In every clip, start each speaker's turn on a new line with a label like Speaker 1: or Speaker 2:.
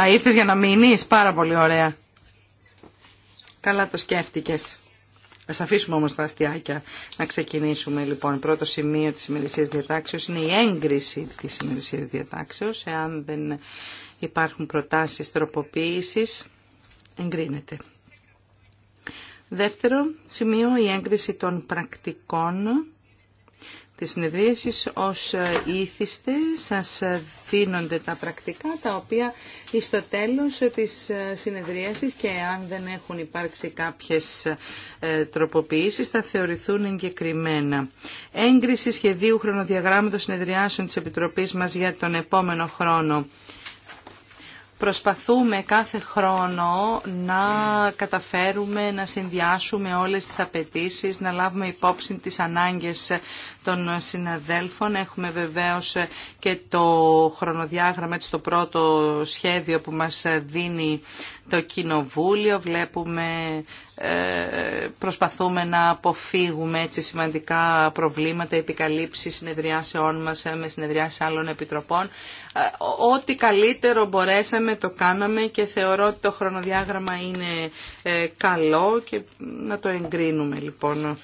Speaker 1: Α, ήρθες για να μείνεις. Πάρα πολύ ωραία. Καλά το σκέφτηκες. Ας αφήσουμε όμως τα αστιάκια να ξεκινήσουμε λοιπόν. Πρώτο σημείο της ημερησίας διατάξεως είναι η έγκριση της ημερησίας διατάξεως. Εάν δεν υπάρχουν προτάσεις τροποποίησης, εγκρίνεται. Δεύτερο σημείο, η έγκριση των πρακτικών της συνεδρίασης ως ε, ήθιστε. Σας ε, δίνονται τα πρακτικά τα οποία στο τέλος ε, της συνεδρίασης και αν δεν έχουν υπάρξει κάποιες τροποποιήσεις θα θεωρηθούν εγκεκριμένα. Έγκριση σχεδίου χρονοδιαγράμματος συνεδριάσεων της Επιτροπής μας για τον επόμενο χρόνο. Προσπαθούμε κάθε χρόνο να καταφέρουμε να συνδυάσουμε όλες τις απαιτήσεις, να λάβουμε υπόψη τις ανάγκες των συναδέλφων. Έχουμε βεβαίως και το χρονοδιάγραμμα, έτσι το πρώτο σχέδιο που μας δίνει το κοινοβούλιο, βλέπουμε, ε, προσπαθούμε να αποφύγουμε έτσι σημαντικά προβλήματα, επικαλύψεις συνεδριάσεών μας ε, με συνεδριάσεις άλλων επιτροπών. Ε, ό,τι καλύτερο μπορέσαμε το κάναμε και θεωρώ ότι το χρονοδιάγραμμα είναι καλό και να το εγκρίνουμε λοιπόν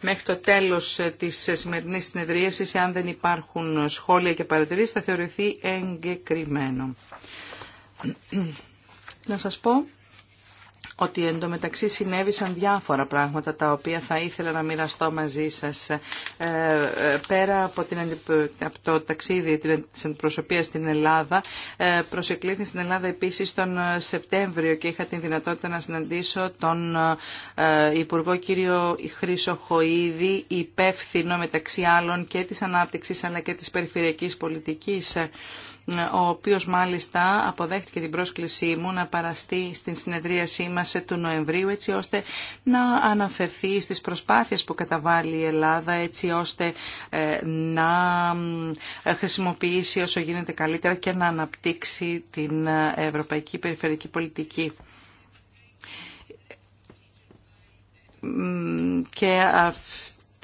Speaker 1: μέχρι το τέλος της σημερινής συνεδρίασης, αν δεν υπάρχουν σχόλια και παρατηρήσεις, θα θεωρηθεί εγκεκριμένο να σας πω ότι εντωμεταξύ συνέβησαν διάφορα πράγματα τα οποία θα ήθελα να μοιραστώ μαζί σας. Ε, ε, πέρα από, την, το ταξίδι της αντιπροσωπείας στην Ελλάδα, ε, προσεκλήθη στην Ελλάδα επίσης τον ε, Σεπτέμβριο και είχα την δυνατότητα να συναντήσω τον ε, Υπουργό κύριο χοίδη υπεύθυνο μεταξύ άλλων και της ανάπτυξης αλλά και της περιφερειακής πολιτικής ο οποίος μάλιστα αποδέχτηκε την πρόσκλησή μου να παραστεί στην συνεδρίασή μας του Νοεμβρίου έτσι ώστε να αναφερθεί στις προσπάθειες που καταβάλει η Ελλάδα έτσι ώστε ε, να ε, χρησιμοποιήσει όσο γίνεται καλύτερα και να αναπτύξει την ε, ευρωπαϊκή περιφερειακή πολιτική. και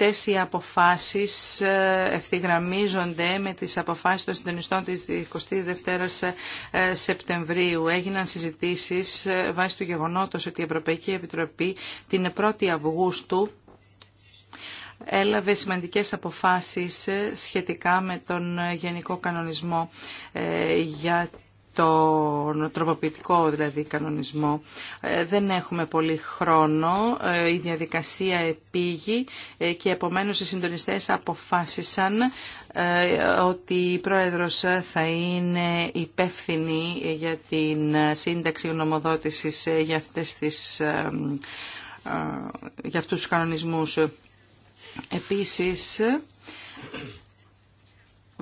Speaker 1: αυτές οι αποφάσεις ε, ευθυγραμμίζονται με τις αποφάσεις των συντονιστών της 22ης ε, Σεπτεμβρίου. Έγιναν συζητήσεις ε, βάσει του γεγονότος ότι η Ευρωπαϊκή Επιτροπή την 1η Αυγούστου έλαβε σημαντικές αποφάσεις σχετικά με τον Γενικό Κανονισμό για τον τροποποιητικό δηλαδή κανονισμό. Ε, δεν έχουμε πολύ χρόνο, ε, η διαδικασία επήγει ε, και επομένως οι συντονιστές αποφάσισαν ότι η Πρόεδρος θα είναι υπεύθυνη για την σύνταξη γνωμοδότησης για, αυτές τις, για αυτούς τους κανονισμούς. Επίσης,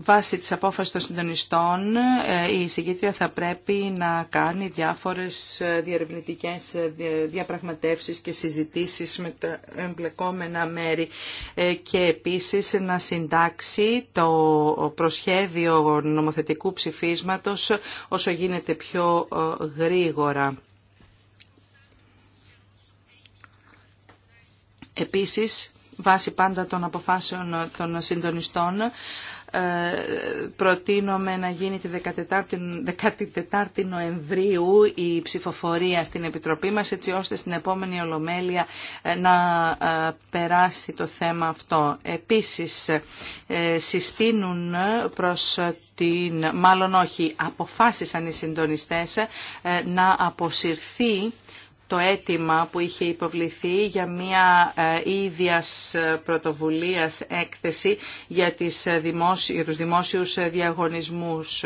Speaker 1: Βάσει της απόφασης των συντονιστών, ε, η εισηγήτρια θα πρέπει να κάνει διάφορες ε, διερευνητικές ε, διαπραγματεύσεις και συζητήσεις με τα εμπλεκόμενα μέρη και επίσης να συντάξει το προσχέδιο νομοθετικού ψηφίσματος όσο γίνεται πιο γρήγορα. Επίσης, βάσει πάντα των αποφάσεων των συντονιστών, ε, προτείνομαι να γίνει τη 14η, 14η Νοεμβρίου η ψηφοφορία στην Επιτροπή μας έτσι ώστε στην επόμενη Ολομέλεια ε, να ε, περάσει το θέμα αυτό. Επίσης συστήνουν προς την, μάλλον όχι, αποφάσισαν οι συντονιστές να αποσυρθεί το αίτημα που είχε υποβληθεί για μια ε, ίδιας ε, πρωτοβουλίας έκθεση για, τις ε, δημόσι... για τους δημόσιους διαγωνισμούς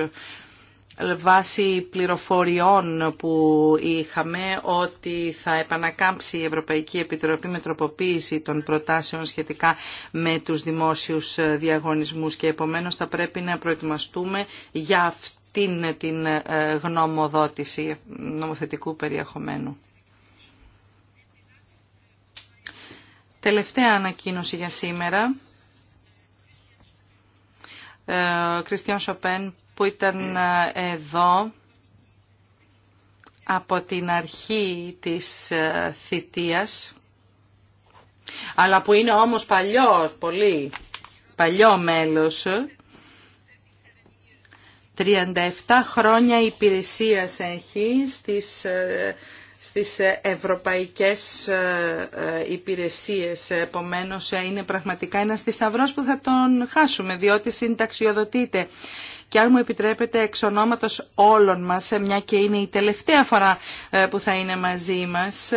Speaker 1: βάσει πληροφοριών που είχαμε ότι θα επανακάμψει η Ευρωπαϊκή Επιτροπή με τροποποίηση των προτάσεων σχετικά με τους δημόσιους διαγωνισμούς και επομένως θα πρέπει να προετοιμαστούμε για αυτήν την γνωμοδότηση νομοθετικού περιεχομένου. Τελευταία ανακοίνωση για σήμερα. Ε, ο Κριστιαν Σοπέν που ήταν ε, εδώ από την αρχή της ε, θητείας, αλλά που είναι όμως παλιό, πολύ παλιό μέλος, 37 χρόνια υπηρεσίας έχει στις στις ε, ευρωπαϊκές ε, ε, υπηρεσίες. Επομένως είναι πραγματικά ένας θησαυρός που θα τον χάσουμε διότι συνταξιοδοτείται. Και αν μου επιτρέπετε εξ ονόματος όλων μας, μια και είναι η τελευταία φορά που θα είναι μαζί μας,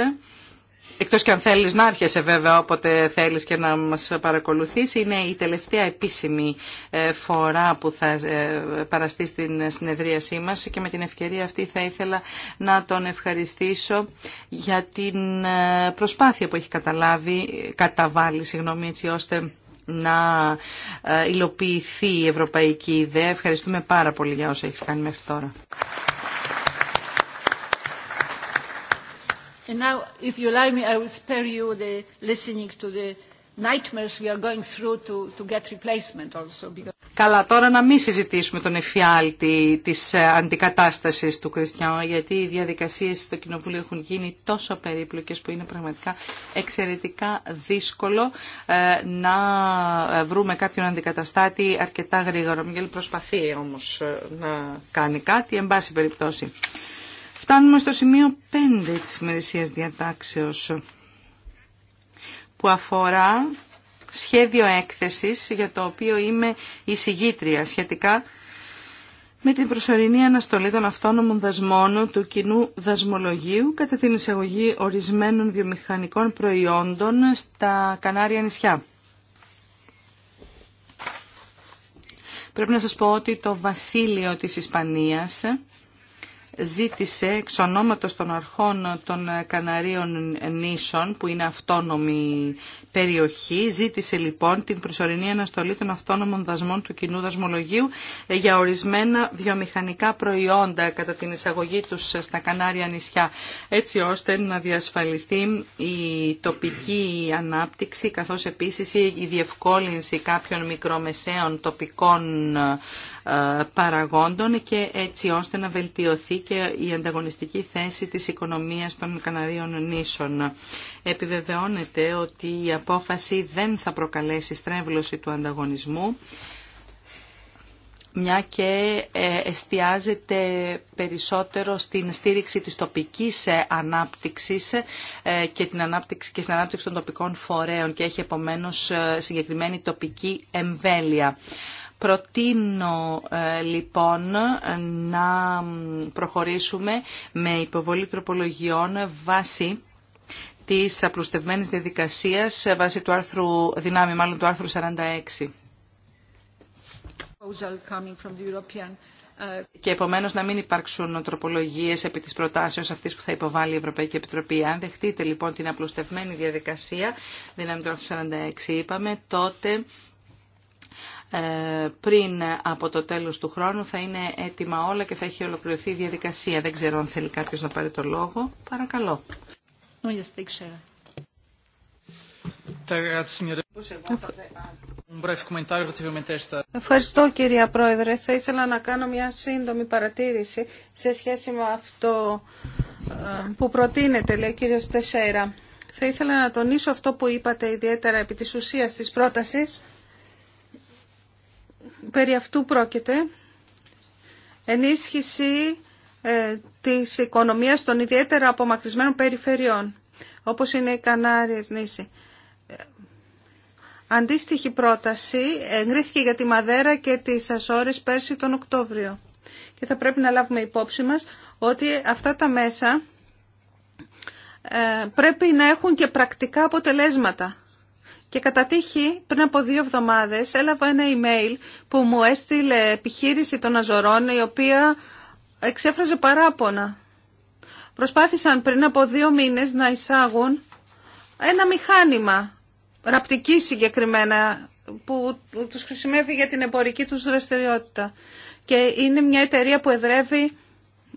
Speaker 1: Εκτός και αν θέλεις να έρχεσαι βέβαια όποτε θέλεις και να μας παρακολουθείς, είναι η τελευταία επίσημη ε, φορά που θα ε, παραστεί στην συνεδρίασή μας και με την ευκαιρία αυτή θα ήθελα να τον ευχαριστήσω για την ε, προσπάθεια που έχει καταλάβει, καταβάλει, συγγνώμη, έτσι ώστε να υλοποιηθεί η ευρωπαϊκή ιδέα. Ευχαριστούμε πάρα πολύ για όσα έχεις κάνει μέχρι τώρα.
Speaker 2: And now, if you allow me, I will spare listening to the nightmares we are going through to, get replacement also. Because...
Speaker 1: Καλά, τώρα να μην συζητήσουμε τον εφιάλτη της ε, αντικατάστασης του Κριστιανού, γιατί οι διαδικασίες στο Κοινοβούλιο έχουν γίνει τόσο περίπλοκες που είναι πραγματικά εξαιρετικά δύσκολο ε, να ε, βρούμε κάποιον αντικαταστάτη αρκετά γρήγορα. Μιγέλ προσπαθεί όμως να κάνει κάτι, εν πάση περιπτώσει. Φτάνουμε στο σημείο 5 της ημερησίας διατάξεως που αφορά σχέδιο έκθεσης για το οποίο είμαι εισηγήτρια σχετικά με την προσωρινή αναστολή των αυτόνομων δασμών του κοινού δασμολογίου κατά την εισαγωγή ορισμένων βιομηχανικών προϊόντων στα Κανάρια νησιά. Πρέπει να σας πω ότι το βασίλειο της Ισπανίας ζήτησε εξ ονόματος των αρχών των Καναρίων νήσων, που είναι αυτόνομη περιοχή, ζήτησε λοιπόν την προσωρινή αναστολή των αυτόνομων δασμών του κοινού δασμολογίου ε, για ορισμένα βιομηχανικά προϊόντα κατά την εισαγωγή τους στα Κανάρια νησιά, έτσι ώστε να διασφαλιστεί η τοπική ανάπτυξη, καθώς επίσης η διευκόλυνση κάποιων μικρομεσαίων τοπικών ε, παραγόντων και έτσι ώστε να βελτιωθεί και η ανταγωνιστική θέση της οικονομίας των Καναρίων νήσων. Επιβεβαιώνεται ότι η απόφαση δεν θα προκαλέσει στρέβλωση του ανταγωνισμού μια και ε, εστιάζεται περισσότερο στην στήριξη της τοπικής ε, ανάπτυξης ε, και, την ανάπτυξη, και στην ανάπτυξη των τοπικών φορέων και έχει επομένως συγκεκριμένη τοπική εμβέλεια. Προτείνω ε, λοιπόν να προχωρήσουμε με υποβολή τροπολογιών βάσει της απλουστευμένης διαδικασίας ε, βάσει του άρθρου, δυνάμει μάλλον του άρθρου 46. Ε, Και επομένως να μην υπάρξουν τροπολογίες επί της προτάσεως αυτής που θα υποβάλει η Ευρωπαϊκή Επιτροπή. Αν δεχτείτε λοιπόν την απλουστευμένη διαδικασία, δυνάμει του άρθρου 46 είπαμε, τότε ε, πριν από το τέλος του χρόνου θα είναι έτοιμα όλα και θα έχει ολοκληρωθεί η διαδικασία. Δεν ξέρω αν θέλει κάποιος να πάρει το λόγο. Παρακαλώ. Um
Speaker 2: Ευχαριστώ κυρία Πρόεδρε. Θα ήθελα να κάνω μια σύντομη παρατήρηση σε σχέση με αυτό ε, που προτείνεται, λέει ο κύριος Τεσέρα. Θα ήθελα να τονίσω αυτό που είπατε ιδιαίτερα επί της ουσίας της πρότασης περί αυτού πρόκειται ενίσχυση ε, της οικονομίας των ιδιαίτερα απομακρυσμένων περιφερειών, όπως είναι οι Κανάριες νήσι. Ε, αντίστοιχη πρόταση εγκρίθηκε για τη Μαδέρα και τις Ασόρες πέρσι τον Οκτώβριο. Και θα πρέπει να λάβουμε υπόψη μας ότι αυτά τα μέσα ε, πρέπει να έχουν και πρακτικά αποτελέσματα. Και κατά τύχη, πριν από δύο εβδομάδες, έλαβα ένα email που μου έστειλε επιχείρηση των Αζωρών, η οποία εξέφραζε παράπονα. Προσπάθησαν πριν από δύο μήνες να εισάγουν ένα μηχάνημα, ραπτική συγκεκριμένα, που τους χρησιμεύει για την εμπορική τους δραστηριότητα. Και είναι μια εταιρεία που εδρεύει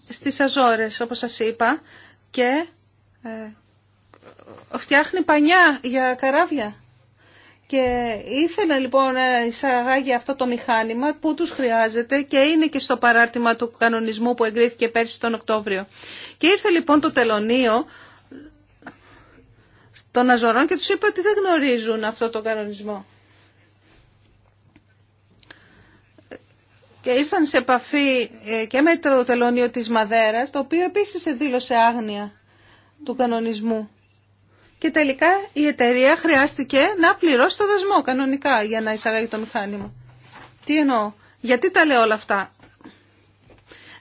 Speaker 2: στις Αζόρες, όπως σας είπα, και ε, φτιάχνει πανιά για καράβια. Και ήθελα λοιπόν να εισαγάγει αυτό το μηχάνημα που τους χρειάζεται και είναι και στο παράρτημα του κανονισμού που εγκρίθηκε πέρσι τον Οκτώβριο. Και ήρθε λοιπόν το τελωνίο των Αζωρών και τους είπε ότι δεν γνωρίζουν αυτό το κανονισμό. Και ήρθαν σε επαφή ε, και με το τελωνίο της Μαδέρας, το οποίο επίσης δήλωσε άγνοια του κανονισμού και τελικά η εταιρεία χρειάστηκε να πληρώσει το δασμό κανονικά για να εισαγάγει το μηχάνημα. Τι εννοώ, γιατί τα λέω όλα αυτά.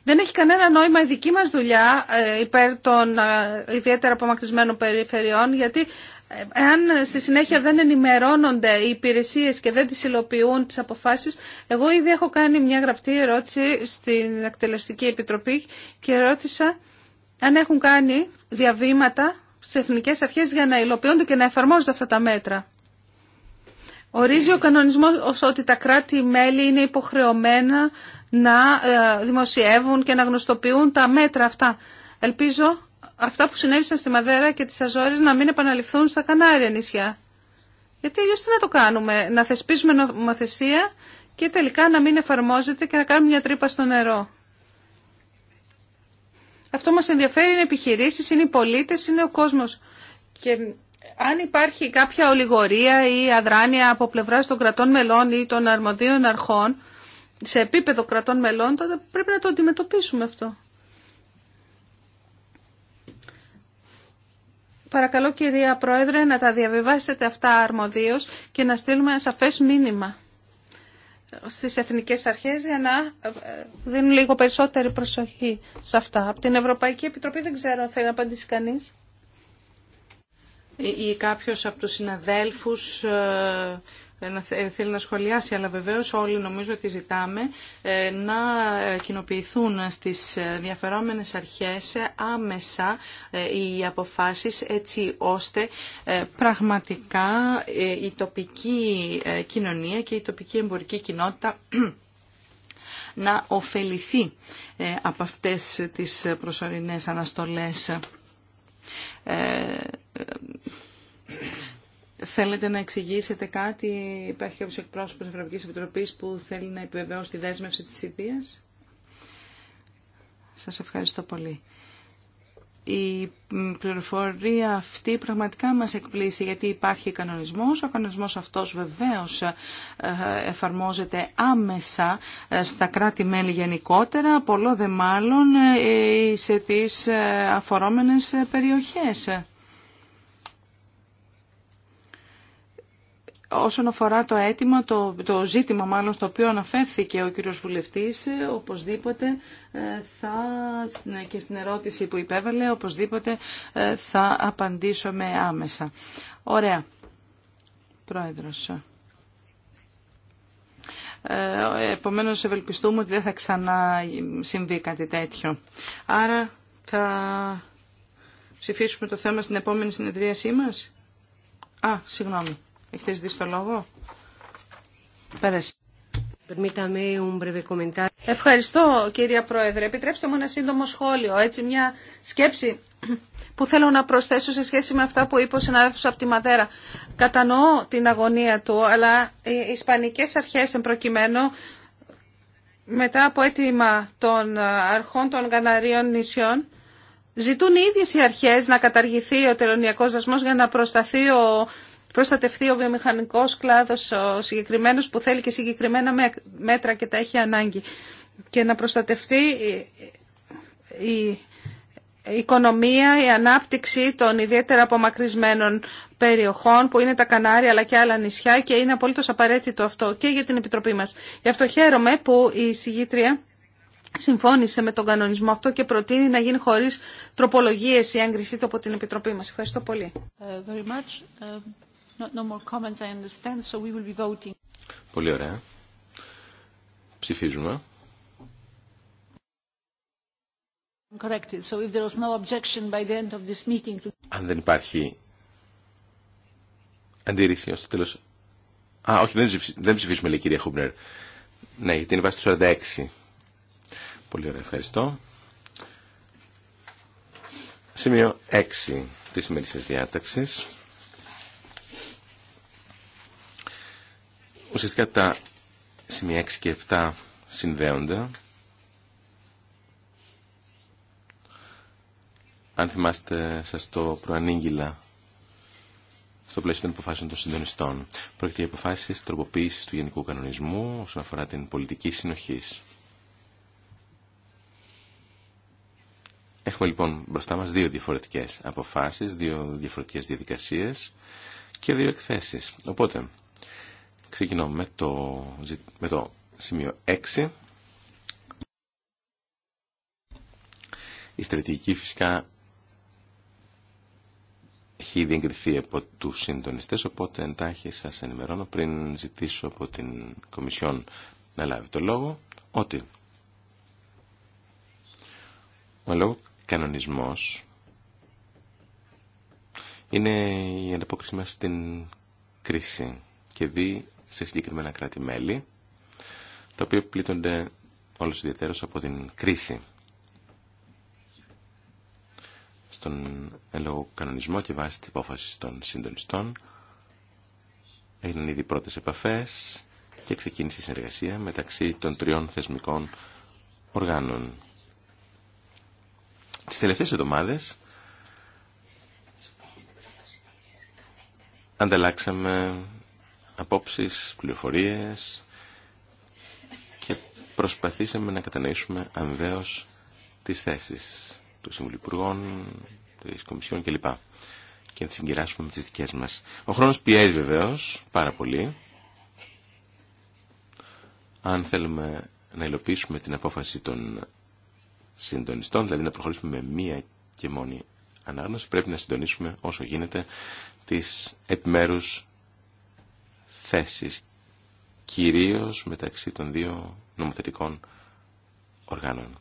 Speaker 2: Δεν έχει κανένα νόημα η δική μας δουλειά ε, υπέρ των ε, ιδιαίτερα απομακρυσμένων περιφερειών, γιατί ε, εάν στη συνέχεια δεν ενημερώνονται οι υπηρεσίες και δεν τις υλοποιούν τις αποφάσεις, εγώ ήδη έχω κάνει μια γραπτή ερώτηση στην Εκτελεστική Επιτροπή και ρώτησα αν έχουν κάνει διαβήματα Στι εθνικέ αρχές για να υλοποιούνται και να εφαρμόζονται αυτά τα μέτρα. Ορίζει ο κανονισμός ότι τα κράτη-μέλη είναι υποχρεωμένα να ε, δημοσιεύουν και να γνωστοποιούν τα μέτρα αυτά. Ελπίζω αυτά που συνέβησαν στη Μαδέρα και τις Αζόρες να μην επαναληφθούν στα Κανάρια νησιά. Γιατί αλλιώς τι να το κάνουμε, να θεσπίζουμε νομοθεσία και τελικά να μην εφαρμόζεται και να κάνουμε μια τρύπα στο νερό. Αυτό μας ενδιαφέρει είναι επιχειρήσεις, είναι οι πολίτες, είναι ο κόσμος. Και αν υπάρχει κάποια ολιγορία ή αδράνεια από πλευράς των κρατών μελών ή των αρμοδίων αρχών, σε επίπεδο κρατών μελών, τότε πρέπει να το αντιμετωπίσουμε αυτό. Παρακαλώ κυρία Πρόεδρε να τα διαβιβάσετε αυτά αρμοδίως και να στείλουμε ένα σαφές μήνυμα στις εθνικές αρχές για να ε, δίνουν λίγο περισσότερη προσοχή σε αυτά. Από την Ευρωπαϊκή Επιτροπή δεν ξέρω αν θέλει να απαντήσει κανείς.
Speaker 1: Ή κάποιος από τους συναδέλφους ε, ε, θέλει να σχολιάσει, αλλά βεβαίως όλοι νομίζω ότι ζητάμε ε, να ε, κοινοποιηθούν στις διαφερόμενες αρχές άμεσα οι αποφάσεις έτσι ώστε πραγματικά η τοπική κοινωνία και η τοπική εμπορική κοινότητα να ωφεληθεί από αυτές τις προσωρινές αναστολές Θέλετε να εξηγήσετε κάτι, υπάρχει κάποιο εκπρόσωπο τη Ευρωπαϊκής Επιτροπής που θέλει να επιβεβαιώσει τη δέσμευση τη ιδία. Σας ευχαριστώ πολύ. Η πληροφορία αυτή πραγματικά μας εκπλήσει γιατί υπάρχει κανονισμός. Ο κανονισμός αυτός βεβαίως ε, εφαρμόζεται άμεσα ε, στα κράτη-μέλη γενικότερα, πολλό δε μάλλον ε, σε τις αφορόμενες περιοχές. Όσον αφορά το αίτημα, το, το ζήτημα μάλλον στο οποίο αναφέρθηκε ο κύριος Βουλευτής, οπωσδήποτε ε, θα, και στην ερώτηση που υπέβαλε, οπωσδήποτε ε, θα με άμεσα. Ωραία. Πρόεδρος. Ε, επομένως ευελπιστούμε ότι δεν θα ξανά συμβεί κάτι τέτοιο. Άρα θα ψηφίσουμε το θέμα στην επόμενη συνεδρίασή μας. Α, συγγνώμη. Έχετε ζητήσει το λόγο.
Speaker 2: Ευχαριστώ κύριε Πρόεδρε. Επιτρέψτε μου ένα σύντομο σχόλιο, έτσι μια σκέψη που θέλω να προσθέσω σε σχέση με αυτά που είπε ο συνάδελφος από τη Μαδέρα. Κατανοώ την αγωνία του, αλλά οι Ισπανικές αρχές εμπροκειμένου μετά από αίτημα των αρχών των Καναρίων νησιών ζητούν οι ίδιες οι αρχές να καταργηθεί ο τελωνιακός δασμός για να προσταθεί ο προστατευτεί ο βιομηχανικό κλάδο ο συγκεκριμένος που θέλει και συγκεκριμένα μέτρα και τα έχει ανάγκη και να προστατευτεί η οικονομία, η ανάπτυξη των ιδιαίτερα απομακρυσμένων περιοχών που είναι τα Κανάρια αλλά και άλλα νησιά και είναι απολύτω απαραίτητο αυτό και για την Επιτροπή μα. Γι' αυτό χαίρομαι που η συγγήτρια συμφώνησε με τον κανονισμό αυτό και προτείνει να γίνει χωρίς τροπολογίες η έγκρισή του από την Επιτροπή μας. Ευχαριστώ πολύ.
Speaker 1: Ε, ε,
Speaker 3: Πολύ ωραία. Ψηφίζουμε. Αν δεν υπάρχει αντίρρηση ως το τέλος... Α, όχι, δεν, δεν ψηφίσουμε, λέει η κυρία Χούμπνερ. Ναι, γιατί είναι βάση του 46. Πολύ ωραία, ευχαριστώ. Σημείο 6 της σημερινής διάταξης. Ουσιαστικά τα σημεία 6 και 7 συνδέονται. Αν θυμάστε, σας το προανήγγυλα στο πλαίσιο των αποφάσεων των συντονιστών. Πρόκειται για αποφάσει τροποποίηση του Γενικού Κανονισμού όσον αφορά την πολιτική συνοχή. Έχουμε λοιπόν μπροστά μας δύο διαφορετικές αποφάσεις, δύο διαφορετικές διαδικασίες και δύο εκθέσεις. Οπότε, Ξεκινώ με το, σημείο 6. Η στρατηγική φυσικά έχει ήδη από του συντονιστέ, οπότε εντάχει σα ενημερώνω πριν ζητήσω από την Κομισιόν να λάβει το λόγο ότι ο λόγο κανονισμό είναι η ανταπόκριση μα στην κρίση και δι σε συγκεκριμένα κράτη-μέλη, τα οποία πλήττονται όλος ιδιαίτερος από την κρίση. Στον ελόγω κανονισμό και βάσει της υπόφασης των συντονιστών έγιναν ήδη πρώτες επαφές και ξεκίνησε η συνεργασία μεταξύ των τριών θεσμικών οργάνων. Τις τελευταίες εβδομάδες ανταλλάξαμε απόψεις, πληροφορίες και προσπαθήσαμε να κατανοήσουμε ανδέως τις θέσεις του Συμβουλίου Υπουργών, της Κομισιόν κλπ. Και να τις με τις δικές μας. Ο χρόνος πιέζει βεβαίως πάρα πολύ. Αν θέλουμε να υλοποιήσουμε την απόφαση των συντονιστών, δηλαδή να προχωρήσουμε με μία και μόνη ανάγνωση, πρέπει να συντονίσουμε όσο γίνεται τις επιμέρους θέσεις, κυρίως μεταξύ των δύο νομοθετικών οργάνων.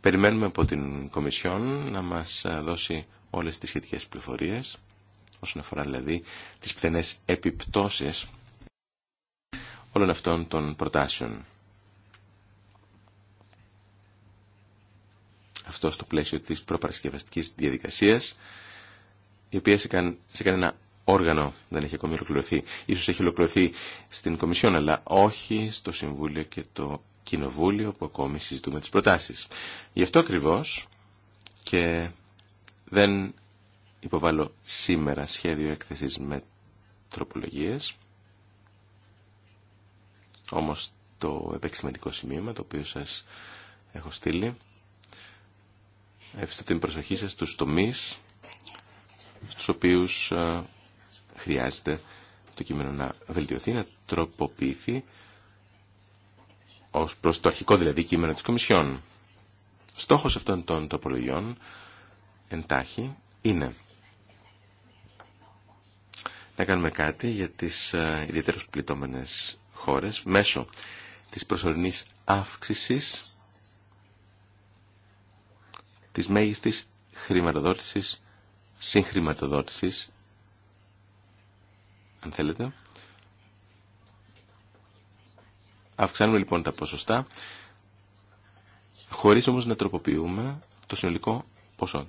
Speaker 3: Περιμένουμε από την Κομισιόν να μας δώσει όλες τις σχετικές πληροφορίες, όσον αφορά δηλαδή τις πιθανές επιπτώσεις όλων αυτών των προτάσεων. Αυτό στο πλαίσιο της προπαρασκευαστικής διαδικασίας η οποία σε, κανένα όργανο δεν έχει ακόμη ολοκληρωθεί. Ίσως έχει ολοκληρωθεί στην Κομισιόν, αλλά όχι στο Συμβούλιο και το Κοινοβούλιο που ακόμη συζητούμε τις προτάσεις. Γι' αυτό ακριβώ και δεν υποβάλλω σήμερα σχέδιο έκθεσης με τροπολογίες, όμως το επεξημενικό σημείωμα το οποίο σας έχω στείλει, Ευχαριστώ την προσοχή σας στους τομείς στους οποίους ε, χρειάζεται το κείμενο να βελτιωθεί, να τροποποιηθεί ως προς το αρχικό δηλαδή κείμενο της Κομισιόν. Στόχος αυτών των τροπολογιών εντάχει είναι να κάνουμε κάτι για τις ε, ιδιαίτερες πληττόμενες χώρες μέσω της προσωρινής αύξησης της μέγιστης χρηματοδότησης συγχρηματοδότησης, αν θέλετε. Αυξάνουμε λοιπόν τα ποσοστά, χωρίς όμως να τροποποιούμε το συνολικό ποσό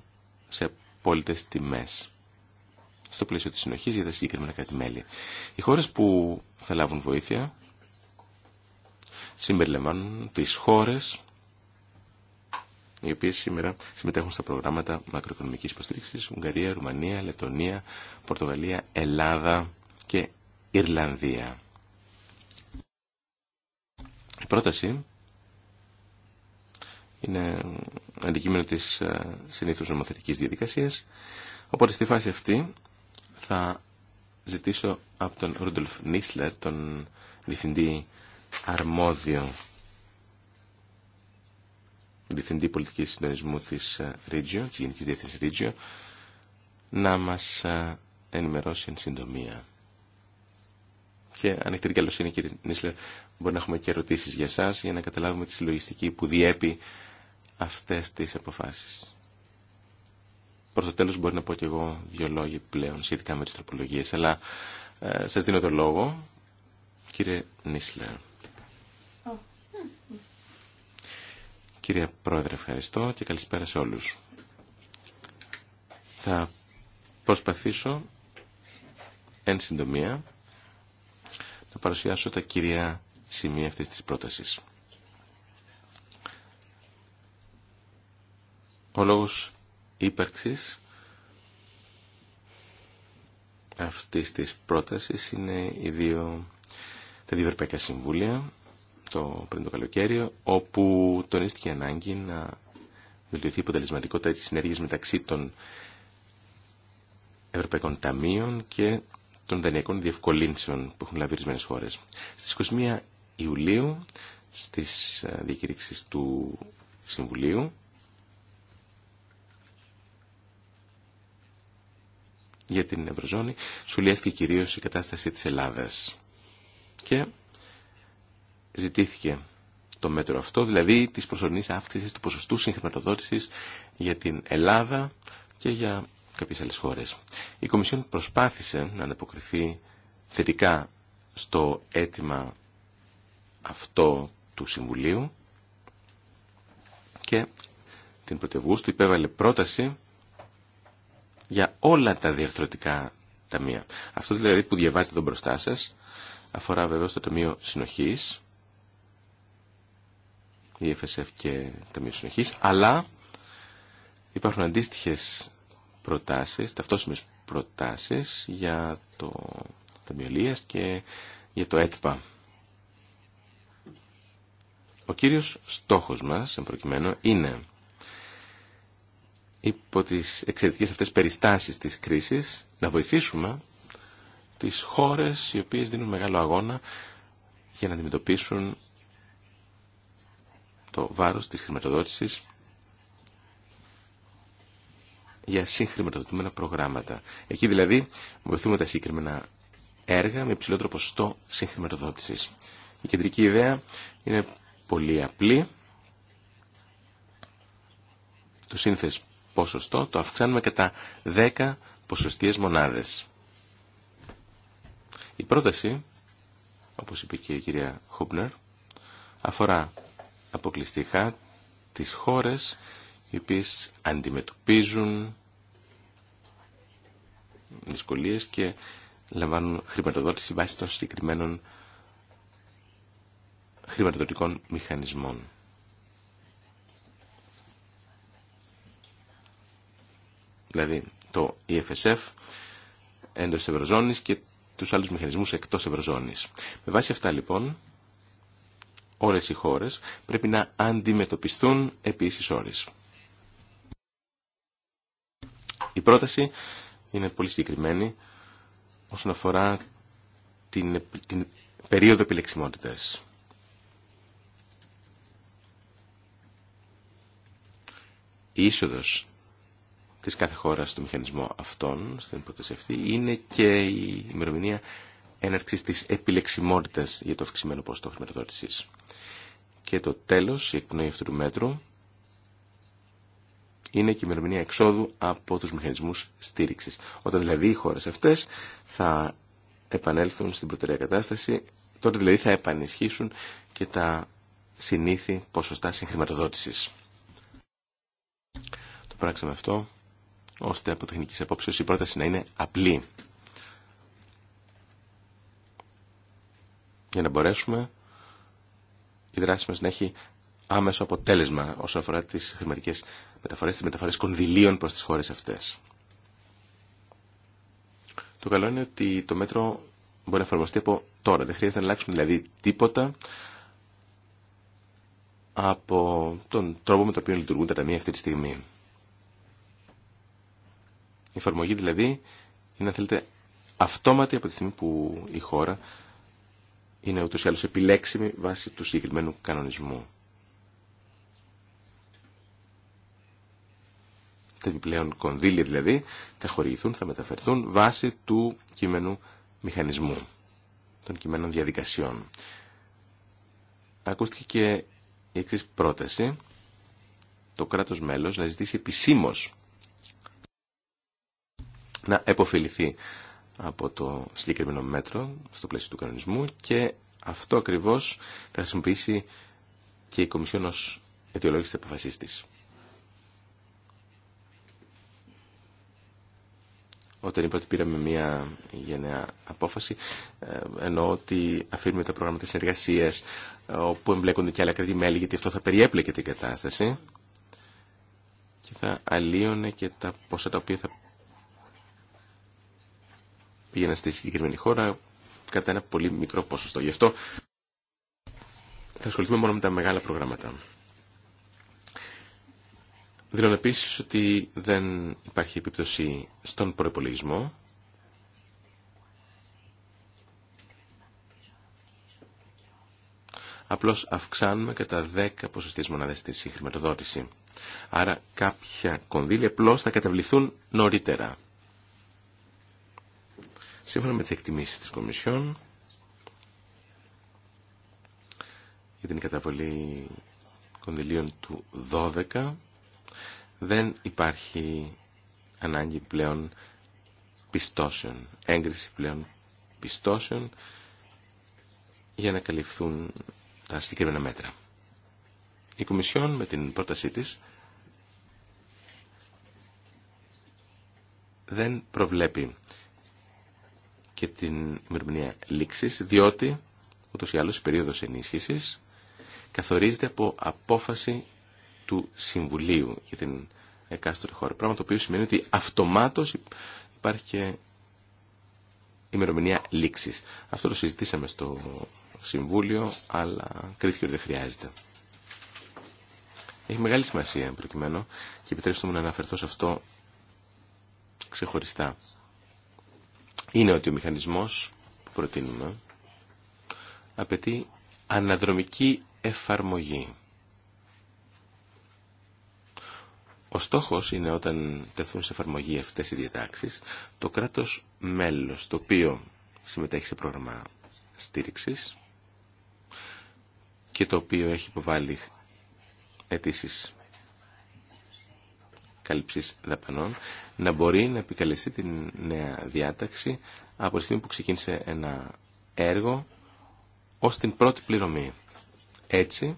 Speaker 3: σε απόλυτες τιμές στο πλαίσιο της συνοχής για τα συγκεκριμένα κράτη-μέλη. Οι χώρες που θα λάβουν βοήθεια συμπεριλαμβάνουν τις χώρες οι οποίε σήμερα συμμετέχουν στα προγράμματα μακροοικονομικής υποστήριξη Ουγγαρία, Ρουμανία, Λετωνία, Πορτογαλία, Ελλάδα και Ιρλανδία. Η πρόταση είναι αντικείμενο της ε, συνήθω νομοθετική διαδικασία, Οπότε στη φάση αυτή θα ζητήσω από τον Ρούντολφ Νίσλερ, τον διευθυντή αρμόδιο Διευθυντή Πολιτική Συντονισμού τη Ρίτζιο, της ε, γενική Διεύθυνσης Ρίτζιο, να μα ε, ενημερώσει εν συντομία. Και αν έχετε καλοσύνη κύριε Νίσλερ, μπορεί να έχουμε και ερωτήσει για εσά για να καταλάβουμε τη συλλογιστική που διέπει αυτέ τι αποφάσει. Προ το τέλο, μπορεί να πω και εγώ δύο λόγια πλέον σχετικά με τι τροπολογίε, αλλά ε, σας δίνω το λόγο, κύριε Νίσλερ. Κύριε Πρόεδρε, ευχαριστώ και καλησπέρα σε όλους. Θα προσπαθήσω εν συντομία να παρουσιάσω τα κυρία σημεία αυτής της πρότασης. Ο λόγος ύπαρξης αυτής της πρότασης είναι οι δύο, τα δύο Ευρωπαϊκά Συμβούλια το, πριν το καλοκαίρι, όπου τονίστηκε η ανάγκη να βελτιωθεί η αποτελεσματικότητα τη συνέργεια μεταξύ των Ευρωπαϊκών Ταμείων και των δανειακών διευκολύνσεων που έχουν λάβει ορισμένε χώρε. Στι 21 Ιουλίου, στις ε, διακήρυξει του Συμβουλίου, για την Ευρωζώνη, σουλιάστηκε κυρίως η κατάσταση της Ελλάδας. Και ζητήθηκε το μέτρο αυτό, δηλαδή της προσωρινής αύξησης του ποσοστού συγχρηματοδότησης για την Ελλάδα και για κάποιες άλλες χώρες. Η Κομισιόν προσπάθησε να ανταποκριθεί θετικά στο αίτημα αυτό του Συμβουλίου και την του υπέβαλε πρόταση για όλα τα διαρθρωτικά ταμεία. Αυτό δηλαδή που διαβάζετε εδώ μπροστά σας αφορά βέβαια στο Ταμείο Συνοχής η FSF και Ταμείο Συνοχής, αλλά υπάρχουν αντίστοιχες προτάσεις, ταυτόσιμες προτάσεις για το Ταμείο και για το ΕΤΠΑ. Ο κύριος στόχος μας, εν προκειμένου, είναι υπό τις εξαιρετικές αυτές περιστάσεις της κρίσης να βοηθήσουμε τις χώρες οι οποίες δίνουν μεγάλο αγώνα για να αντιμετωπίσουν το βάρος της χρηματοδότησης για συγχρηματοδοτούμενα προγράμματα. Εκεί δηλαδή βοηθούμε τα συγκεκριμένα έργα με υψηλότερο ποσοστό συγχρηματοδότησης. Η κεντρική ιδέα είναι πολύ απλή. Το σύνθεσ ποσοστό το αυξάνουμε κατά 10 ποσοστίες μονάδες. Η πρόταση, όπως είπε και η κυρία Χούμπνερ, αφορά αποκλειστικά τις χώρες οι οποίες αντιμετωπίζουν δυσκολίες και λαμβάνουν χρηματοδότηση βάσει των συγκεκριμένων χρηματοδοτικών μηχανισμών. Δηλαδή το EFSF εντός Ευρωζώνης και τους άλλους μηχανισμούς εκτός Ευρωζώνης. Με βάση αυτά λοιπόν όλες οι χώρες πρέπει να αντιμετωπιστούν επίσης όλες. Η πρόταση είναι πολύ συγκεκριμένη όσον αφορά την, την περίοδο επιλεξιμότητας. Η είσοδος της κάθε χώρας στο μηχανισμό αυτών στην πρόταση αυτή είναι και η ημερομηνία Έναρξη τη επιλεξιμότητας για το αυξημένο ποσοστό χρηματοδότησης. Και το τέλος, η εκπνοή αυτού του μέτρου, είναι και η ημερομηνία εξόδου από τους μηχανισμούς στήριξης. Όταν δηλαδή οι χώρε αυτέ θα επανέλθουν στην προτεραιά κατάσταση, τότε δηλαδή θα επανισχύσουν και τα συνήθη ποσοστά συγχρηματοδότηση. Το πράξαμε αυτό, ώστε από τεχνικής απόψεως η πρόταση να είναι απλή. για να μπορέσουμε η δράση μας να έχει άμεσο αποτέλεσμα όσον αφορά τις χρηματικές μεταφορές, τις μεταφορές κονδυλίων προς τις χώρες αυτές. Το καλό είναι ότι το μέτρο μπορεί να εφαρμοστεί από τώρα. Δεν χρειάζεται να αλλάξουμε δηλαδή τίποτα από τον τρόπο με τον οποίο λειτουργούν τα ταμεία αυτή τη στιγμή. Η εφαρμογή δηλαδή είναι, αν θέλετε, αυτόματη από τη στιγμή που η χώρα είναι ούτως ή άλλως επιλέξιμη βάσει του συγκεκριμένου κανονισμού. Τα επιπλέον κονδύλια δηλαδή θα χορηγηθούν, θα μεταφερθούν βάσει του κείμενου μηχανισμού, των κειμένων διαδικασιών. Ακούστηκε και η εξή πρόταση, το κράτος μέλος να ζητήσει επισήμως να επωφεληθεί από το συγκεκριμένο μέτρο στο πλαίσιο του κανονισμού και αυτό ακριβώς θα χρησιμοποιήσει και η Κομισιόν ως αιτιολόγηση της αποφασής της. Όταν είπα ότι πήραμε μια γενναία απόφαση, ε, εννοώ ότι αφήνουμε τα προγράμματα συνεργασία ε, όπου εμπλέκονται και άλλα κρατημέλη, γιατί αυτό θα περιέπλεκε την κατάσταση και θα αλλίωνε και τα ποσά τα οποία θα πήγαιναν στη συγκεκριμένη χώρα κατά ένα πολύ μικρό ποσοστό. Γι' αυτό θα ασχοληθούμε μόνο με τα μεγάλα προγράμματα. Δηλώνω επίση ότι δεν υπάρχει επίπτωση στον προπολογισμό. Απλώς αυξάνουμε κατά 10 ποσοστές μονάδες τη συγχρηματοδότηση. Άρα κάποια κονδύλια απλώ θα καταβληθούν νωρίτερα. Σύμφωνα με τις εκτιμήσεις της Κομισιόν, για την καταβολή κονδυλίων του 12 δεν υπάρχει ανάγκη πλέον πιστώσεων, έγκριση πλέον πιστώσεων για να καλυφθούν τα συγκεκριμένα μέτρα. Η Κομισιόν με την πρότασή της δεν προβλέπει και την ημερομηνία λήξη, διότι ούτως ή άλλω η αλλω η ενίσχυσης καθορίζεται από απόφαση του Συμβουλίου για την εκάστοτε χώρα. Πράγμα το οποίο σημαίνει ότι αυτομάτως υπάρχει και ημερομηνία λήξη. Αυτό το συζητήσαμε στο Συμβούλιο, αλλά κρίθηκε ότι δεν χρειάζεται. Έχει μεγάλη σημασία προκειμένου και επιτρέψτε μου να αναφερθώ σε αυτό ξεχωριστά είναι ότι ο μηχανισμός που προτείνουμε απαιτεί αναδρομική εφαρμογή. Ο στόχος είναι όταν τεθούν σε εφαρμογή αυτές οι διατάξεις, το κράτος μέλος, το οποίο συμμετέχει σε πρόγραμμα στήριξης και το οποίο έχει υποβάλει αιτήσει κάλυψη δαπανών να μπορεί να επικαλεστεί την νέα διάταξη από τη στιγμή που ξεκίνησε ένα έργο ω την πρώτη πληρωμή. Έτσι,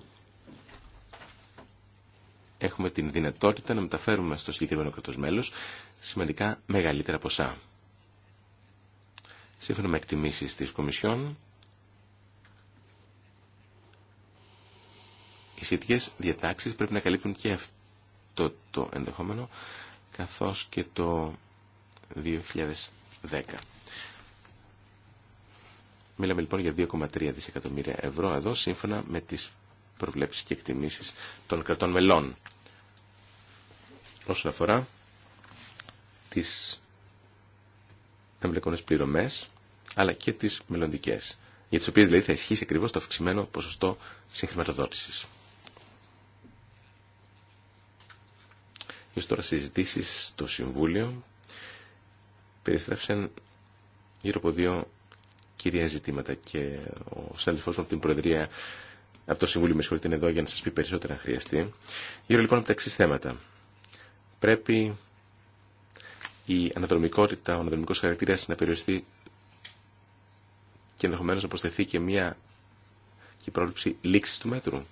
Speaker 3: έχουμε την δυνατότητα να μεταφέρουμε στο συγκεκριμένο κρατός μέλος σημαντικά μεγαλύτερα ποσά. Σύμφωνα με εκτιμήσεις της Κομισιόν, οι σχετικέ διατάξεις πρέπει να καλύπτουν και αυτή το ενδεχόμενο καθώς και το 2010. Μίλαμε λοιπόν για 2,3 δισεκατομμύρια ευρώ εδώ σύμφωνα με τις προβλέψεις και εκτιμήσεις των κρατών μελών. Όσον αφορά τις εμπλεκόμενες πληρωμές αλλά και τις μελλοντικέ, για τις οποίες δηλαδή θα ισχύσει ακριβώ το αυξημένο ποσοστό συγχρηματοδότησης. Ως τώρα συζητήσει στο Συμβούλιο περιστρέφησαν γύρω από δύο κυρία ζητήματα και ο συνάδελφός μου από την Προεδρία από το Συμβούλιο με συγχωρείτε είναι εδώ για να σας πει περισσότερα αν χρειαστεί. Γύρω λοιπόν από τα εξή θέματα. Πρέπει η αναδρομικότητα, ο αναδρομικός χαρακτήρας να περιοριστεί και ενδεχομένω να προσθεθεί και μια και η πρόληψη λήξης του μέτρου.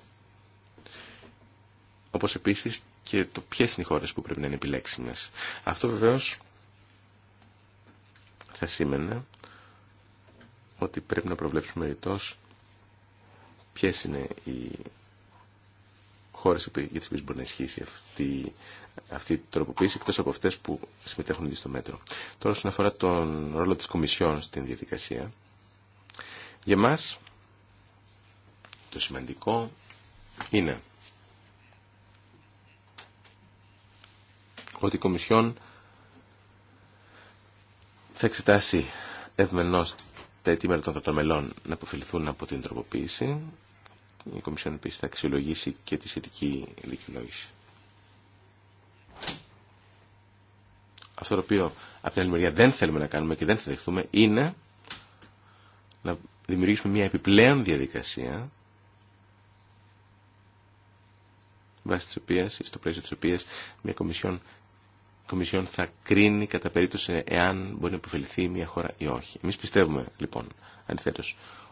Speaker 3: Όπως επίσης και το ποιε είναι οι χώρε που πρέπει να είναι επιλέξιμε. Αυτό βεβαίω θα σήμαινε ότι πρέπει να προβλέψουμε ρητό ποιε είναι οι χώρε για τι οποίε μπορεί να ισχύσει αυτή, αυτή η τροποποίηση, εκτό από αυτέ που συμμετέχουν ήδη στο μέτρο. Τώρα, όσον αφορά τον ρόλο τη Κομισιόν στην διαδικασία, για εμά, το σημαντικό είναι ότι η Κομισιόν θα εξετάσει ευμενώς τα αιτήματα των κρατομελών να αποφεληθούν από την τροποποίηση. Η Κομισιόν επίση θα αξιολογήσει και τη σχετική δικαιολόγηση. Αυτό το οποίο από την άλλη μεριά δεν θέλουμε να κάνουμε και δεν θα δεχθούμε είναι να δημιουργήσουμε μια επιπλέον διαδικασία βάσει τη οποία στο πλαίσιο τη οποία, μια Κομισιόν Κομισιόν θα κρίνει κατά περίπτωση εάν μπορεί να υποφεληθεί μια χώρα ή όχι. Εμεί πιστεύουμε λοιπόν αντιθέτω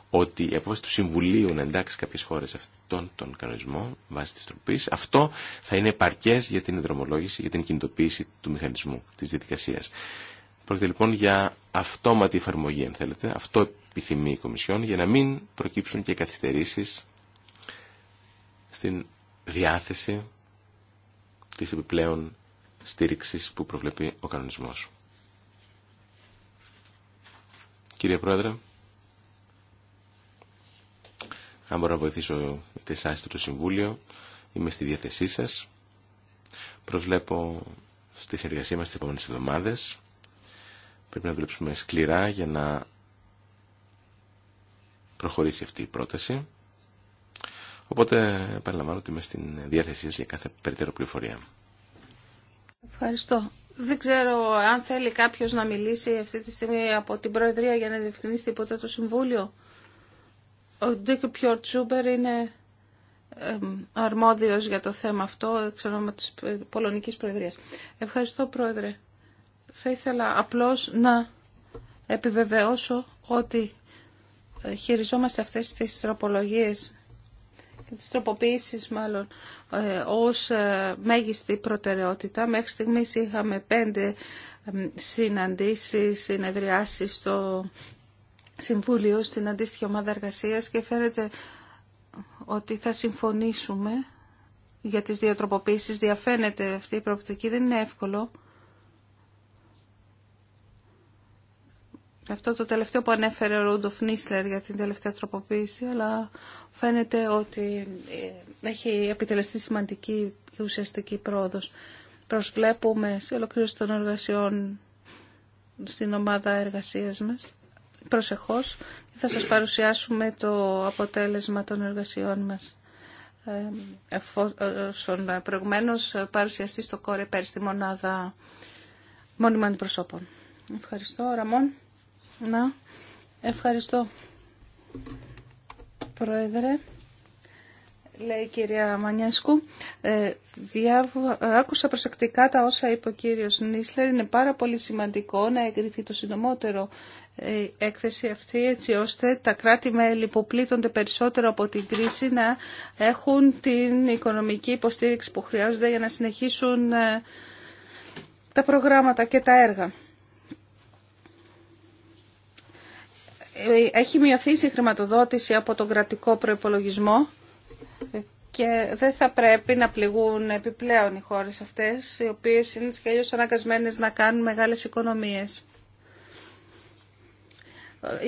Speaker 3: ότι η απόφαση του Συμβουλίου να εντάξει κάποιε χώρε αυτόν τον κανονισμό βάσει τη τροπή, αυτό θα είναι επαρκέ για την δρομολόγηση, για την κινητοποίηση του μηχανισμού, τη διαδικασία. Πρόκειται λοιπόν για αυτόματη εφαρμογή, αν θέλετε. Αυτό επιθυμεί η Κομισιόν για να μην προκύψουν και καθυστερήσει στην διάθεση τη επιπλέον στήριξης που προβλέπει ο κανονισμός. Κύριε Πρόεδρε, αν μπορώ να βοηθήσω εσά το Συμβούλιο, είμαι στη διάθεσή σας. Προσβλέπω στη συνεργασία μας τις επόμενε εβδομάδε. Πρέπει να δουλέψουμε σκληρά για να προχωρήσει αυτή η πρόταση. Οπότε, επαναλαμβάνω ότι είμαι στην διάθεσή σας για κάθε περαιτέρω πληροφορία.
Speaker 2: Ευχαριστώ. Δεν ξέρω αν θέλει κάποιος να μιλήσει αυτή τη στιγμή από την Προεδρία για να διευκρινίσει τίποτα το Συμβούλιο. Ο Ντίκ Πιόρ είναι αρμόδιος για το θέμα αυτό εξ ονόμα της Πολωνικής Προεδρίας. Ευχαριστώ Πρόεδρε. Θα ήθελα απλώς να επιβεβαιώσω ότι ε, χειριζόμαστε αυτές τις τροπολογίε και τις τροποποίησεις μάλλον ε, ως ε, μέγιστη προτεραιότητα. Μέχρι στιγμής είχαμε πέντε ε, συναντήσεις, συνεδριάσεις στο Συμβούλιο, στην αντίστοιχη ομάδα εργασίας και φαίνεται ότι θα συμφωνήσουμε για τις δύο τροποποίησεις. Διαφαίνεται αυτή η προοπτική, δεν είναι εύκολο. Αυτό το τελευταίο που ανέφερε ο Ρούντοφ Νίσλερ για την τελευταία τροποποίηση, αλλά φαίνεται ότι ε, έχει επιτελεστεί σημαντική και ουσιαστική πρόοδος. Προσβλέπουμε σε ολοκλήρωση των εργασιών στην ομάδα εργασίας μας, προσεχώς, θα σας παρουσιάσουμε το αποτέλεσμα των εργασιών μας ε, εφόσον ε, προηγουμένως παρουσιαστεί στο κόρε πέρσι τη μονάδα μόνιμα αντιπροσώπων. Ευχαριστώ, Ραμόν. Να, ευχαριστώ. Πρόεδρε, λέει η κυρία Μανιάσκου, ε, διάβου, άκουσα προσεκτικά τα όσα είπε ο κύριος Νίσλερ. Είναι πάρα πολύ σημαντικό να εγκριθεί το συντομότερο ε, έκθεση αυτή έτσι ώστε τα κράτη-μέλη που πλήττονται περισσότερο από την κρίση να έχουν την οικονομική υποστήριξη που χρειάζονται για να συνεχίσουν ε, τα προγράμματα και τα έργα. έχει μειωθεί η χρηματοδότηση από τον κρατικό προϋπολογισμό και δεν θα πρέπει να πληγούν επιπλέον οι χώρες αυτές, οι οποίες είναι και αλλιώς αναγκασμένες να κάνουν μεγάλες οικονομίες.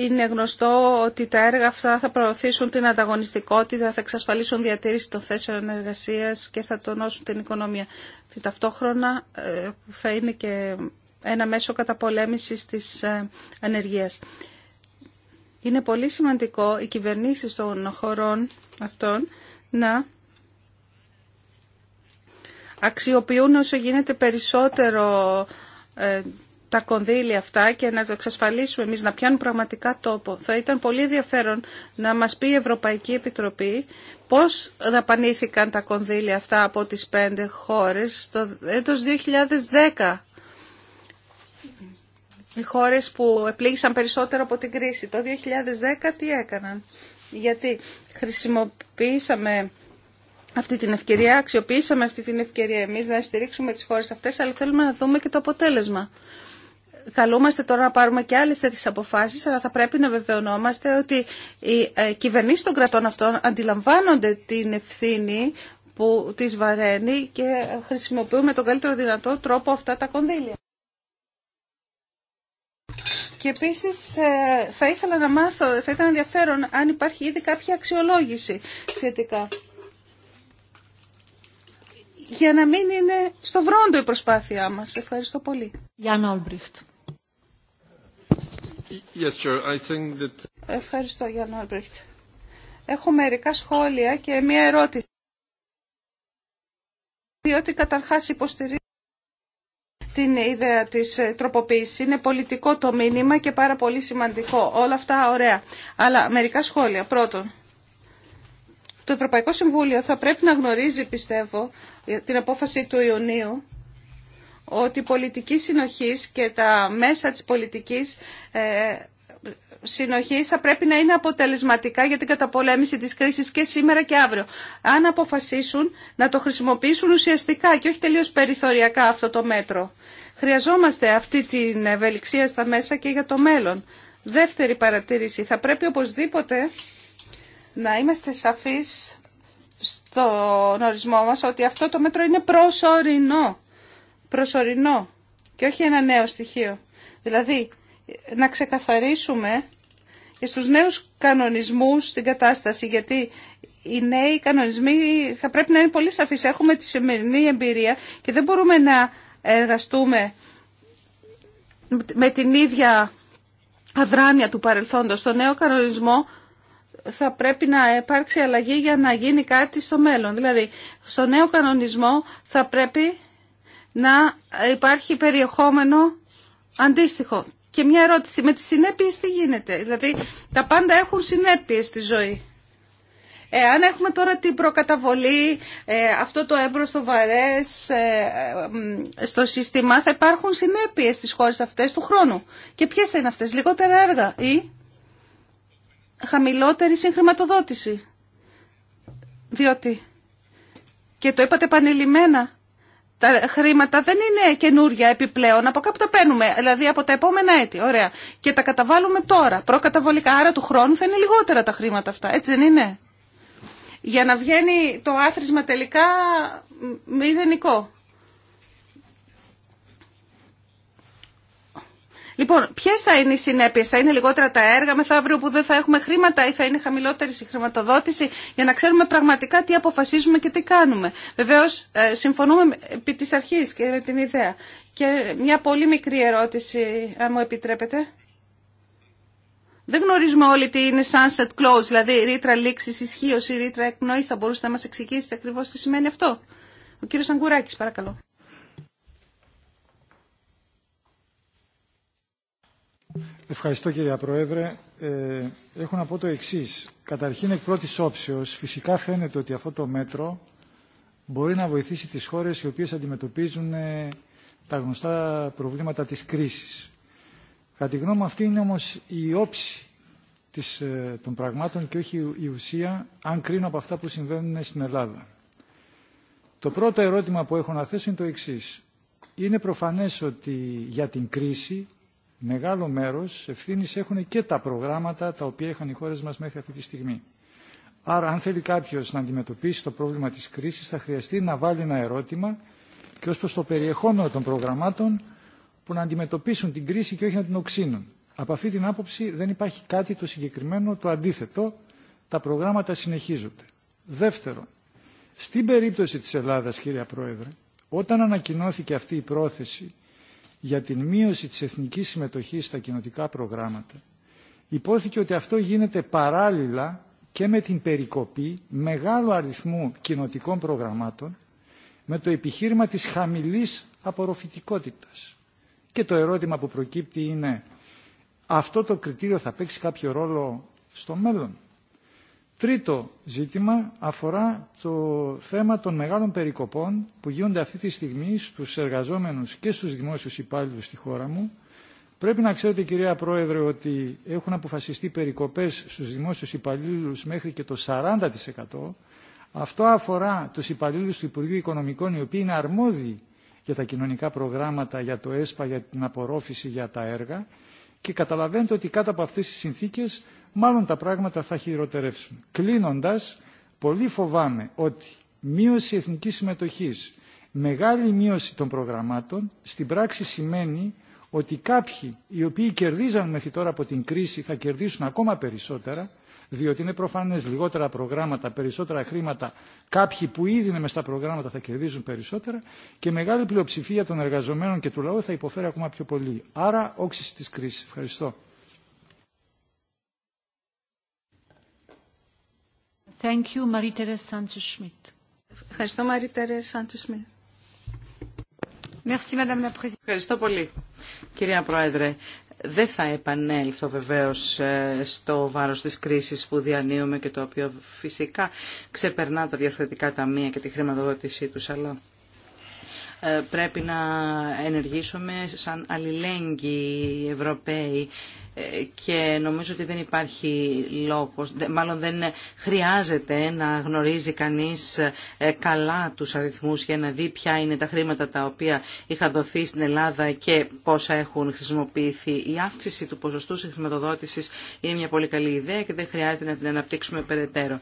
Speaker 2: Είναι γνωστό ότι τα έργα αυτά θα προωθήσουν την ανταγωνιστικότητα, θα εξασφαλίσουν διατήρηση των θέσεων εργασίας και θα τονώσουν την οικονομία. Και ταυτόχρονα ε, θα είναι και ένα μέσο καταπολέμησης της ε, ανεργίας. Είναι πολύ σημαντικό οι κυβερνήσεις των χωρών αυτών να αξιοποιούν όσο γίνεται περισσότερο ε, τα κονδύλια αυτά και να το εξασφαλίσουμε εμείς, να πιάνουν πραγματικά τόπο. Θα ήταν πολύ ενδιαφέρον να μας πει η Ευρωπαϊκή Επιτροπή πώς δαπανήθηκαν τα κονδύλια αυτά από τις πέντε χώρες το έτος 2010 οι χώρες που επλήγησαν περισσότερο από την κρίση. Το 2010 τι έκαναν. Γιατί χρησιμοποιήσαμε αυτή την ευκαιρία, αξιοποιήσαμε αυτή την ευκαιρία εμείς να στηρίξουμε τις χώρες αυτές, αλλά θέλουμε να δούμε και το αποτέλεσμα. Καλούμαστε τώρα να πάρουμε και άλλες τέτοιες αποφάσεις, αλλά θα πρέπει να βεβαιωνόμαστε ότι οι ε, κυβερνήσεις των κρατών αυτών αντιλαμβάνονται την ευθύνη που τις βαραίνει και χρησιμοποιούμε τον καλύτερο δυνατό τρόπο αυτά τα κονδύλια. Και επίσης ε, θα ήθελα να μάθω, θα ήταν ενδιαφέρον αν υπάρχει ήδη κάποια αξιολόγηση σχετικά. Για να μην είναι στο βρόντο η προσπάθειά μας. Ευχαριστώ πολύ. Γιάννα
Speaker 4: yes, I think that...
Speaker 2: Ευχαριστώ Γιάννα Ολμπριχτ. Έχω μερικά σχόλια και μία ερώτηση. Διότι καταρχάς υποστηρίζω την ιδέα της ε, τροποποίηση Είναι πολιτικό το μήνυμα και πάρα πολύ σημαντικό. Όλα αυτά ωραία. Αλλά μερικά σχόλια. Πρώτον, το Ευρωπαϊκό Συμβούλιο θα πρέπει να γνωρίζει, πιστεύω, ε, την απόφαση του Ιουνίου ότι η πολιτική συνοχής και τα μέσα της πολιτικής ε, συνοχή θα πρέπει να είναι αποτελεσματικά για την καταπολέμηση της κρίσης και σήμερα και αύριο. Αν αποφασίσουν να το χρησιμοποιήσουν ουσιαστικά και όχι τελείως περιθωριακά αυτό το μέτρο. Χρειαζόμαστε αυτή την ευελιξία στα μέσα και για το μέλλον. Δεύτερη παρατήρηση. Θα πρέπει οπωσδήποτε να είμαστε σαφείς στον ορισμό μας ότι αυτό το μέτρο είναι προσωρινό. Προσωρινό και όχι ένα νέο στοιχείο. Δηλαδή, να ξεκαθαρίσουμε και στους νέους κανονισμούς την κατάσταση, γιατί οι νέοι κανονισμοί θα πρέπει να είναι πολύ σαφείς. Έχουμε τη σημερινή εμπειρία και δεν μπορούμε να εργαστούμε με την ίδια αδράνεια του παρελθόντος στο νέο κανονισμό θα πρέπει να υπάρξει αλλαγή για να γίνει κάτι στο μέλλον. Δηλαδή, στο νέο κανονισμό θα πρέπει να υπάρχει περιεχόμενο αντίστοιχο. Και μια ερώτηση, με τις συνέπειες τι γίνεται. Δηλαδή, τα πάντα έχουν συνέπειες στη ζωή. Εάν έχουμε τώρα την προκαταβολή, ε, αυτό το έμπρο στο βαρές ε, ε, στο σύστημα, θα υπάρχουν συνέπειες στις χώρες αυτές του χρόνου. Και ποιες θα είναι αυτές, λιγότερα έργα ή χαμηλότερη συγχρηματοδότηση. Διότι, και το είπατε επανειλημμένα, τα χρήματα δεν είναι καινούρια επιπλέον, από κάπου τα παίρνουμε, δηλαδή από τα επόμενα έτη, ωραία. Και τα καταβάλουμε τώρα, προκαταβολικά, άρα του χρόνου θα είναι λιγότερα τα χρήματα αυτά, έτσι δεν είναι για να βγαίνει το άθροισμα τελικά μηδενικό. Λοιπόν, ποιε θα είναι οι συνέπειε, θα είναι λιγότερα τα έργα μεθαύριο που δεν θα έχουμε χρήματα ή θα είναι χαμηλότερη η χρηματοδότηση, για να ξέρουμε πραγματικά τι αποφασίζουμε και τι κάνουμε. Βεβαίω, ε, συμφωνούμε επί τη αρχή και με την ιδέα. Και μια πολύ μικρή ερώτηση, αν μου επιτρέπετε. Δεν γνωρίζουμε όλοι τι είναι sunset clause, δηλαδή ρήτρα λήξη, ισχύω ή ρήτρα εκνοή Θα μπορούσατε να μα εξηγήσετε ακριβώς τι σημαίνει αυτό. Ο κύριος Αγκουράκη, παρακαλώ.
Speaker 4: Ευχαριστώ κύριε Πρόεδρε. Ε, έχω να πω το εξή. Καταρχήν εκ πρώτη όψεω, φυσικά φαίνεται ότι αυτό το μέτρο μπορεί να βοηθήσει τι χώρε, οι οποίε αντιμετωπίζουν ε, τα γνωστά προβλήματα τη κρίση. Κατά τη γνώμη αυτή είναι όμως η όψη ε, των πραγμάτων και όχι η ουσία, αν κρίνω από αυτά που συμβαίνουν στην Ελλάδα. Το πρώτο ερώτημα που έχω να θέσω είναι το εξής. Είναι προφανές ότι για την κρίση μεγάλο μέρος ευθύνη έχουν και τα προγράμματα τα οποία είχαν οι χώρες μας μέχρι αυτή τη στιγμή. Άρα αν θέλει κάποιος να αντιμετωπίσει το πρόβλημα της κρίσης θα χρειαστεί να βάλει ένα ερώτημα και ως προς το περιεχόμενο των προγραμμάτων που να αντιμετωπίσουν την κρίση και όχι να την οξύνουν. Από αυτή την άποψη δεν υπάρχει κάτι το συγκεκριμένο, το αντίθετο. Τα προγράμματα συνεχίζονται. Δεύτερον, στην περίπτωση της Ελλάδας, κύριε Πρόεδρε, όταν ανακοινώθηκε αυτή η πρόθεση για την μείωση της εθνικής συμμετοχής στα κοινοτικά προγράμματα, υπόθηκε ότι αυτό γίνεται παράλληλα και με την περικοπή μεγάλου αριθμού κοινοτικών προγραμμάτων με το επιχείρημα της χαμηλής απορροφητικότητας. Και το ερώτημα που προκύπτει είναι αυτό το κριτήριο θα παίξει κάποιο ρόλο στο μέλλον. Τρίτο ζήτημα αφορά το θέμα των μεγάλων περικοπών που γίνονται αυτή τη στιγμή στους εργαζόμενους και στους δημόσιους υπάλληλους στη χώρα μου. Πρέπει να ξέρετε κυρία Πρόεδρε ότι έχουν αποφασιστεί περικοπές στους δημόσιους υπαλλήλους μέχρι και το 40%. Αυτό αφορά τους υπαλλήλους του Υπουργείου Οικονομικών οι οποίοι είναι αρμόδιοι για τα κοινωνικά προγράμματα, για το ΕΣΠΑ, για την απορρόφηση, για τα έργα και καταλαβαίνετε ότι κάτω από αυτές τις συνθήκες μάλλον τα πράγματα θα χειροτερεύσουν. Κλείνοντας, πολύ φοβάμαι ότι μείωση εθνικής συμμετοχής, μεγάλη μείωση των προγραμμάτων, στην πράξη σημαίνει ότι κάποιοι οι οποίοι κερδίζαν μέχρι τώρα από την κρίση θα κερδίσουν ακόμα περισσότερα διότι είναι προφανέ λιγότερα προγράμματα, περισσότερα χρήματα, κάποιοι που ήδη είναι μες στα προγράμματα θα κερδίζουν περισσότερα και μεγάλη πλειοψηφία των εργαζομένων και του λαού θα υποφέρει ακόμα πιο πολύ. Άρα όξιση της κρίση. Ευχαριστώ.
Speaker 2: Thank you,
Speaker 1: Ευχαριστώ, Ευχαριστώ πολύ, κυρία Πρόεδρε. Δεν θα επανέλθω βεβαίως ε, στο βάρος της κρίσης που διανύουμε και το οποίο φυσικά ξεπερνά τα διαρθρωτικά ταμεία και τη χρηματοδότησή τους, αλλά ε, πρέπει να ενεργήσουμε σαν αλληλέγγυοι Ευρωπαίοι ε, και νομίζω ότι δεν υπάρχει λόγος, μάλλον δεν χρειάζεται να γνωρίζει κανείς ε, καλά τους αριθμούς για να δει ποια είναι τα χρήματα τα οποία είχαν δοθεί στην Ελλάδα και πόσα έχουν χρησιμοποιηθεί. Η αύξηση του ποσοστού συγχρηματοδότησης είναι μια πολύ καλή ιδέα και δεν χρειάζεται να την αναπτύξουμε περαιτέρω.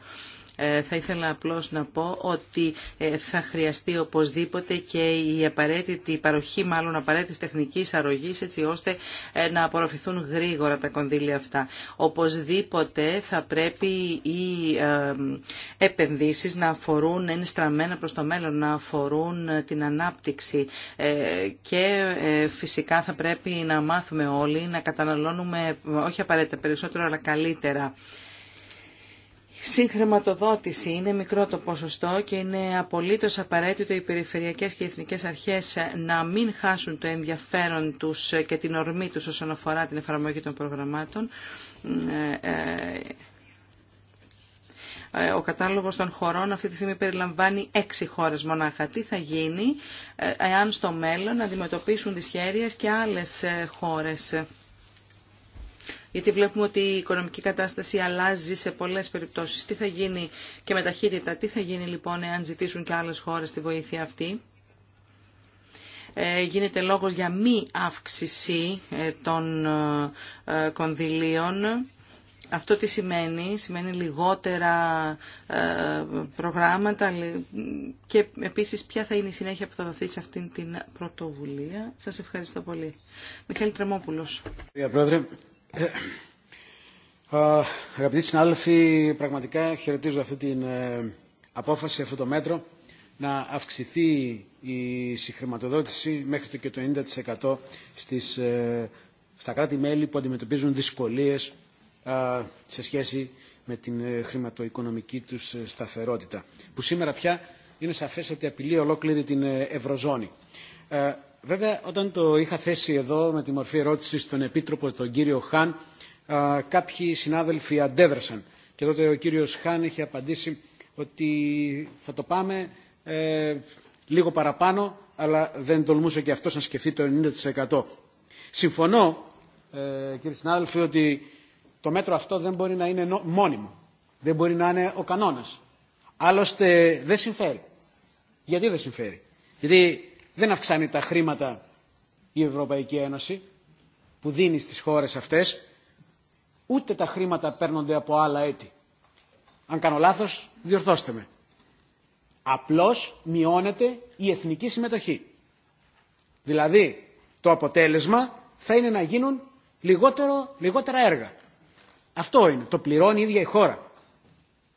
Speaker 1: Ε, θα ήθελα απλώς να πω ότι ε, θα χρειαστεί οπωσδήποτε και η απαραίτητη παροχή μάλλον απαραίτητη τεχνικής αρρωγής έτσι ώστε ε, να απορροφηθούν γρήγορα τα κονδύλια αυτά. Οπωσδήποτε θα πρέπει οι επενδύσεις να αφορούν, να είναι στραμμένα προς το μέλλον, να αφορούν την ανάπτυξη και φυσικά θα πρέπει να μάθουμε όλοι να καταναλώνουμε όχι απαραίτητα περισσότερο αλλά καλύτερα συγχρηματοδότηση είναι μικρό το ποσοστό και είναι απολύτως απαραίτητο οι περιφερειακές και οι εθνικές αρχές να μην χάσουν το ενδιαφέρον τους και την ορμή τους όσον αφορά την εφαρμογή των προγραμμάτων. Ε, ε, ε, ο κατάλογος των χωρών αυτή τη στιγμή περιλαμβάνει έξι χώρες μονάχα. Τι θα γίνει εάν στο μέλλον αντιμετωπίσουν δυσχέρειες και άλλες χώρες γιατί βλέπουμε ότι η οικονομική κατάσταση αλλάζει σε πολλές περιπτώσεις. Τι θα γίνει και με ταχύτητα, τι θα γίνει λοιπόν εάν ζητήσουν και άλλες χώρες τη βοήθεια αυτή. Ε, γίνεται λόγος για μη αύξηση ε, των ε, κονδυλίων. Αυτό τι σημαίνει, σημαίνει λιγότερα προγράμματα και επίσης ποια θα είναι η συνέχεια που θα δοθεί σε αυτήν την πρωτοβουλία. Σας ευχαριστώ πολύ. Μιχαήλ Τρεμόπουλος. Κύριε ε,
Speaker 5: αγαπητοί συνάδελφοι, πραγματικά χαιρετίζω αυτή την ε, απόφαση, αυτό το μέτρο, να αυξηθεί η συγχρηματοδότηση μέχρι το και το 90% στις, ε, στα κράτη-μέλη που αντιμετωπίζουν δυσκολίες σε σχέση με την χρηματοοικονομική τους σταθερότητα, που σήμερα πια είναι σαφές ότι απειλεί ολόκληρη την Ευρωζώνη. Βέβαια, όταν το είχα θέσει εδώ με τη μορφή ερώτηση στον Επίτροπο, τον κύριο Χάν, κάποιοι συνάδελφοι αντέδρασαν. Και τότε ο κύριος Χάν είχε απαντήσει ότι θα το πάμε ε, λίγο παραπάνω, αλλά δεν τολμούσε και αυτός να σκεφτεί το 90%. Συμφωνώ, ε, κύριε συνάδελφοι, ότι το μέτρο αυτό δεν μπορεί να είναι μόνιμο. Δεν μπορεί να είναι ο κανόνας. Άλλωστε δεν συμφέρει. Γιατί δεν συμφέρει. Γιατί δεν αυξάνει τα χρήματα η Ευρωπαϊκή Ένωση που δίνει στις χώρες αυτές, ούτε τα χρήματα παίρνονται από άλλα έτη. Αν κάνω λάθος, διορθώστε με. Απλώς μειώνεται η εθνική συμμετοχή. Δηλαδή, το αποτέλεσμα θα είναι να γίνουν λιγότερο, λιγότερα έργα. Αυτό είναι. Το πληρώνει η ίδια η χώρα.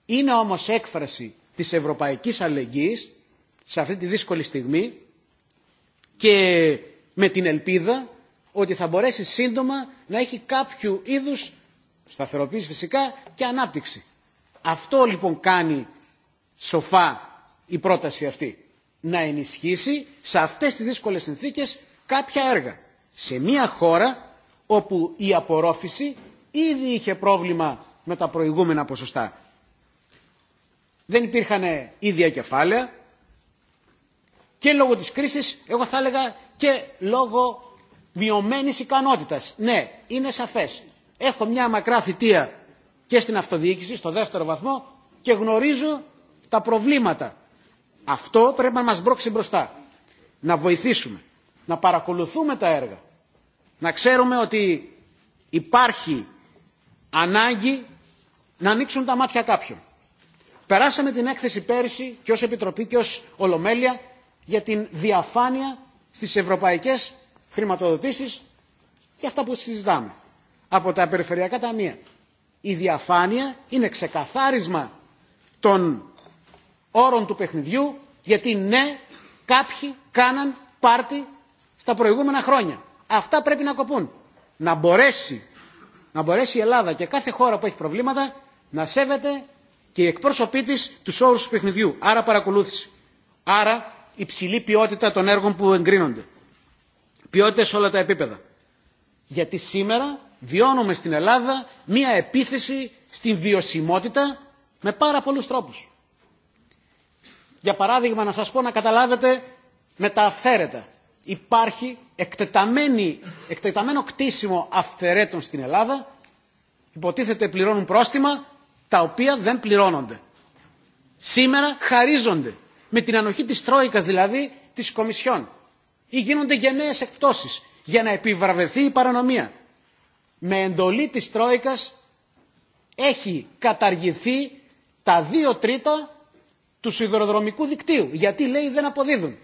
Speaker 5: Είναι όμως έκφραση της ευρωπαϊκής αλληλεγγύης σε αυτή τη δύσκολη στιγμή και με την ελπίδα ότι θα μπορέσει σύντομα να έχει κάποιο είδους σταθεροποίηση φυσικά και ανάπτυξη. Αυτό λοιπόν κάνει σοφά η πρόταση αυτή. Να ενισχύσει σε αυτές τις δύσκολες συνθήκες κάποια έργα. Σε μια χώρα όπου η απορρόφηση ήδη είχε πρόβλημα με τα προηγούμενα ποσοστά. Δεν υπήρχαν ίδια κεφάλαια, και λόγω της κρίσης, εγώ θα έλεγα και λόγω μειωμένης ικανότητας. Ναι, είναι σαφές. Έχω μια μακρά θητεία και στην αυτοδιοίκηση, στο δεύτερο βαθμό, και γνωρίζω τα προβλήματα. Αυτό πρέπει να μας μπρόξει μπροστά. Να βοηθήσουμε, να παρακολουθούμε τα έργα. Να ξέρουμε ότι υπάρχει ανάγκη να ανοίξουν τα μάτια κάποιων. Περάσαμε την έκθεση πέρυσι και ως Επιτροπή και ως Ολομέλεια για την διαφάνεια στις ευρωπαϊκές χρηματοδοτήσεις για αυτά που συζητάμε από τα περιφερειακά ταμεία. Η διαφάνεια είναι ξεκαθάρισμα των όρων του παιχνιδιού γιατί ναι, κάποιοι κάναν πάρτι στα προηγούμενα χρόνια. Αυτά πρέπει να κοπούν. Να μπορέσει, να μπορέσει η Ελλάδα και κάθε χώρα που έχει προβλήματα να σέβεται και η εκπροσωπή τη τους όρους του παιχνιδιού. Άρα παρακολούθηση. Άρα υψηλή ποιότητα των έργων που εγκρίνονται. Ποιότητα σε όλα τα επίπεδα. Γιατί σήμερα βιώνουμε στην Ελλάδα μία επίθεση στην βιωσιμότητα με πάρα πολλούς τρόπους. Για παράδειγμα να σας πω να καταλάβετε με τα αυθαίρετα. Υπάρχει εκτεταμένο κτίσιμο αυθαιρέτων στην Ελλάδα, υποτίθεται πληρώνουν πρόστιμα τα οποία δεν πληρώνονται. Σήμερα χαρίζονται με την ανοχή της Τρόικας δηλαδή της Κομισιόν. Ή γίνονται γενναίες εκπτώσεις για να επιβραβευθεί η παρανομία. Με εντολή της Τρόικας έχει καταργηθεί τα δύο τρίτα του σιδηροδρομικού δικτύου. Γιατί λέει δεν αποδίδουν.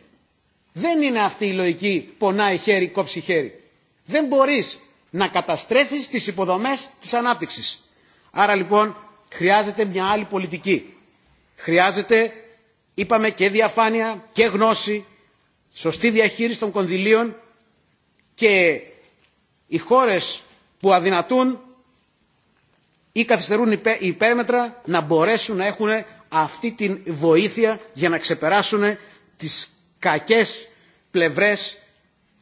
Speaker 5: Δεν είναι αυτή η λογική πονάει χέρι, κόψει χέρι. Δεν μπορείς να καταστρέφεις τις υποδομές της ανάπτυξης. Άρα λοιπόν χρειάζεται μια άλλη πολιτική. Χρειάζεται είπαμε και διαφάνεια και γνώση, σωστή διαχείριση των κονδυλίων και οι χώρες που αδυνατούν ή καθυστερούν υπέρμετρα να μπορέσουν να έχουν αυτή τη βοήθεια για να ξεπεράσουν τις κακές πλευρές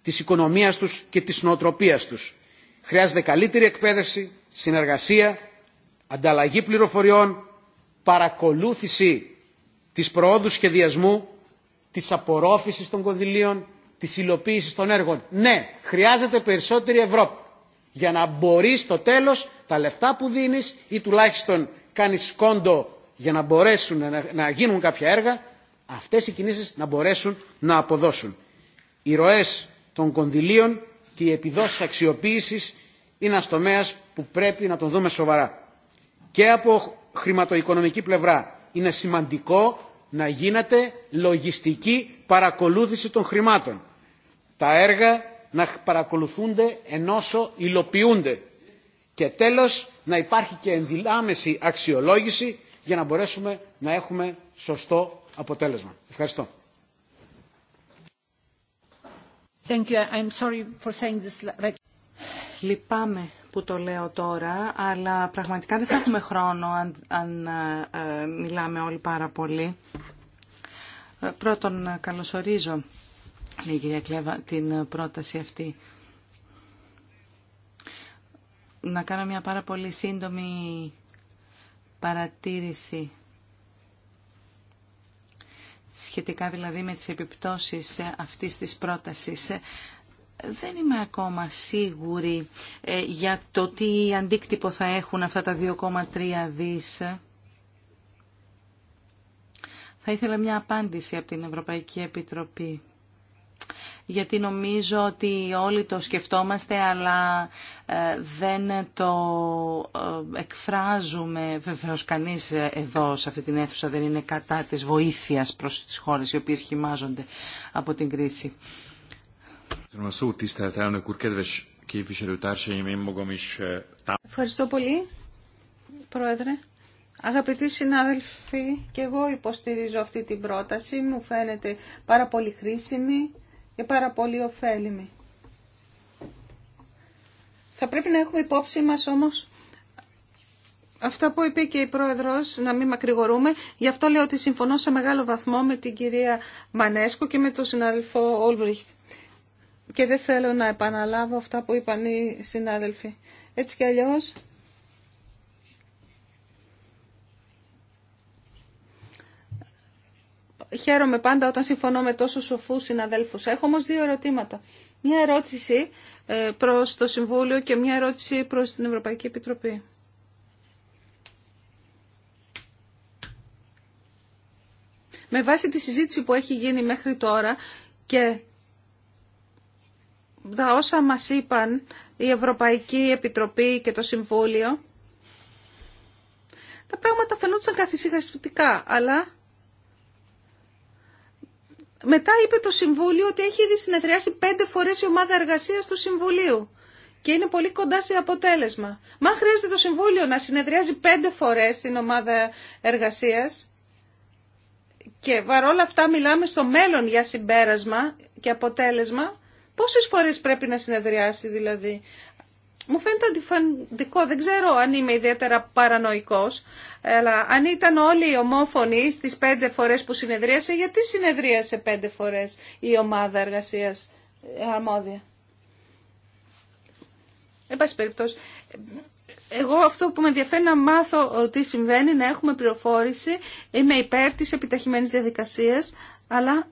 Speaker 5: της οικονομίας τους και της νοοτροπίας τους. Χρειάζεται καλύτερη εκπαίδευση, συνεργασία, ανταλλαγή πληροφοριών, παρακολούθηση της προόδου σχεδιασμού, της απορρόφησης των κονδυλίων, της υλοποίησης των έργων. Ναι, χρειάζεται περισσότερη Ευρώπη για να μπορεί στο τέλος τα λεφτά που δίνεις ή τουλάχιστον κάνεις κόντο για να μπορέσουν να γίνουν κάποια έργα, αυτές οι κινήσεις να μπορέσουν να αποδώσουν. Οι ροές των κονδυλίων και οι επιδόσεις αξιοποίησης είναι ένα τομέα που πρέπει να τον δούμε σοβαρά. Και από χρηματοοικονομική πλευρά είναι σημαντικό να γίνεται λογιστική παρακολούθηση των χρημάτων. Τα έργα να παρακολουθούνται ενώσο υλοποιούνται. Και τέλος να υπάρχει και ενδυνάμεση αξιολόγηση για να μπορέσουμε να έχουμε σωστό αποτέλεσμα. Ευχαριστώ.
Speaker 1: Λυπάμαι που το λέω τώρα, αλλά πραγματικά δεν θα έχουμε χρόνο αν, αν ε, μιλάμε όλοι πάρα πολύ. Ε, πρώτον, καλωσορίζω, λέει η κυρία Κλέβα, την πρόταση αυτή. Να κάνω μια πάρα πολύ σύντομη παρατήρηση σχετικά δηλαδή με τις επιπτώσεις αυτής της πρότασης δεν είμαι ακόμα σίγουρη ε, για το τι αντίκτυπο θα έχουν αυτά τα 2,3 δις. Θα ήθελα μια απάντηση από την Ευρωπαϊκή Επιτροπή. Γιατί νομίζω ότι όλοι το σκεφτόμαστε, αλλά ε, δεν το ε, εκφράζουμε. Βεβαίως κανείς εδώ σε αυτή την αίθουσα δεν είναι κατά της βοήθειας προς τις χώρες οι οποίες χυμάζονται
Speaker 4: από την κρίση.
Speaker 2: Ευχαριστώ πολύ, Πρόεδρε. Αγαπητοί συνάδελφοι, και εγώ υποστηρίζω αυτή την πρόταση. Μου φαίνεται πάρα πολύ χρήσιμη και πάρα πολύ ωφέλιμη. Θα πρέπει να έχουμε υπόψη μας όμως αυτά που είπε και η Πρόεδρος, να μην μακρηγορούμε. Γι' αυτό λέω ότι συμφωνώ σε μεγάλο βαθμό με την κυρία Μανέσκο και με τον συνάδελφο Όλβριχτ και δεν θέλω να επαναλάβω αυτά που είπαν οι συνάδελφοι. Έτσι κι αλλιώς χαίρομαι πάντα όταν συμφωνώ με τόσο σοφούς συναδέλφους. Έχω όμως δύο ερωτήματα. Μια ερώτηση ε, προς το Συμβούλιο και μια ερώτηση προς την Ευρωπαϊκή Επιτροπή. Με βάση τη συζήτηση που έχει γίνει μέχρι τώρα και τα όσα μας είπαν η Ευρωπαϊκή Επιτροπή και το Συμβούλιο, τα πράγματα φαίνουνταν καθυσυχαστικά. αλλά μετά είπε το Συμβούλιο ότι έχει ήδη συνεδριάσει πέντε φορές η ομάδα εργασίας του Συμβουλίου και είναι πολύ κοντά σε αποτέλεσμα. Μα χρειάζεται το Συμβούλιο να συνεδριάζει πέντε φορές την ομάδα εργασίας και παρόλα αυτά μιλάμε στο μέλλον για συμπέρασμα και αποτέλεσμα, Πόσες φορές πρέπει να συνεδριάσει δηλαδή. Μου φαίνεται αντιφαντικό, δεν ξέρω αν είμαι ιδιαίτερα παρανοϊκός, αλλά αν ήταν όλοι οι ομόφωνοι στις πέντε φορές που συνεδρίασε, γιατί συνεδρίασε πέντε φορές η ομάδα εργασίας ε, αρμόδια. Εν πάση περιπτώσει, εγώ αυτό που με ενδιαφέρει να μάθω τι συμβαίνει, να έχουμε πληροφόρηση, είμαι υπέρ τη επιταχυμένη διαδικασία, αλλά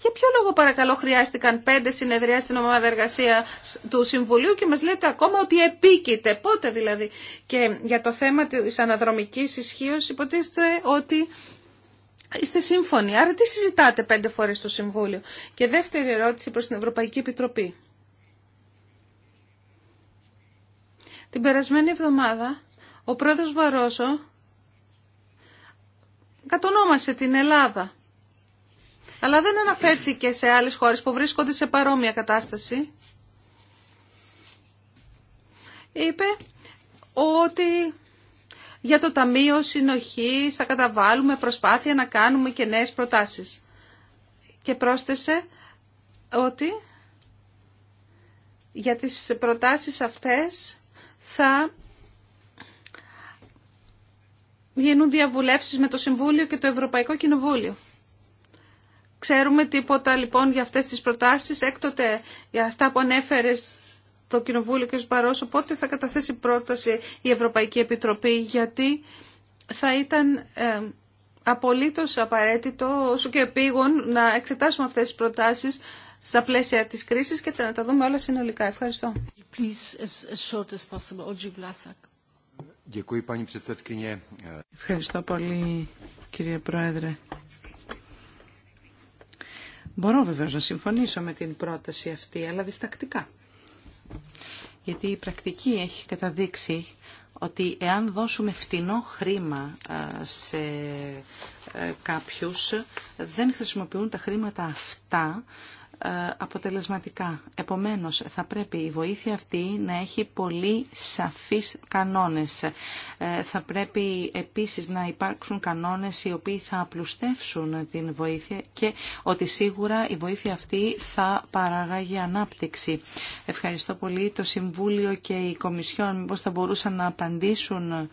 Speaker 2: Για ποιο λόγο παρακαλώ χρειάστηκαν πέντε συνεδριά στην ομάδα εργασία του Συμβουλίου και μας λέτε ακόμα ότι επίκειται. Πότε δηλαδή. Και για το θέμα της αναδρομικής ισχύω υποτίθεται ότι είστε σύμφωνοι. Άρα τι συζητάτε πέντε φορές στο Συμβούλιο. Και δεύτερη ερώτηση προς την Ευρωπαϊκή Επιτροπή. Την περασμένη εβδομάδα ο πρόεδρος Βαρόσο κατονόμασε την Ελλάδα αλλά δεν αναφέρθηκε σε άλλες χώρες που βρίσκονται σε παρόμοια κατάσταση. Είπε ότι για το Ταμείο Συνοχής θα καταβάλουμε προσπάθεια να κάνουμε και νέες προτάσεις. Και πρόσθεσε ότι για τις προτάσεις αυτές θα γίνουν διαβουλεύσεις με το Συμβούλιο και το Ευρωπαϊκό Κοινοβούλιο. Ξέρουμε τίποτα λοιπόν για αυτές τις προτάσεις, έκτοτε για αυτά που ανέφερε το Κοινοβούλιο και ο Σπαρός, οπότε θα καταθέσει πρόταση η Ευρωπαϊκή Επιτροπή, γιατί θα ήταν ε, απολύτως απαραίτητο, όσο και επίγον, να εξετάσουμε αυτές τις προτάσεις στα πλαίσια της κρίσης και να τα δούμε όλα συνολικά. Ευχαριστώ.
Speaker 1: Ευχαριστώ πολύ, κύριε Πρόεδρε. Μπορώ βεβαίω να συμφωνήσω με την πρόταση αυτή, αλλά διστακτικά. Γιατί η πρακτική έχει καταδείξει ότι εάν δώσουμε φτηνό χρήμα σε ε, κάποιους, δεν χρησιμοποιούν τα χρήματα αυτά ε, αποτελεσματικά. Επομένως, θα πρέπει η βοήθεια αυτή να έχει πολύ σαφείς κανόνες. Ε, θα πρέπει επίσης να υπάρξουν κανόνες οι οποίοι θα απλουστεύσουν την βοήθεια και ότι σίγουρα η βοήθεια αυτή θα παράγει ανάπτυξη. Ευχαριστώ πολύ το Συμβούλιο και η Κομισιόν. Μήπως θα μπορούσαν να απαντήσουν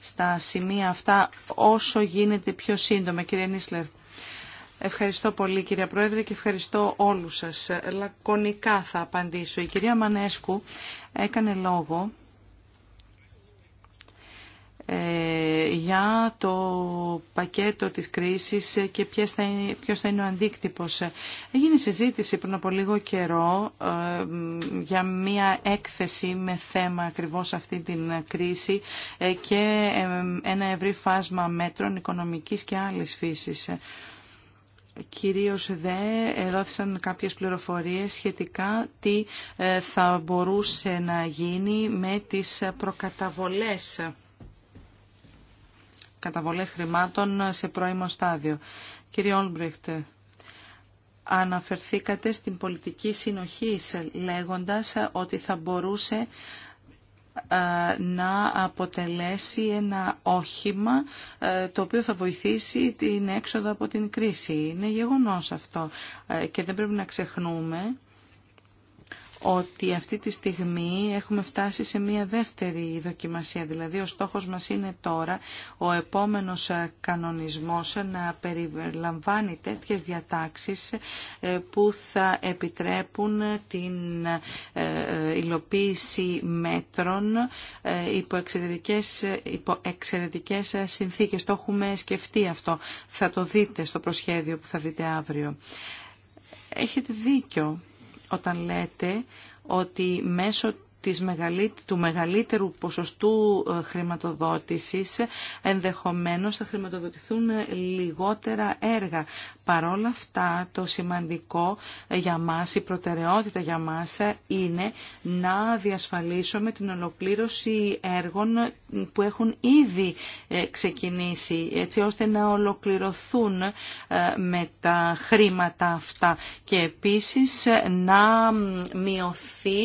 Speaker 1: στα σημεία αυτά όσο γίνεται πιο σύντομα. Κύριε Νίσλερ. Ευχαριστώ πολύ κυρία Πρόεδρε και ευχαριστώ όλους σας. Λακωνικά θα απαντήσω. Η κυρία Μανέσκου έκανε λόγο ε, για το πακέτο της κρίσης και ποιος θα είναι, είναι ο αντίκτυπος. Έγινε συζήτηση πριν από λίγο καιρό ε, για μία έκθεση με θέμα ακριβώς αυτή την κρίση ε, και ένα ευρύ φάσμα μέτρων οικονομικής και άλλης φύσης. Κυρίως δε έδωσαν κάποιες πληροφορίες σχετικά τι ε, θα μπορούσε να γίνει με τις προκαταβολές καταβολές χρημάτων σε πρώιμο στάδιο. Κύριε Όλμπριχτ, αναφερθήκατε στην πολιτική συνοχή λέγοντας ότι θα μπορούσε ε, να αποτελέσει ένα όχημα ε, το οποίο θα βοηθήσει την έξοδο από την κρίση. Είναι γεγονός αυτό ε, και δεν πρέπει να ξεχνούμε ότι αυτή τη στιγμή έχουμε φτάσει σε μία δεύτερη δοκιμασία. Δηλαδή ο στόχος μας είναι τώρα ο επόμενος κανονισμός να περιλαμβάνει τέτοιες διατάξεις ε, που θα επιτρέπουν την ε, ε, υλοποίηση μέτρων υπό εξαιρετικές, υπό συνθήκες. Το έχουμε σκεφτεί αυτό. Θα το δείτε στο προσχέδιο που θα δείτε αύριο. Έχετε δίκιο όταν λέτε ότι μέσω της του μεγαλύτερου ποσοστού ε, χρηματοδότησης ενδεχομένως θα χρηματοδοτηθούν ε, λιγότερα έργα. Παρόλα αυτά το σημαντικό για μας, η προτεραιότητα για μας είναι να διασφαλίσουμε την ολοκλήρωση έργων που έχουν ήδη ε, ξεκινήσει έτσι ώστε να ολοκληρωθούν ε, με τα χρήματα αυτά και επίσης ε, να μειωθεί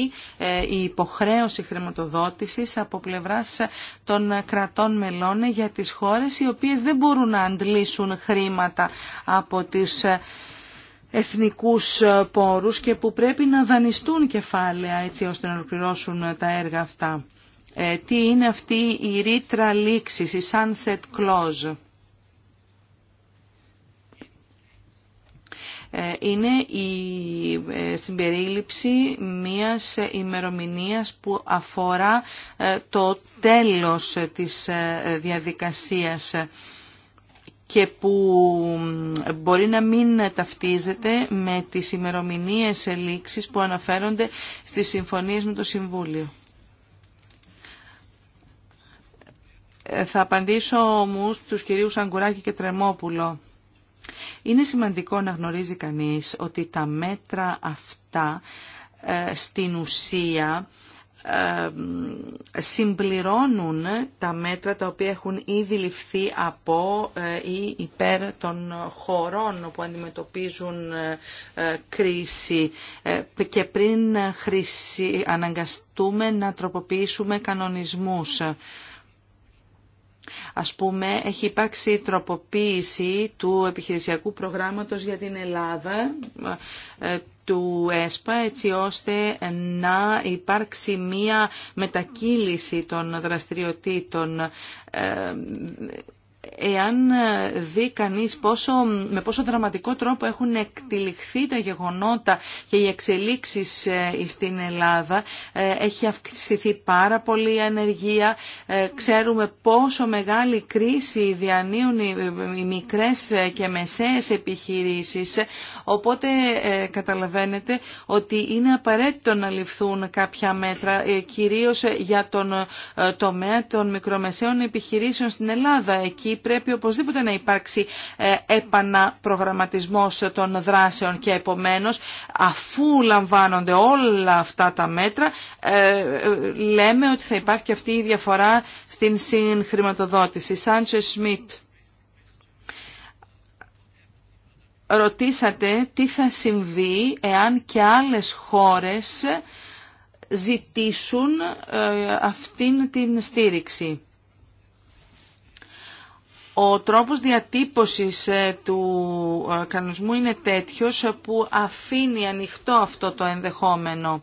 Speaker 1: η υποχρέωση χρηματοδότησης από πλευράς των κρατών μελών για τις χώρες οι οποίες δεν μπορούν να αντλήσουν χρήματα από τις ε, εθνικούς ε, πόρους και που πρέπει να δανειστούν κεφάλαια έτσι ώστε να ολοκληρώσουν ε, τα έργα αυτά. τι είναι αυτή η ρήτρα λήξης, η sunset clause. είναι η συμπερίληψη μιας ημερομηνίας που αφορά το τέλος της διαδικασίας και που μπορεί να μην ταυτίζεται με τις ημερομηνίες ελήξεις που αναφέρονται στις συμφωνίες με το Συμβούλιο. Ε, θα απαντήσω όμως τους κυρίους Αγκουράκη και Τρεμόπουλο. Είναι σημαντικό να γνωρίζει κανείς ότι τα μέτρα αυτά ε, στην ουσία ε, συμπληρώνουν τα μέτρα τα οποία έχουν ήδη ληφθεί από ε, ή υπέρ των χωρών που αντιμετωπίζουν ε, κρίση και πριν αναγκαστούμε να τροποποιήσουμε κανονισμούς. Ας πούμε, έχει υπάρξει τροποποίηση του επιχειρησιακού προγράμματος για την Ελλάδα, του ΕΣΠΑ έτσι ώστε να υπάρξει μία μετακύληση των δραστηριοτήτων ε, εάν ε, δει κανείς πόσο, με πόσο δραματικό τρόπο έχουν εκτυλιχθεί τα γεγονότα και οι εξελίξεις ε, στην Ελλάδα, ε, έχει αυξηθεί πάρα πολύ η ανεργία, ξέρουμε πόσο μεγάλη κρίση διανύουν οι μικρές και μεσαίες επιχειρήσεις, οπότε καταλαβαίνετε ότι είναι απαραίτητο να ληφθούν κάποια μέτρα, κυρίως για τον τομέα των μικρομεσαίων επιχειρήσεων στην Ελλάδα. Εκεί πρέπει οπωσδήποτε να υπάρξει ε, επαναπρογραμματισμός των δράσεων και επομένως αφού λαμβάνονται όλα αυτά τα μέτρα ε, ε, λέμε ότι θα υπάρχει και αυτή η διαφορά στην συγχρηματοδότηση. Σάντσε Σμιτ. Ρωτήσατε τι θα συμβεί εάν και άλλες χώρες ζητήσουν αυτήν την στήριξη. Ο τρόπος διατύπωσης ε, του ε, κανονισμού είναι τέτοιος ε, που αφήνει ανοιχτό αυτό το ενδεχόμενο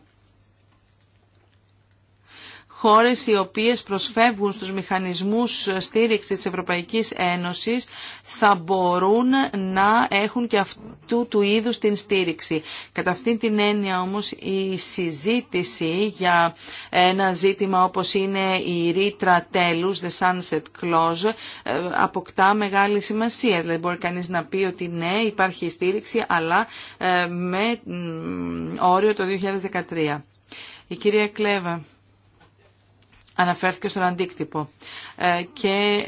Speaker 1: χώρες οι οποίες προσφεύγουν στους μηχανισμούς στήριξης της Ευρωπαϊκής Ένωσης θα μπορούν να έχουν και αυτού του είδους την στήριξη. Κατά αυτήν την έννοια όμως η συζήτηση για ένα ζήτημα όπως είναι η ρήτρα τέλους, the sunset clause, ε, αποκτά μεγάλη σημασία. Δηλαδή μπορεί κανείς να πει ότι ναι υπάρχει στήριξη αλλά ε, με όριο το 2013. Η κυρία Κλέβα αναφέρθηκε στον αντίκτυπο ε, και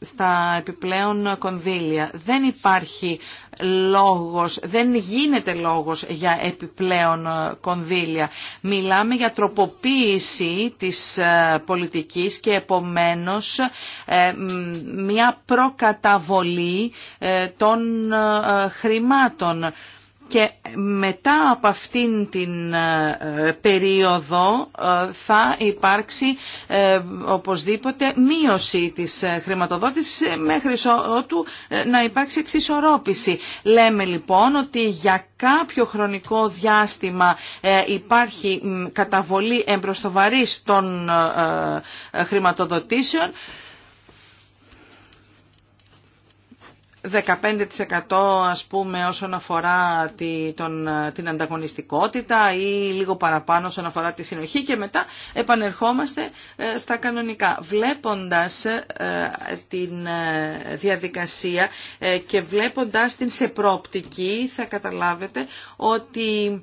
Speaker 1: στα επιπλέον κονδύλια. Δεν υπάρχει λόγος, δεν γίνεται λόγος για επιπλέον κονδύλια. Μιλάμε για τροποποίηση της ε, πολιτικής και επομένως ε, μια προκαταβολή των χρημάτων και μετά από αυτήν την ε, περίοδο ε, θα υπάρξει ε, οπωσδήποτε μείωση της χρηματοδότησης μέχρι ότου να υπάρξει εξισορρόπηση. Λέμε λοιπόν ότι για κάποιο χρονικό διάστημα υπάρχει καταβολή εμπροστοβαρής των χρηματοδοτήσεων 15% ας πούμε όσον αφορά τη, την ανταγωνιστικότητα ή λίγο παραπάνω όσον αφορά τη συνοχή και μετά επανερχόμαστε ε, στα κανονικά. Βλέποντας ε, την ε, διαδικασία και βλέποντας την σε προοπτική θα καταλάβετε ότι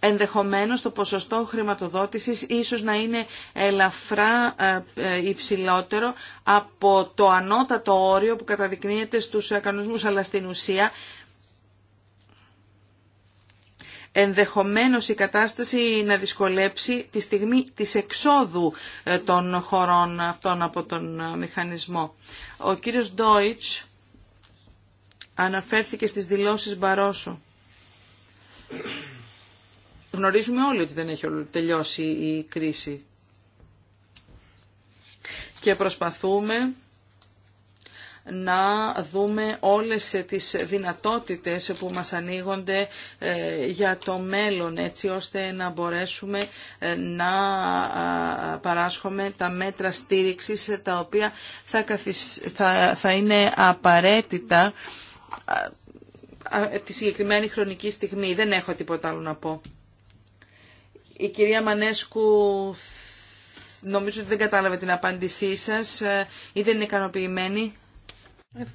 Speaker 1: ενδεχομένως το ποσοστό χρηματοδότησης ίσως να είναι ελαφρά ε, ε, υψηλότερο από το ανώτατο όριο που καταδεικνύεται στους κανονισμούς, αλλά στην ουσία ενδεχομένως η κατάσταση να δυσκολέψει τη στιγμή της εξόδου ε, των χωρών αυτών από τον μηχανισμό. Ο κύριος Ντόιτς αναφέρθηκε στις δηλώσεις Μπαρόσο Γνωρίζουμε όλοι ότι δεν έχει τελειώσει η κρίση. Και προσπαθούμε να δούμε όλες τις δυνατότητες που μας ανοίγονται ε, για το μέλλον, έτσι ώστε να μπορέσουμε ε, να παράσχουμε τα μέτρα στήριξης, τα οποία θα, θα... θα είναι απαραίτητα τη συγκεκριμένη χρονική στιγμή. Δεν έχω τίποτα άλλο να πω. Η κυρία Μανέσκου νομίζω ότι δεν κατάλαβε την απάντησή σας ε, ή δεν είναι ικανοποιημένη.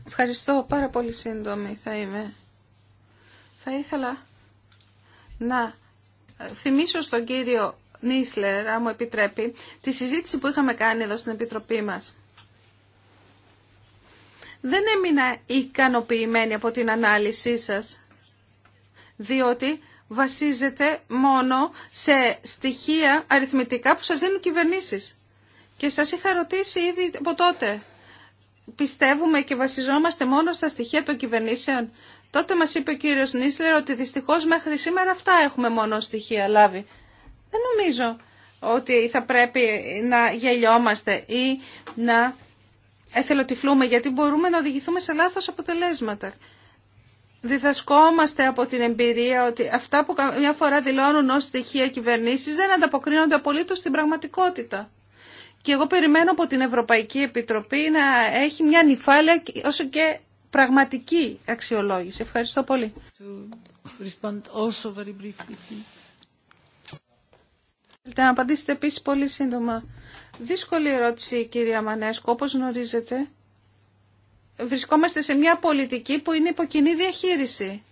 Speaker 2: Ευχαριστώ. Πάρα πολύ σύντομη θα είμαι. Θα ήθελα να θυμίσω στον κύριο Νίσλερ, αν μου επιτρέπει, τη συζήτηση που είχαμε κάνει εδώ στην Επιτροπή μας. Δεν έμεινα ικανοποιημένη από την ανάλυση σας, διότι βασίζεται μόνο σε στοιχεία αριθμητικά που σας δίνουν κυβερνήσεις. Και σας είχα ρωτήσει ήδη από τότε. Πιστεύουμε και βασιζόμαστε μόνο στα στοιχεία των κυβερνήσεων. Τότε μας είπε ο κύριος Νίσλερ ότι δυστυχώς μέχρι σήμερα αυτά έχουμε μόνο στοιχεία λάβει. Δεν νομίζω ότι θα πρέπει να γελιόμαστε ή να εθελοτυφλούμε γιατί μπορούμε να οδηγηθούμε σε λάθος αποτελέσματα διδασκόμαστε από την εμπειρία ότι αυτά που μια φορά δηλώνουν ως στοιχεία κυβερνήσεις δεν ανταποκρίνονται απολύτως στην πραγματικότητα. Και εγώ περιμένω από την Ευρωπαϊκή Επιτροπή να έχει μια νυφάλια όσο και πραγματική αξιολόγηση. Ευχαριστώ πολύ. Θέλετε να απαντήσετε επίσης πολύ σύντομα. Δύσκολη ερώτηση, κυρία Μανέσκο, όπως γνωρίζετε βρισκόμαστε σε μια πολιτική που είναι υποκοινή διαχείριση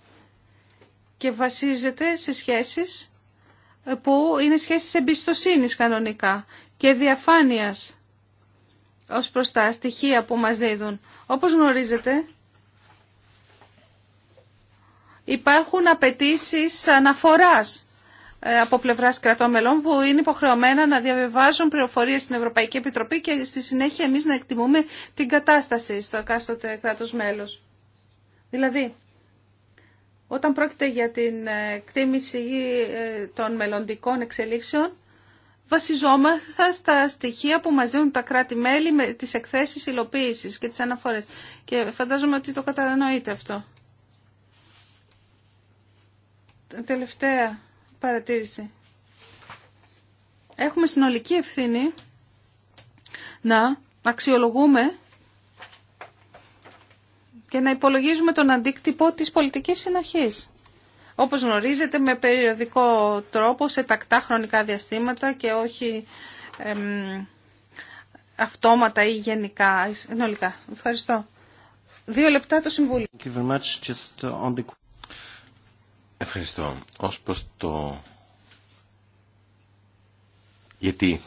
Speaker 2: και βασίζεται σε σχέσεις που είναι σχέσεις εμπιστοσύνης κανονικά και διαφάνειας ως προς τα στοιχεία που μας δίδουν. Όπως γνωρίζετε, υπάρχουν απαιτήσει αναφοράς ε, από πλευρά κρατών μελών που είναι υποχρεωμένα να διαβεβάζουν πληροφορίε στην Ευρωπαϊκή Επιτροπή και στη συνέχεια εμεί να εκτιμούμε την κατάσταση στο εκάστοτε κράτο μέλο. Δηλαδή, όταν πρόκειται για την ε, εκτίμηση ε, των μελλοντικών εξελίξεων, βασιζόμαστε στα στοιχεία που μας δίνουν τα κράτη-μέλη με τις εκθέσεις υλοποίηση και τις αναφορές. Και φαντάζομαι ότι το κατανοείτε αυτό. Τελευταία παρατήρηση. Έχουμε συνολική ευθύνη να αξιολογούμε και να υπολογίζουμε τον αντίκτυπο της πολιτικής συνοχής. Όπως γνωρίζετε με περιοδικό τρόπο σε τακτά χρονικά διαστήματα και όχι αυτόματα ή γενικά, συνολικά. Ευχαριστώ. Δύο λεπτά το Συμβούλιο.
Speaker 3: Ευχαριστώ. Ως προς το γιατί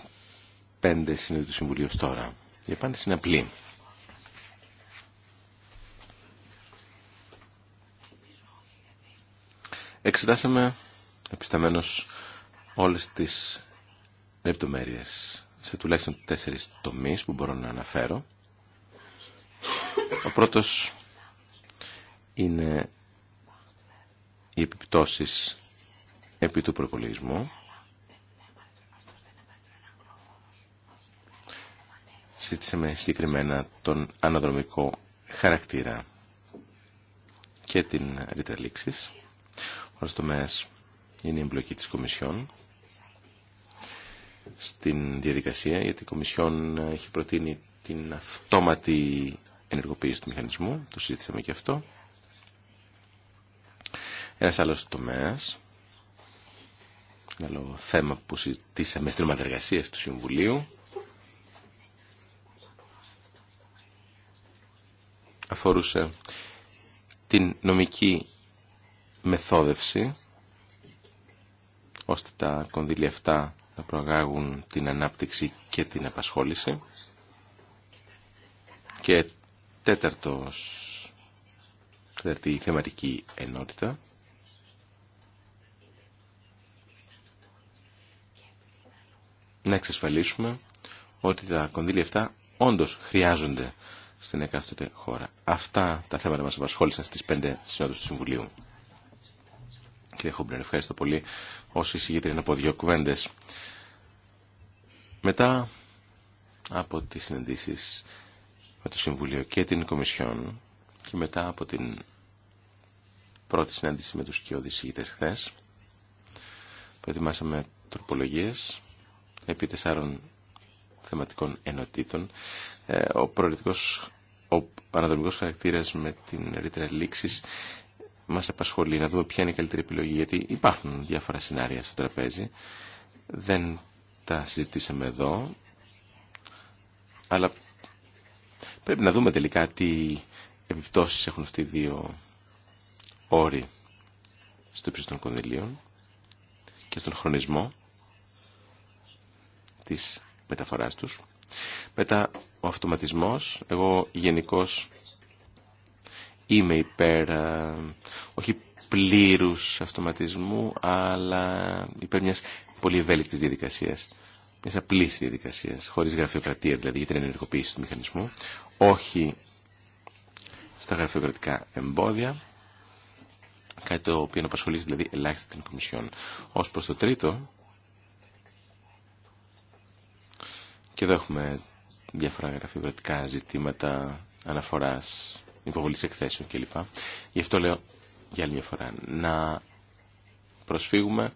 Speaker 3: πέντε συνέδριο του Συμβουλίου τώρα. Η απάντηση είναι απλή. Εξετάσαμε επισταμένως όλες τις λεπτομέρειες σε τουλάχιστον τέσσερις τομείς που μπορώ να αναφέρω. Ο πρώτος είναι οι επιπτώσεις επί του προπολογισμού συζήτησαμε συγκεκριμένα τον αναδρομικό χαρακτήρα και την ρήτρα λήξης. Ο τομέας είναι η εμπλοκή της Κομισιόν στην διαδικασία, γιατί η Κομισιόν έχει προτείνει την αυτόματη ενεργοποίηση του μηχανισμού, το συζήτησαμε και αυτό. Ένας άλλος τομέας, ένα άλλο θέμα που συζητήσαμε στην ομάδα του Συμβουλίου, αφορούσε την νομική μεθόδευση ώστε τα κονδύλια αυτά να προαγάγουν την ανάπτυξη και την απασχόληση. Και τέταρτος, τέταρτη θεματική ενότητα, να εξασφαλίσουμε ότι τα κονδύλια αυτά όντως χρειάζονται στην εκάστοτε χώρα. Αυτά τα θέματα μας απασχόλησαν στις πέντε συνόδους του Συμβουλίου. Κύριε Χόμπλερ, ευχαριστώ πολύ όσοι εισηγήτρια να πω δύο κουβέντε. Μετά από τις συναντήσεις με το Συμβουλίο και την Κομισιόν και μετά από την πρώτη συνάντηση με τους κοιόδης ηγητές χθες, προετοιμάσαμε τροπολογίες επί τεσσάρων θεματικών ενωτήτων. Ε, ο προαιρετικός, ο χαρακτήρας με την ρήτρα λήξης μας απασχολεί να δούμε ποια είναι η καλύτερη επιλογή γιατί υπάρχουν διάφορα σενάρια στο τραπέζι. Δεν τα συζητήσαμε εδώ αλλά πρέπει να δούμε τελικά τι επιπτώσεις έχουν αυτοί οι δύο όροι στο ύψος των κονδυλίων και στον χρονισμό της μεταφοράς τους. Μετά ο αυτοματισμός, εγώ γενικώ είμαι υπέρ, ε, όχι πλήρους αυτοματισμού, αλλά υπέρ μιας πολύ ευέλικτης διαδικασίας, μιας απλής διαδικασίας, χωρίς γραφειοκρατία δηλαδή για την ενεργοποίηση του μηχανισμού, όχι στα γραφειοκρατικά εμπόδια, κάτι το οποίο απασχολεί δηλαδή ελάχιστα την Κομισιόν. Ως προς το τρίτο, Και εδώ έχουμε διάφορα γραφειοκρατικά ζητήματα αναφοράς, υποβολή εκθέσεων κλπ. Γι' αυτό λέω για άλλη μια φορά να προσφύγουμε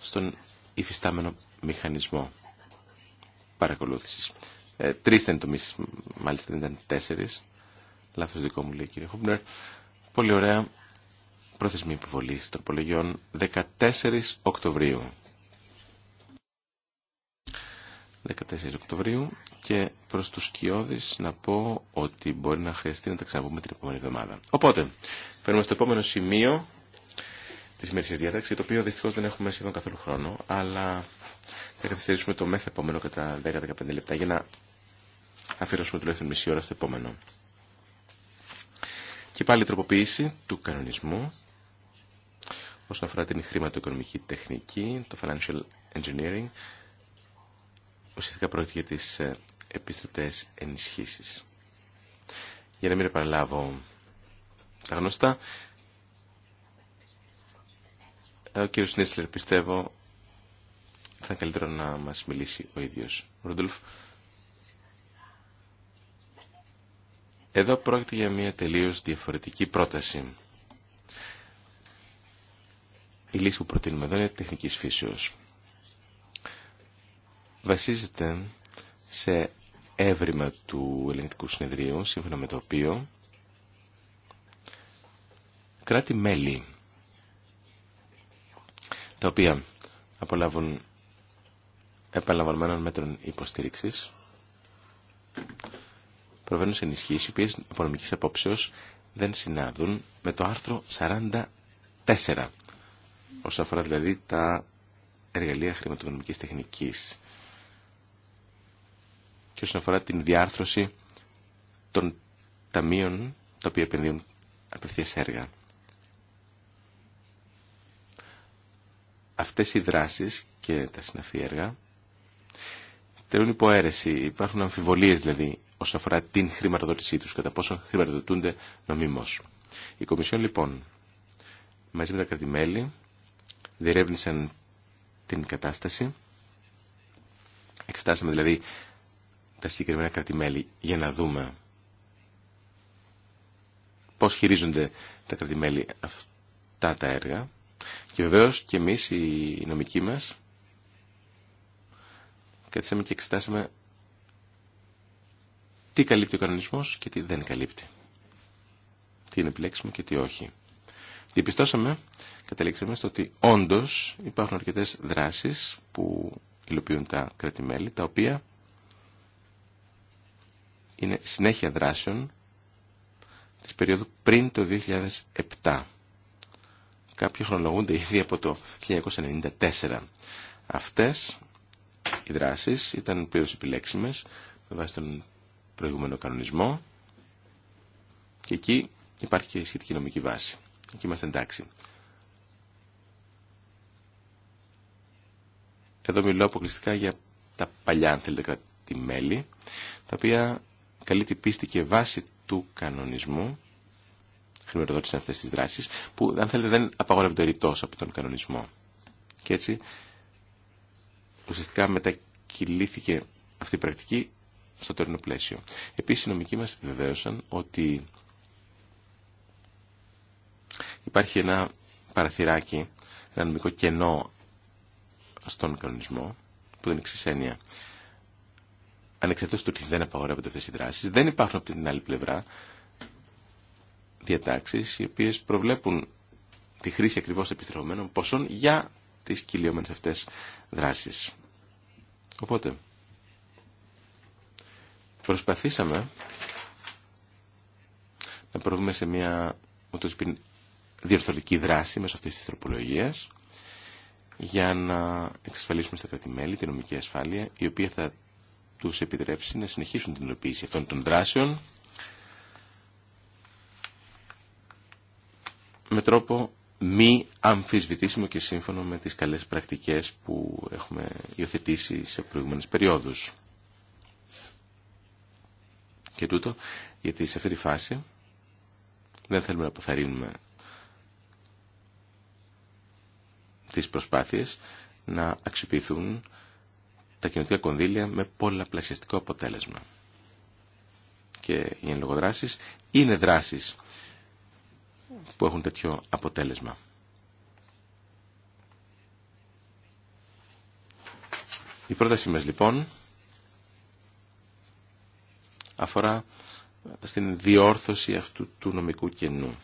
Speaker 3: στον υφιστάμενο μηχανισμό παρακολούθησης. Ε, Τρει ήταν μίσο, μάλιστα δεν ήταν τέσσερι, λάθο δικό μου λέει κύριε Χούμπνερ. Πολύ ωραία. Πρόθεσμη υποβολή τροπολογιών 14 Οκτωβρίου. 14 Οκτωβρίου και προς τους Κιώδης να πω ότι μπορεί να χρειαστεί να τα ξαναπούμε την επόμενη εβδομάδα. Οπότε, φέρνουμε στο επόμενο σημείο της ημερησίας διάταξης, το οποίο δυστυχώς δεν έχουμε σχεδόν καθόλου χρόνο, αλλά θα καθυστερήσουμε το μέθε επόμενο κατά 10-15 λεπτά για να αφιερώσουμε τουλάχιστον μισή ώρα στο επόμενο. Και πάλι η τροποποίηση του κανονισμού όσον αφορά την χρηματοοικονομική τεχνική, το financial engineering, ουσιαστικά πρόκειται για τις ε, επιστρεπτές ενισχύσεις. Για να μην επαναλάβω τα γνωστά, ε, ο κύριος Νίσλερ πιστεύω θα είναι καλύτερο να μας μιλήσει ο ίδιος. Ρούντουλφ. εδώ πρόκειται για μια τελείως διαφορετική πρόταση. Η λύση που προτείνουμε εδώ είναι τεχνικής φύσεως βασίζεται σε έβριμα του Ελληνικού συνεδρίου, σύμφωνα με το οποίο κράτη-μέλη, τα οποία απολαύουν επαναλαμβανμένων μέτρων υποστήριξης, προβαίνουν σε ενισχύσεις, οι οποίες οικονομικής απόψεως δεν συνάδουν με το άρθρο 44, όσον αφορά δηλαδή τα εργαλεία χρηματοοικονομικής τεχνικής και όσον αφορά την διάρθρωση των ταμείων τα οποία επενδύουν απευθείας έργα. Αυτές οι δράσεις και τα συναφή έργα τελούν υποαίρεση, υπάρχουν αμφιβολίες δηλαδή όσον αφορά την χρηματοδότησή τους, κατά πόσο χρηματοδοτούνται νομίμως. Η Κομισιόν λοιπόν μαζί με τα κρατημέλη διερεύνησαν την κατάσταση. Εξετάσαμε δηλαδή τα συγκεκριμένα κρατημέλη για να δούμε πώς χειρίζονται τα κρατημέλη αυτά τα έργα και βεβαίως και εμείς οι νομικοί μας κατήσαμε και εξετάσαμε τι καλύπτει ο κανονισμός και τι δεν καλύπτει. Τι είναι επιλέξιμο και τι όχι. Διεπιστώσαμε, καταλήξαμε στο ότι όντως υπάρχουν αρκετές δράσεις που υλοποιούν τα κρατημέλη, τα οποία είναι συνέχεια δράσεων της περίοδου πριν το 2007. Κάποιοι χρονολογούνται ήδη από το 1994. Αυτές οι δράσεις ήταν πλήρως επιλέξιμες με βάση τον προηγούμενο κανονισμό και εκεί υπάρχει και η σχετική νομική βάση. Εκεί είμαστε εντάξει. Εδώ μιλώ αποκλειστικά για τα παλιά, αν θέλετε, κρατημέλη, τα οποία καλή την πίστη και βάση του κανονισμού χρηματοδότησαν αυτές τις δράσεις που αν θέλετε δεν απαγορεύονται ρητός από τον κανονισμό. Και έτσι ουσιαστικά μετακυλήθηκε αυτή η πρακτική στο τωρινό πλαίσιο. Επίσης οι νομικοί μας επιβεβαίωσαν ότι υπάρχει ένα παραθυράκι, ένα νομικό κενό στον κανονισμό που δεν εξής ανεξαρτήτως του ότι δεν απαγορεύονται αυτές οι δράσεις, δεν υπάρχουν από την άλλη πλευρά διατάξεις οι οποίες προβλέπουν τη χρήση ακριβώς επιστρεφωμένων ποσών για τις κυλιόμενες αυτές δράσεις. Οπότε, προσπαθήσαμε να προβούμε σε μια διορθωρική διορθωτική δράση μέσω αυτής της τροπολογίας για να εξασφαλίσουμε στα κράτη-μέλη τη νομική ασφάλεια η οποία θα τους επιτρέψει να συνεχίσουν την υλοποίηση αυτών των δράσεων με τρόπο μη αμφισβητήσιμο και σύμφωνο με τις καλές πρακτικές που έχουμε υιοθετήσει σε προηγούμενες περιόδους. Και τούτο γιατί σε αυτή τη φάση δεν θέλουμε να αποθαρρύνουμε τις προσπάθειες να αξιοποιηθούν τα κοινωτικά κονδύλια με πολλαπλασιαστικό αποτέλεσμα. Και οι ενλογοδράσεις είναι δράσεις που έχουν τέτοιο αποτέλεσμα. Η πρότασή μας λοιπόν αφορά στην διόρθωση αυτού του νομικού κενού.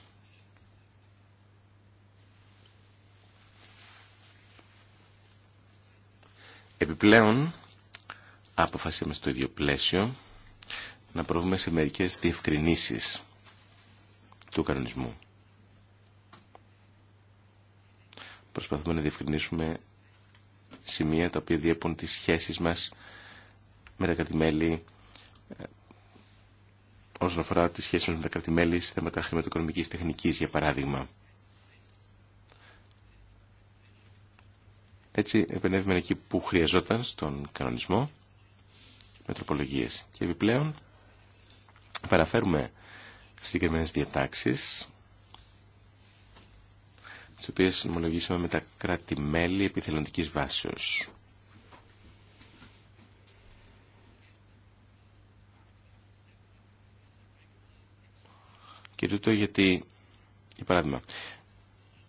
Speaker 3: Επιπλέον, αποφασίσαμε στο ίδιο πλαίσιο να προβούμε σε μερικές διευκρινήσεις του κανονισμού. Προσπαθούμε να διευκρινίσουμε σημεία τα οποία διέπουν τις σχέσεις μας με τα κρατημέλη ε, όσον αφορά τις σχέσεις μας με τα κρατημέλη σε θέματα χρηματοοικονομικής τεχνικής, για παράδειγμα. Έτσι επενεύουμε εκεί που χρειαζόταν στον κανονισμό με τροπολογίες. Και επιπλέον παραφέρουμε συγκεκριμένε διατάξεις τις οποίες συνομολογήσαμε με τα κράτη-μέλη επιθελοντικής βάσεως. Και τούτο γιατί, για παράδειγμα,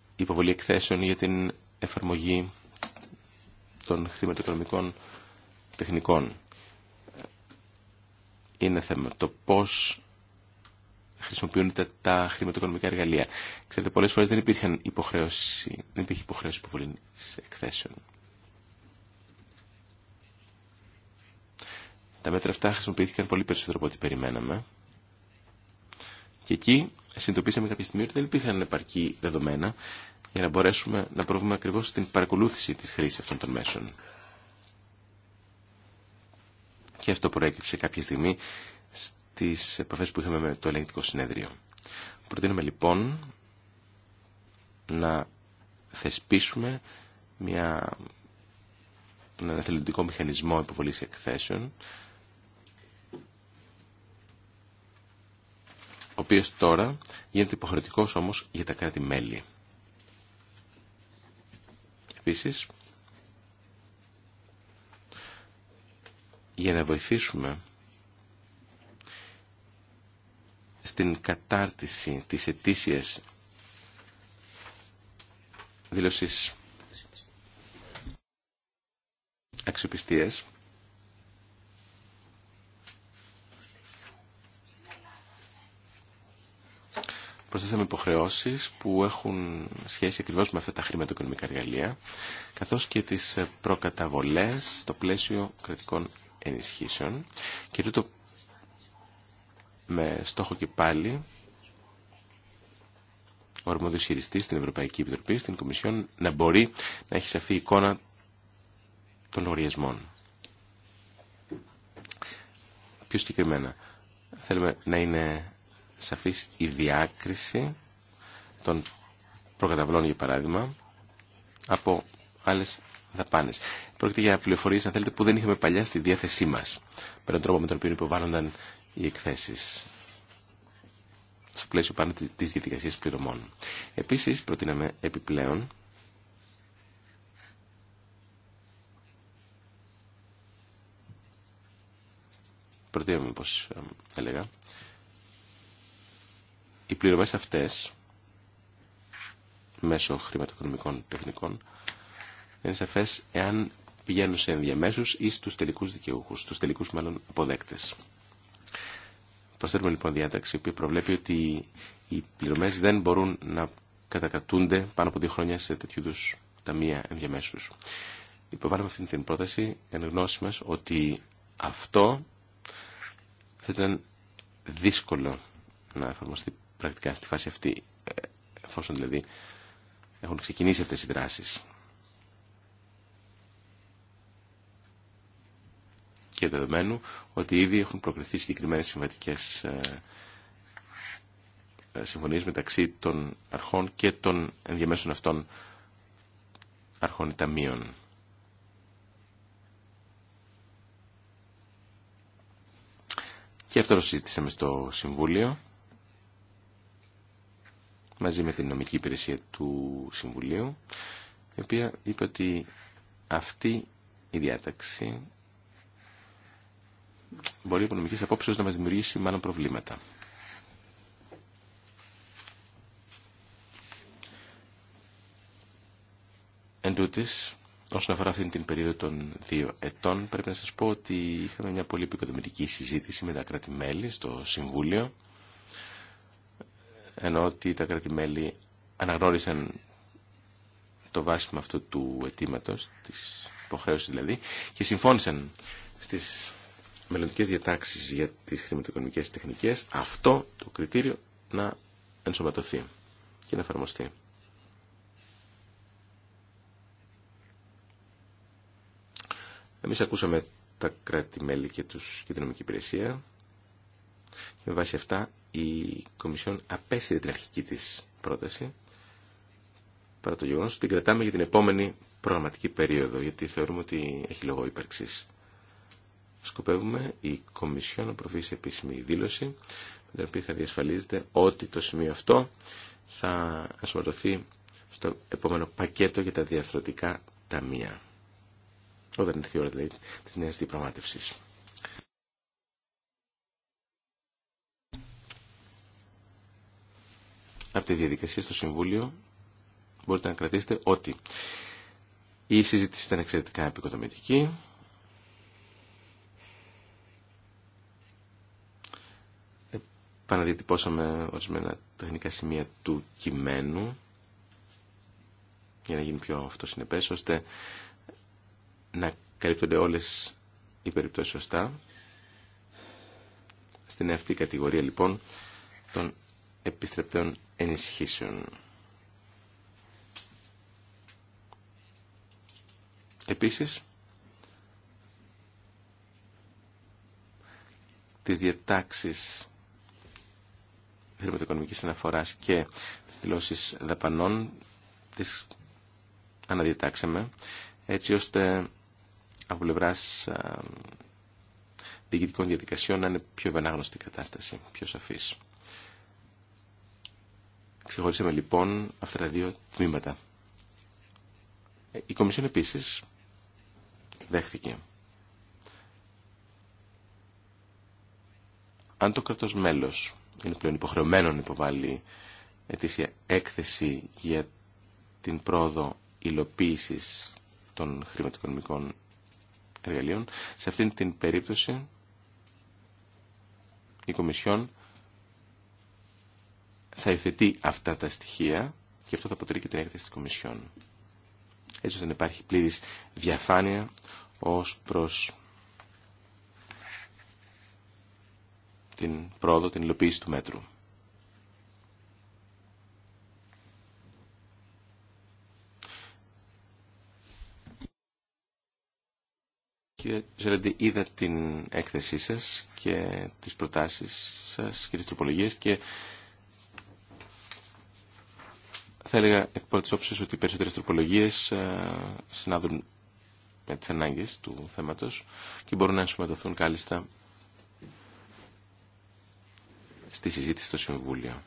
Speaker 3: η υποβολή εκθέσεων για την εφαρμογή των χρηματοοικονομικών τεχνικών. Είναι θέμα το πώς χρησιμοποιούνται τα χρηματοοικονομικά εργαλεία. Ξέρετε, πολλές φορές δεν, υπήρχε υποχρέωση, δεν υπήρχε υποχρέωση υποβολή εκθέσεων. Τα μέτρα αυτά χρησιμοποιήθηκαν πολύ περισσότερο από ό,τι περιμέναμε. Και εκεί συνειδητοποίησαμε κάποια στιγμή ότι δεν υπήρχαν επαρκή δεδομένα για να μπορέσουμε να προβούμε ακριβώς την παρακολούθηση της χρήση αυτών των μέσων. Και αυτό προέκυψε κάποια στιγμή στις επαφές που είχαμε με το ελεγκτικό συνέδριο. Προτείνουμε λοιπόν να θεσπίσουμε μια, ένα εθελοντικό μηχανισμό υποβολής εκθέσεων ο οποίος τώρα γίνεται υποχρεωτικός όμως για τα κράτη-μέλη. Επίσης, για να βοηθήσουμε στην κατάρτιση της ετήσιας δήλωσης αξιοπιστίας προσθέσαμε υποχρεώσει που έχουν σχέση ακριβώ με αυτά τα χρηματοοικονομικά εργαλεία, καθώς και τι προκαταβολές στο πλαίσιο κρατικών ενισχύσεων και τούτο με στόχο και πάλι ο αρμόδιος χειριστής στην Ευρωπαϊκή Επιτροπή, στην Κομισιόν, να μπορεί να έχει σαφή εικόνα των οριασμών. Πιο συγκεκριμένα, θέλουμε να είναι σαφής η διάκριση των προκαταβλών, για παράδειγμα, από άλλες δαπάνες. Πρόκειται για πληροφορίες, αν θέλετε, που δεν είχαμε παλιά στη διάθεσή μας, με τον τρόπο με τον οποίο υποβάλλονταν οι εκθέσεις στο πλαίσιο πάνω της διαδικασίας πληρωμών. Επίσης, προτείναμε επιπλέον προτείναμε, όπως ε, έλεγα, οι πληρωμές αυτές μέσω χρηματοοικονομικών τεχνικών είναι σαφές εάν πηγαίνουν σε ενδιαμέσους ή στους τελικούς δικαιούχους, στους τελικούς μάλλον αποδέκτες. Προσθέτουμε λοιπόν διάταξη που προβλέπει ότι οι πληρωμές δεν μπορούν να κατακατούνται πάνω από δύο χρόνια σε τέτοιου είδου ταμεία ενδιαμέσους. Υποβάλλουμε αυτή την πρόταση εν γνώση μας ότι αυτό θα ήταν δύσκολο να εφαρμοστεί πρακτικά στη φάση αυτή, ε, εφόσον δηλαδή έχουν ξεκινήσει αυτές οι δράσεις. Και δεδομένου ότι ήδη έχουν προκριθεί συγκεκριμένες συμβατικές ε, ε, συμφωνίες μεταξύ των αρχών και των ενδιαμέσων αυτών αρχών ταμείων. Και αυτό το συζήτησαμε στο Συμβούλιο μαζί με την νομική υπηρεσία του Συμβουλίου, η οποία είπε ότι αυτή η διάταξη μπορεί από νομικής απόψεως να μας δημιουργήσει μάλλον προβλήματα. Εν τούτης, όσον αφορά αυτήν την περίοδο των δύο ετών, πρέπει να σας πω ότι είχαμε μια πολύ επικοδομητική συζήτηση με τα κράτη-μέλη στο Συμβούλιο ενώ ότι τα κράτη-μέλη αναγνώρισαν το βάσιμο αυτού του αιτήματο, της υποχρέωση δηλαδή, και συμφώνησαν στις μελλοντικές διατάξεις για τις χρηματοοικονομικές τεχνικές αυτό το κριτήριο να ενσωματωθεί και να εφαρμοστεί. Εμείς ακούσαμε τα κράτη-μέλη και, τους, και την νομική υπηρεσία και με βάση αυτά η Κομισιόν απέσυρε την αρχική της πρόταση παρά το γεγονός ότι την κρατάμε για την επόμενη προγραμματική περίοδο γιατί θεωρούμε ότι έχει λόγο ύπαρξης. Σκοπεύουμε η Κομισιόν να προβεί σε επίσημη δήλωση με την οποία θα διασφαλίζεται ότι το σημείο αυτό θα ασφαλωθεί στο επόμενο πακέτο για τα διαθροτικά ταμεία. Όταν έρθει η ώρα δηλαδή της νέας από τη διαδικασία στο Συμβούλιο μπορείτε να κρατήσετε ότι η συζήτηση ήταν εξαιρετικά επικοδομητική. Επαναδιατυπώσαμε ορισμένα τεχνικά σημεία του κειμένου για να γίνει πιο αυτοσυνεπές, ώστε να καλύπτονται όλες οι περιπτώσεις σωστά. Στην αυτή κατηγορία λοιπόν των επιστρεπτών ενισχύσεων. Επίσης, τις διατάξεις χρηματοοικονομικής αναφοράς και τις δηλώσεις δαπανών τις αναδιατάξαμε έτσι ώστε από πλευρά διοικητικών διαδικασιών να είναι πιο ευανάγνωστη κατάσταση, πιο σαφής. Ξεχωρίσαμε λοιπόν αυτά τα δύο τμήματα. Ε, η Κομισιόν επίσης δέχθηκε. Αν το κρατός μέλος είναι πλέον υποχρεωμένο να υποβάλει ετήσια έκθεση για την πρόοδο υλοποίησης των χρηματοοικονομικών εργαλείων, σε αυτήν την περίπτωση η Κομισιόν θα υφετεί αυτά τα στοιχεία και αυτό θα αποτελεί και την έκθεση της Κομισιόν. Έτσι ώστε να υπάρχει πλήρης διαφάνεια ως προς την πρόοδο, την υλοποίηση του μέτρου. Κύριε Ζελέντη, είδα την έκθεσή σας και τις προτάσεις σας και τις τροπολογίες και θα έλεγα εκ πρώτη όψη ότι οι περισσότερε τροπολογίε ε, συνάδουν με τι ανάγκε του θέματο και μπορούν να ενσωματωθούν κάλλιστα στη συζήτηση στο Συμβούλιο.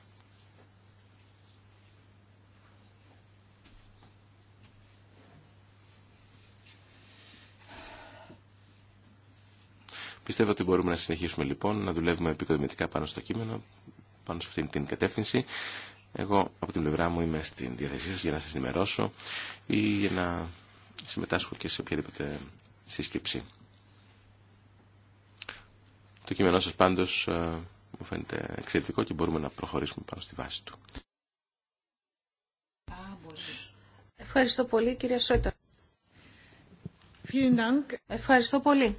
Speaker 3: Πιστεύω ότι μπορούμε να συνεχίσουμε λοιπόν να δουλεύουμε επικοδομητικά πάνω στο κείμενο, πάνω σε αυτήν την κατεύθυνση. Εγώ από την πλευρά μου είμαι στην διαθεσή σας για να σας ενημερώσω ή για να συμμετάσχω και σε οποιαδήποτε σύσκεψη. Το κείμενό σας πάντως ε, μου φαίνεται εξαιρετικό και μπορούμε να προχωρήσουμε πάνω στη βάση του.
Speaker 2: Ευχαριστώ πολύ κύριε Σόιτα. Ευχαριστώ πολύ.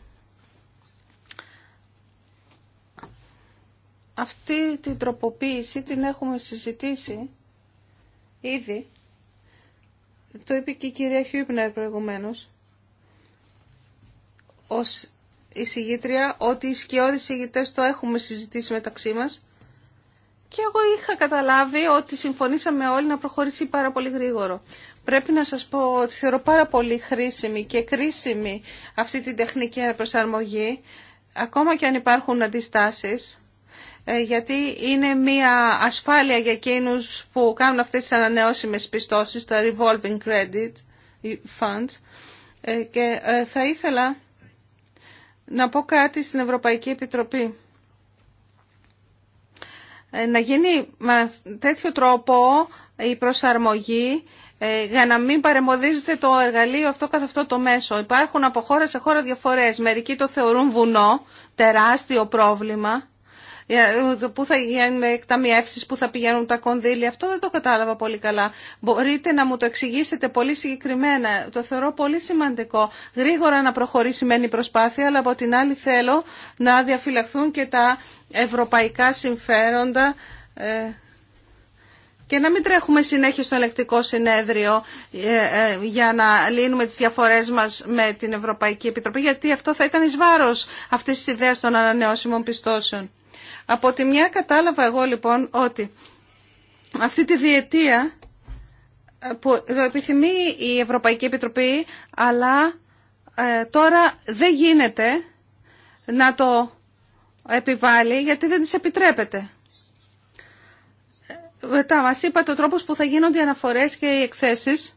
Speaker 2: Αυτή την τροποποίηση την έχουμε συζητήσει ήδη. Το είπε και η κυρία Χιούπνερ προηγουμένως. Ως εισηγήτρια ότι οι σκιώδεις εισηγητές το έχουμε συζητήσει μεταξύ μας. Και εγώ είχα καταλάβει ότι συμφωνήσαμε όλοι να προχωρήσει πάρα πολύ γρήγορο. Πρέπει να σας πω ότι θεωρώ πάρα πολύ χρήσιμη και κρίσιμη αυτή την τεχνική προσαρμογή, ακόμα και αν υπάρχουν αντιστάσεις ε, γιατί είναι μια ασφάλεια για εκείνους που κάνουν αυτές τις ανανεώσιμες πιστώσεις, τα revolving credit Fund. Ε, και ε, θα ήθελα να πω κάτι στην Ευρωπαϊκή Επιτροπή. Να γίνει με τέτοιο τρόπο η προσαρμογή για να μην παρεμποδίζεται το εργαλείο αυτό καθ' αυτό το μέσο. Υπάρχουν από χώρα σε χώρα διαφορές. Μερικοί το θεωρούν βουνό, τεράστιο πρόβλημα ε, πού θα γίνουν εκταμιεύσεις, πού θα πηγαίνουν τα κονδύλια. Αυτό δεν το κατάλαβα πολύ καλά. Μπορείτε να μου το εξηγήσετε πολύ συγκεκριμένα. Το θεωρώ πολύ σημαντικό. Γρήγορα να προχωρήσει μεν η προσπάθεια, αλλά από την άλλη θέλω να διαφυλαχθούν και τα ευρωπαϊκά συμφέροντα ε, και να μην τρέχουμε συνέχεια στο ελεκτικό συνέδριο ε, για να λύνουμε τις διαφορές μας με την Ευρωπαϊκή Επιτροπή, γιατί αυτό θα ήταν εις βάρος αυτής της ιδέας των ανανεώσιμων πιστώσεων. Από τη μια κατάλαβα εγώ λοιπόν ότι αυτή τη διετία ε, που το επιθυμεί η Ευρωπαϊκή Επιτροπή, αλλά ε, τώρα δεν γίνεται να το επιβάλλει γιατί δεν της επιτρέπεται. Μετά μας είπατε ο τρόπος που θα γίνονται οι αναφορές και οι εκθέσεις.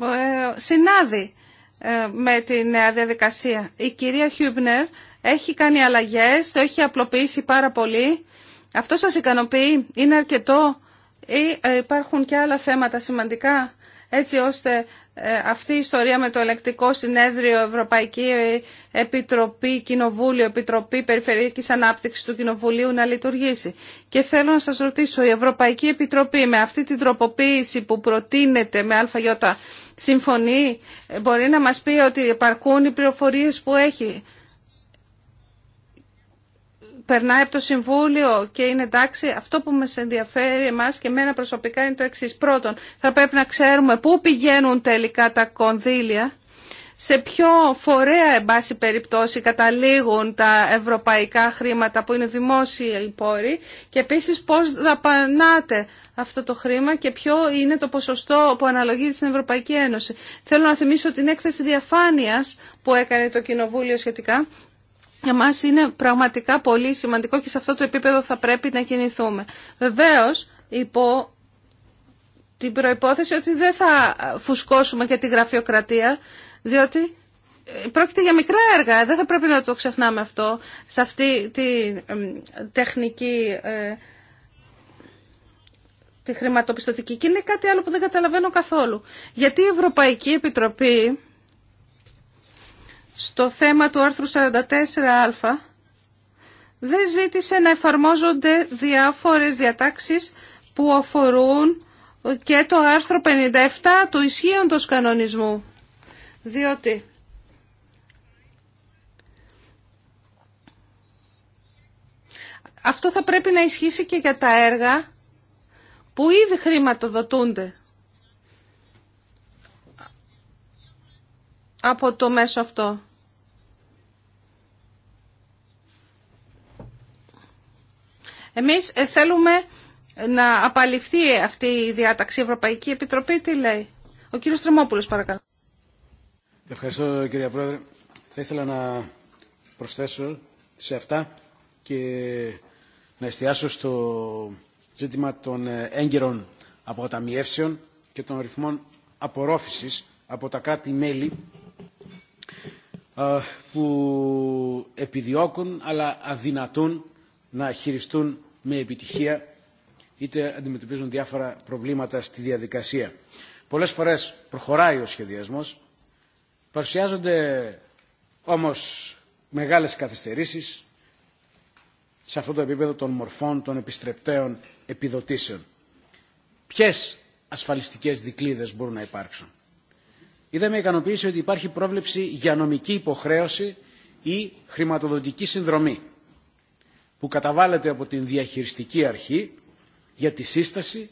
Speaker 2: Ε, συνάδει ε, με τη νέα διαδικασία. Η κυρία Χιούμπνερ έχει κάνει αλλαγές, έχει απλοποιήσει πάρα πολύ. Αυτό σας ικανοποιεί, είναι αρκετό ή ε, υπάρχουν και άλλα θέματα σημαντικά έτσι ώστε ε, αυτή η ιστορία με το Ελεκτικό Συνέδριο, Ευρωπαϊκή Επιτροπή, Κοινοβούλιο, Επιτροπή Περιφερειακής Ανάπτυξης του Κοινοβουλίου να λειτουργήσει. Και θέλω να σας ρωτήσω, η Ευρωπαϊκή Επιτροπή με αυτή την τροποποίηση που προτείνεται με ΑΙ συμφωνεί, μπορεί να μας πει ότι υπαρκούν οι πληροφορίες που έχει. Περνάει από το Συμβούλιο και είναι εντάξει. Αυτό που μας ενδιαφέρει εμάς και εμένα προσωπικά είναι το εξής. Πρώτον, θα πρέπει να ξέρουμε πού πηγαίνουν τελικά τα κονδύλια σε ποιο φορέα, εν πάση περιπτώσει, καταλήγουν τα ευρωπαϊκά χρήματα που είναι δημόσια οι και επίσης πώς δαπανάτε αυτό το χρήμα και ποιο είναι το ποσοστό που αναλογεί στην Ευρωπαϊκή Ένωση. Θέλω να θυμίσω την έκθεση διαφάνειας που έκανε το Κοινοβούλιο σχετικά. Για μας είναι πραγματικά πολύ σημαντικό και σε αυτό το επίπεδο θα πρέπει να κινηθούμε. Βεβαίως, υπό την προϋπόθεση ότι δεν θα φουσκώσουμε και τη γραφειοκρατία διότι ε, πρόκειται για μικρά έργα, δεν θα πρέπει να το ξεχνάμε αυτό, σε αυτή τη τεχνική, ε, τη χρηματοπιστωτική. Και είναι κάτι άλλο που δεν καταλαβαίνω καθόλου. Γιατί η Ευρωπαϊκή Επιτροπή στο θέμα του άρθρου 44α δεν ζήτησε να εφαρμόζονται διάφορες διατάξεις που αφορούν και το άρθρο 57 του ισχύοντος κανονισμού διότι αυτό θα πρέπει να ισχύσει και για τα έργα που ήδη χρηματοδοτούνται από το μέσο αυτό. Εμείς ε, θέλουμε να απαλληφθεί αυτή η διάταξη. Ευρωπαϊκή Επιτροπή τι λέει. Ο κύριος Τρεμόπουλος παρακαλώ.
Speaker 5: Ευχαριστώ κύριε Πρόεδρε. Θα ήθελα να προσθέσω σε αυτά και να εστιάσω στο ζήτημα των έγκαιρων αποταμιεύσεων και των ρυθμών απορρόφησης από τα κράτη-μέλη που επιδιώκουν αλλά αδυνατούν να χειριστούν με επιτυχία είτε αντιμετωπίζουν διάφορα προβλήματα στη διαδικασία. Πολλές φορές προχωράει ο σχεδιασμός, Παρουσιάζονται όμως μεγάλες καθυστερήσεις σε αυτό το επίπεδο των μορφών των επιστρεπτέων επιδοτήσεων. Ποιες ασφαλιστικές δικλείδες μπορούν να υπάρξουν. Είδαμε ικανοποίηση ότι υπάρχει πρόβλεψη για νομική υποχρέωση ή χρηματοδοτική συνδρομή που καταβάλλεται από την διαχειριστική αρχή για τη σύσταση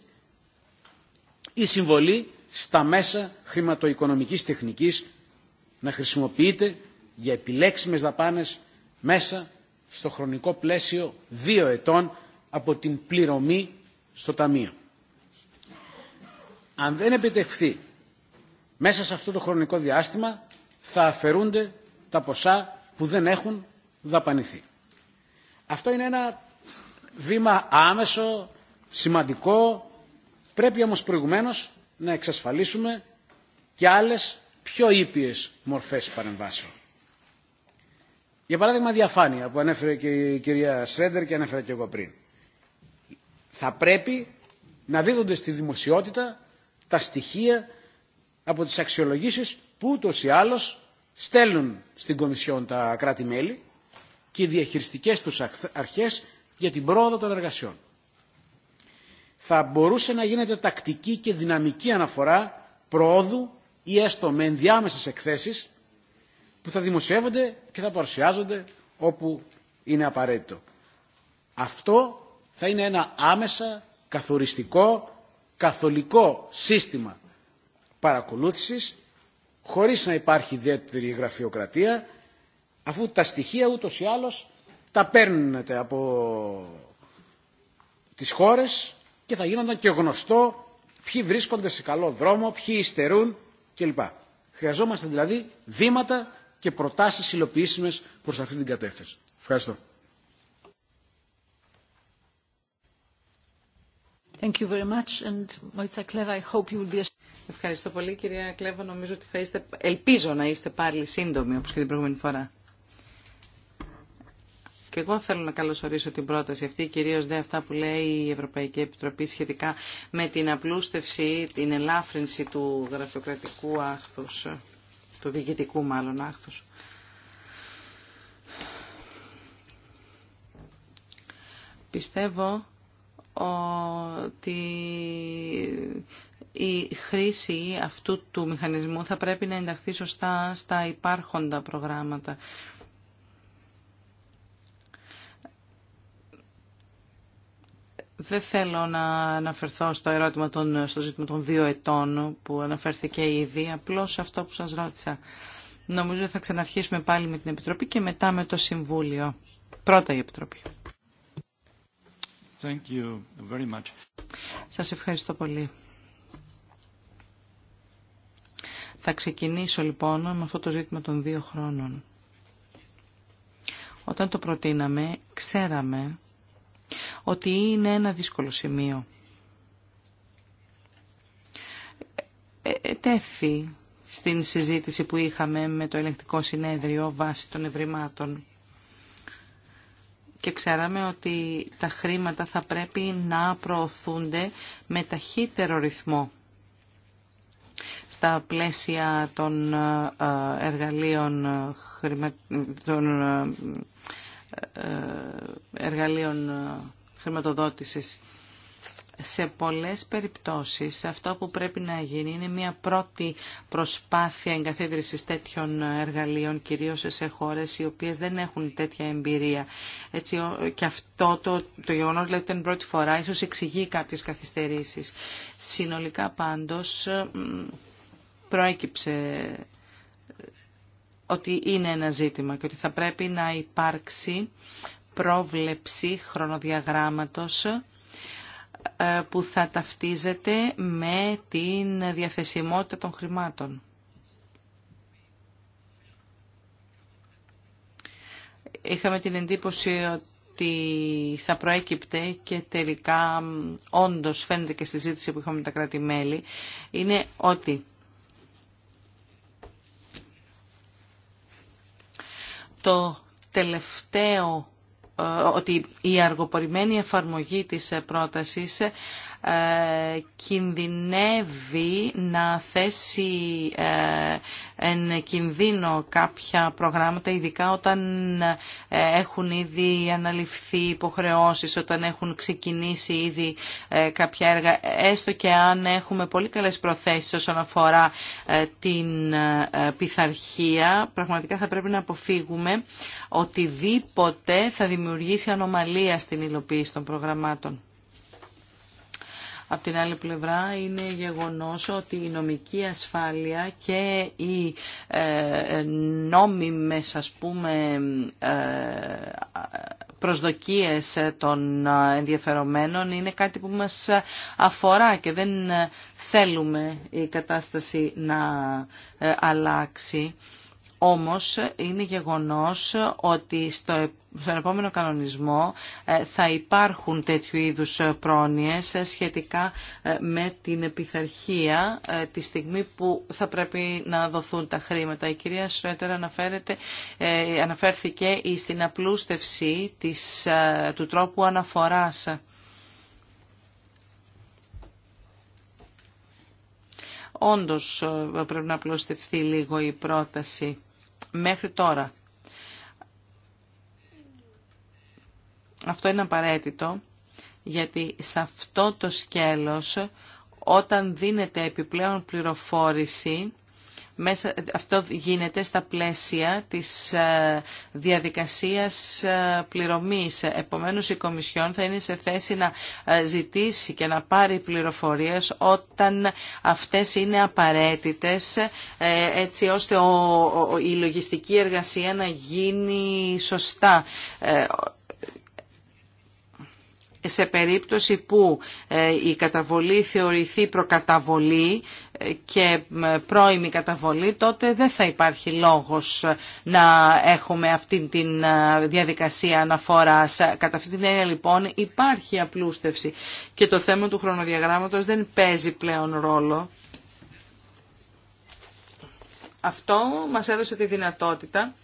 Speaker 5: ή συμβολή στα μέσα χρηματοοικονομικής τεχνικής να χρησιμοποιείται για επιλέξιμες δαπάνες μέσα στο χρονικό πλαίσιο δύο ετών από την πληρωμή στο Ταμείο. Αν δεν επιτευχθεί μέσα σε αυτό το χρονικό διάστημα θα αφαιρούνται τα ποσά που δεν έχουν δαπανηθεί. Αυτό είναι ένα βήμα άμεσο, σημαντικό. Πρέπει όμως προηγουμένως να εξασφαλίσουμε και άλλες πιο ήπιες μορφές παρεμβάσεων. Για παράδειγμα διαφάνεια που ανέφερε και η κυρία Σρέντερ και ανέφερα και εγώ πριν. Θα πρέπει να δίδονται στη δημοσιότητα τα στοιχεία από τις αξιολογήσεις που ούτω ή άλλως στέλνουν στην Κομισιόν τα κράτη-μέλη και οι διαχειριστικές τους αρχές για την πρόοδο των εργασιών. Θα μπορούσε να γίνεται τακτική και δυναμική αναφορά προόδου ή έστω με ενδιάμεσες εκθέσεις που θα δημοσιεύονται και θα παρουσιάζονται όπου είναι απαραίτητο. Αυτό θα είναι ένα άμεσα καθοριστικό, καθολικό σύστημα παρακολούθησης χωρίς να υπάρχει ιδιαίτερη γραφειοκρατία αφού τα στοιχεία ούτως ή άλλως τα παίρνετε από τις χώρες και θα γίνονταν και γνωστό ποιοι βρίσκονται σε καλό δρόμο, ποιοι υστερούν κλπ. Χρειαζόμαστε δηλαδή βήματα και προτάσεις υλοποιήσιμες προς αυτή την κατεύθυνση. Ευχαριστώ.
Speaker 1: Ευχαριστώ πολύ κυρία Κλέβα. Νομίζω ότι θα είστε, ελπίζω να είστε πάλι σύντομοι όπως και την προηγούμενη φορά. Και εγώ θέλω να καλωσορίσω την πρόταση αυτή, κυρίως δε αυτά που λέει η Ευρωπαϊκή Επιτροπή σχετικά με την απλούστευση, την ελάφρυνση του γραφειοκρατικού άχθου, του διοικητικού μάλλον άχθους. Πιστεύω ότι η χρήση αυτού του μηχανισμού θα πρέπει να ενταχθεί σωστά στα υπάρχοντα προγράμματα. Δεν θέλω να αναφερθώ στο ερώτημα των, στο ζήτημα των δύο ετών που αναφέρθηκε ήδη, απλώς αυτό που σας ρώτησα. Νομίζω θα ξαναρχίσουμε πάλι με την Επιτροπή και μετά με το Συμβούλιο. Πρώτα η Επιτροπή.
Speaker 4: Thank you very much.
Speaker 1: Σας ευχαριστώ πολύ. Θα ξεκινήσω λοιπόν με αυτό το ζήτημα των δύο χρόνων. Όταν το προτείναμε, ξέραμε ότι είναι ένα δύσκολο σημείο. Ε, ε, τέθη στην συζήτηση που είχαμε με το ελεγκτικό συνέδριο βάσει των ευρημάτων και ξέραμε ότι τα χρήματα θα πρέπει να προωθούνται με ταχύτερο ρυθμό στα πλαίσια των ε, εργαλείων, χρημα... των εργαλείων χρηματοδότησης. Σε πολλές περιπτώσεις αυτό που πρέπει να γίνει είναι μια πρώτη προσπάθεια εγκαθίδρυσης τέτοιων εργαλείων, κυρίως σε χώρες οι οποίες δεν έχουν τέτοια εμπειρία. Έτσι, και αυτό το, το γεγονός δηλαδή την πρώτη φορά ίσως εξηγεί κάποιες καθυστερήσεις. Συνολικά πάντως προέκυψε ότι είναι ένα ζήτημα και ότι θα πρέπει να υπάρξει πρόβλεψη χρονοδιαγράμματος ε, που θα ταυτίζεται με την διαθεσιμότητα των χρημάτων. Είχαμε την εντύπωση ότι θα προέκυπτε και τελικά όντως φαίνεται και στη ζήτηση που είχαμε με τα κράτη-μέλη είναι ότι το τελευταίο ε, ότι η αργοπορημένη εφαρμογή της ε, πρότασης ε, ε, κινδυνεύει να θέσει ε, εν κινδύνο κάποια προγράμματα, ειδικά όταν ε, έχουν ήδη αναλυφθεί υποχρεώσεις, όταν έχουν ξεκινήσει ήδη κάποια έργα, έστω και αν έχουμε πολύ καλές προθέσεις όσον αφορά την πειθαρχία, πραγματικά θα πρέπει να αποφύγουμε οτιδήποτε θα δημιουργήσει ανομαλία στην υλοποίηση των προγραμμάτων. Απ' την άλλη πλευρά είναι γεγονός ότι η νομική ασφάλεια και οι ε, νόμιμες πούμε ε, προσδοκίες των ενδιαφερομένων είναι κάτι που μας αφορά και δεν θέλουμε η κατάσταση να ε, αλλάξει. Όμως είναι γεγονός ότι στο, στον επόμενο κανονισμό ε, θα υπάρχουν τέτοιου είδους ε, πρόνοιες ε, σχετικά με την επιθαρχία τη στιγμή που θα πρέπει να δοθούν τα χρήματα. Η κυρία Σρέτερα αναφέρθηκε στην απλούστευση της, του τρόπου αναφοράς. Όντως πρέπει να απλουστευθεί λίγο η πρόταση μέχρι τώρα. Αυτό είναι απαραίτητο γιατί σε αυτό το σκέλος όταν δίνεται επιπλέον πληροφόρηση μέσα, αυτό γίνεται στα πλαίσια της ε, διαδικασίας ε, πληρωμής. Επομένως, η Κομισιόν θα είναι σε θέση να ε, ζητήσει και να πάρει πληροφορίες όταν αυτές είναι απαραίτητες, έτσι ώστε η λογιστική εργασία να γίνει σωστά σε περίπτωση που η καταβολή θεωρηθεί προκαταβολή και πρώιμη καταβολή, τότε δεν θα υπάρχει λόγος να έχουμε αυτή τη διαδικασία αναφοράς. Κατά αυτή την έννοια λοιπόν υπάρχει απλούστευση και το θέμα του χρονοδιαγράμματος δεν παίζει πλέον ρόλο. Αυτό μας έδωσε τη δυνατότητα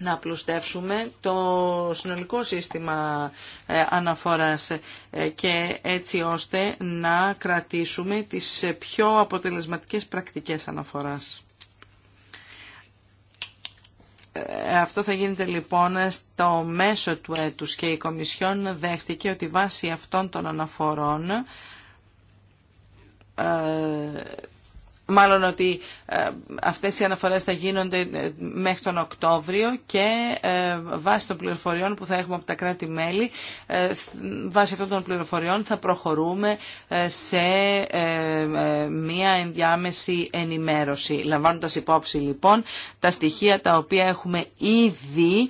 Speaker 1: να απλουστεύσουμε το συνολικό σύστημα ε, αναφοράς ε, και έτσι ώστε να κρατήσουμε τις πιο αποτελεσματικές πρακτικές αναφοράς. Ε, αυτό θα γίνεται λοιπόν στο μέσο του έτους και η Κομισιόν δέχτηκε ότι βάσει αυτών των αναφορών μάλλον ότι ε, αυτές οι αναφορές θα γίνονται ε, μέχρι τον Οκτώβριο και ε, βάσει των πληροφοριών που θα έχουμε από τα κράτη-μέλη, βάσει αυτών των πληροφοριών θα προχωρούμε σε μία ενδιάμεση ενημέρωση. Λαμβάνοντας υπόψη λοιπόν τα στοιχεία τα οποία έχουμε ήδη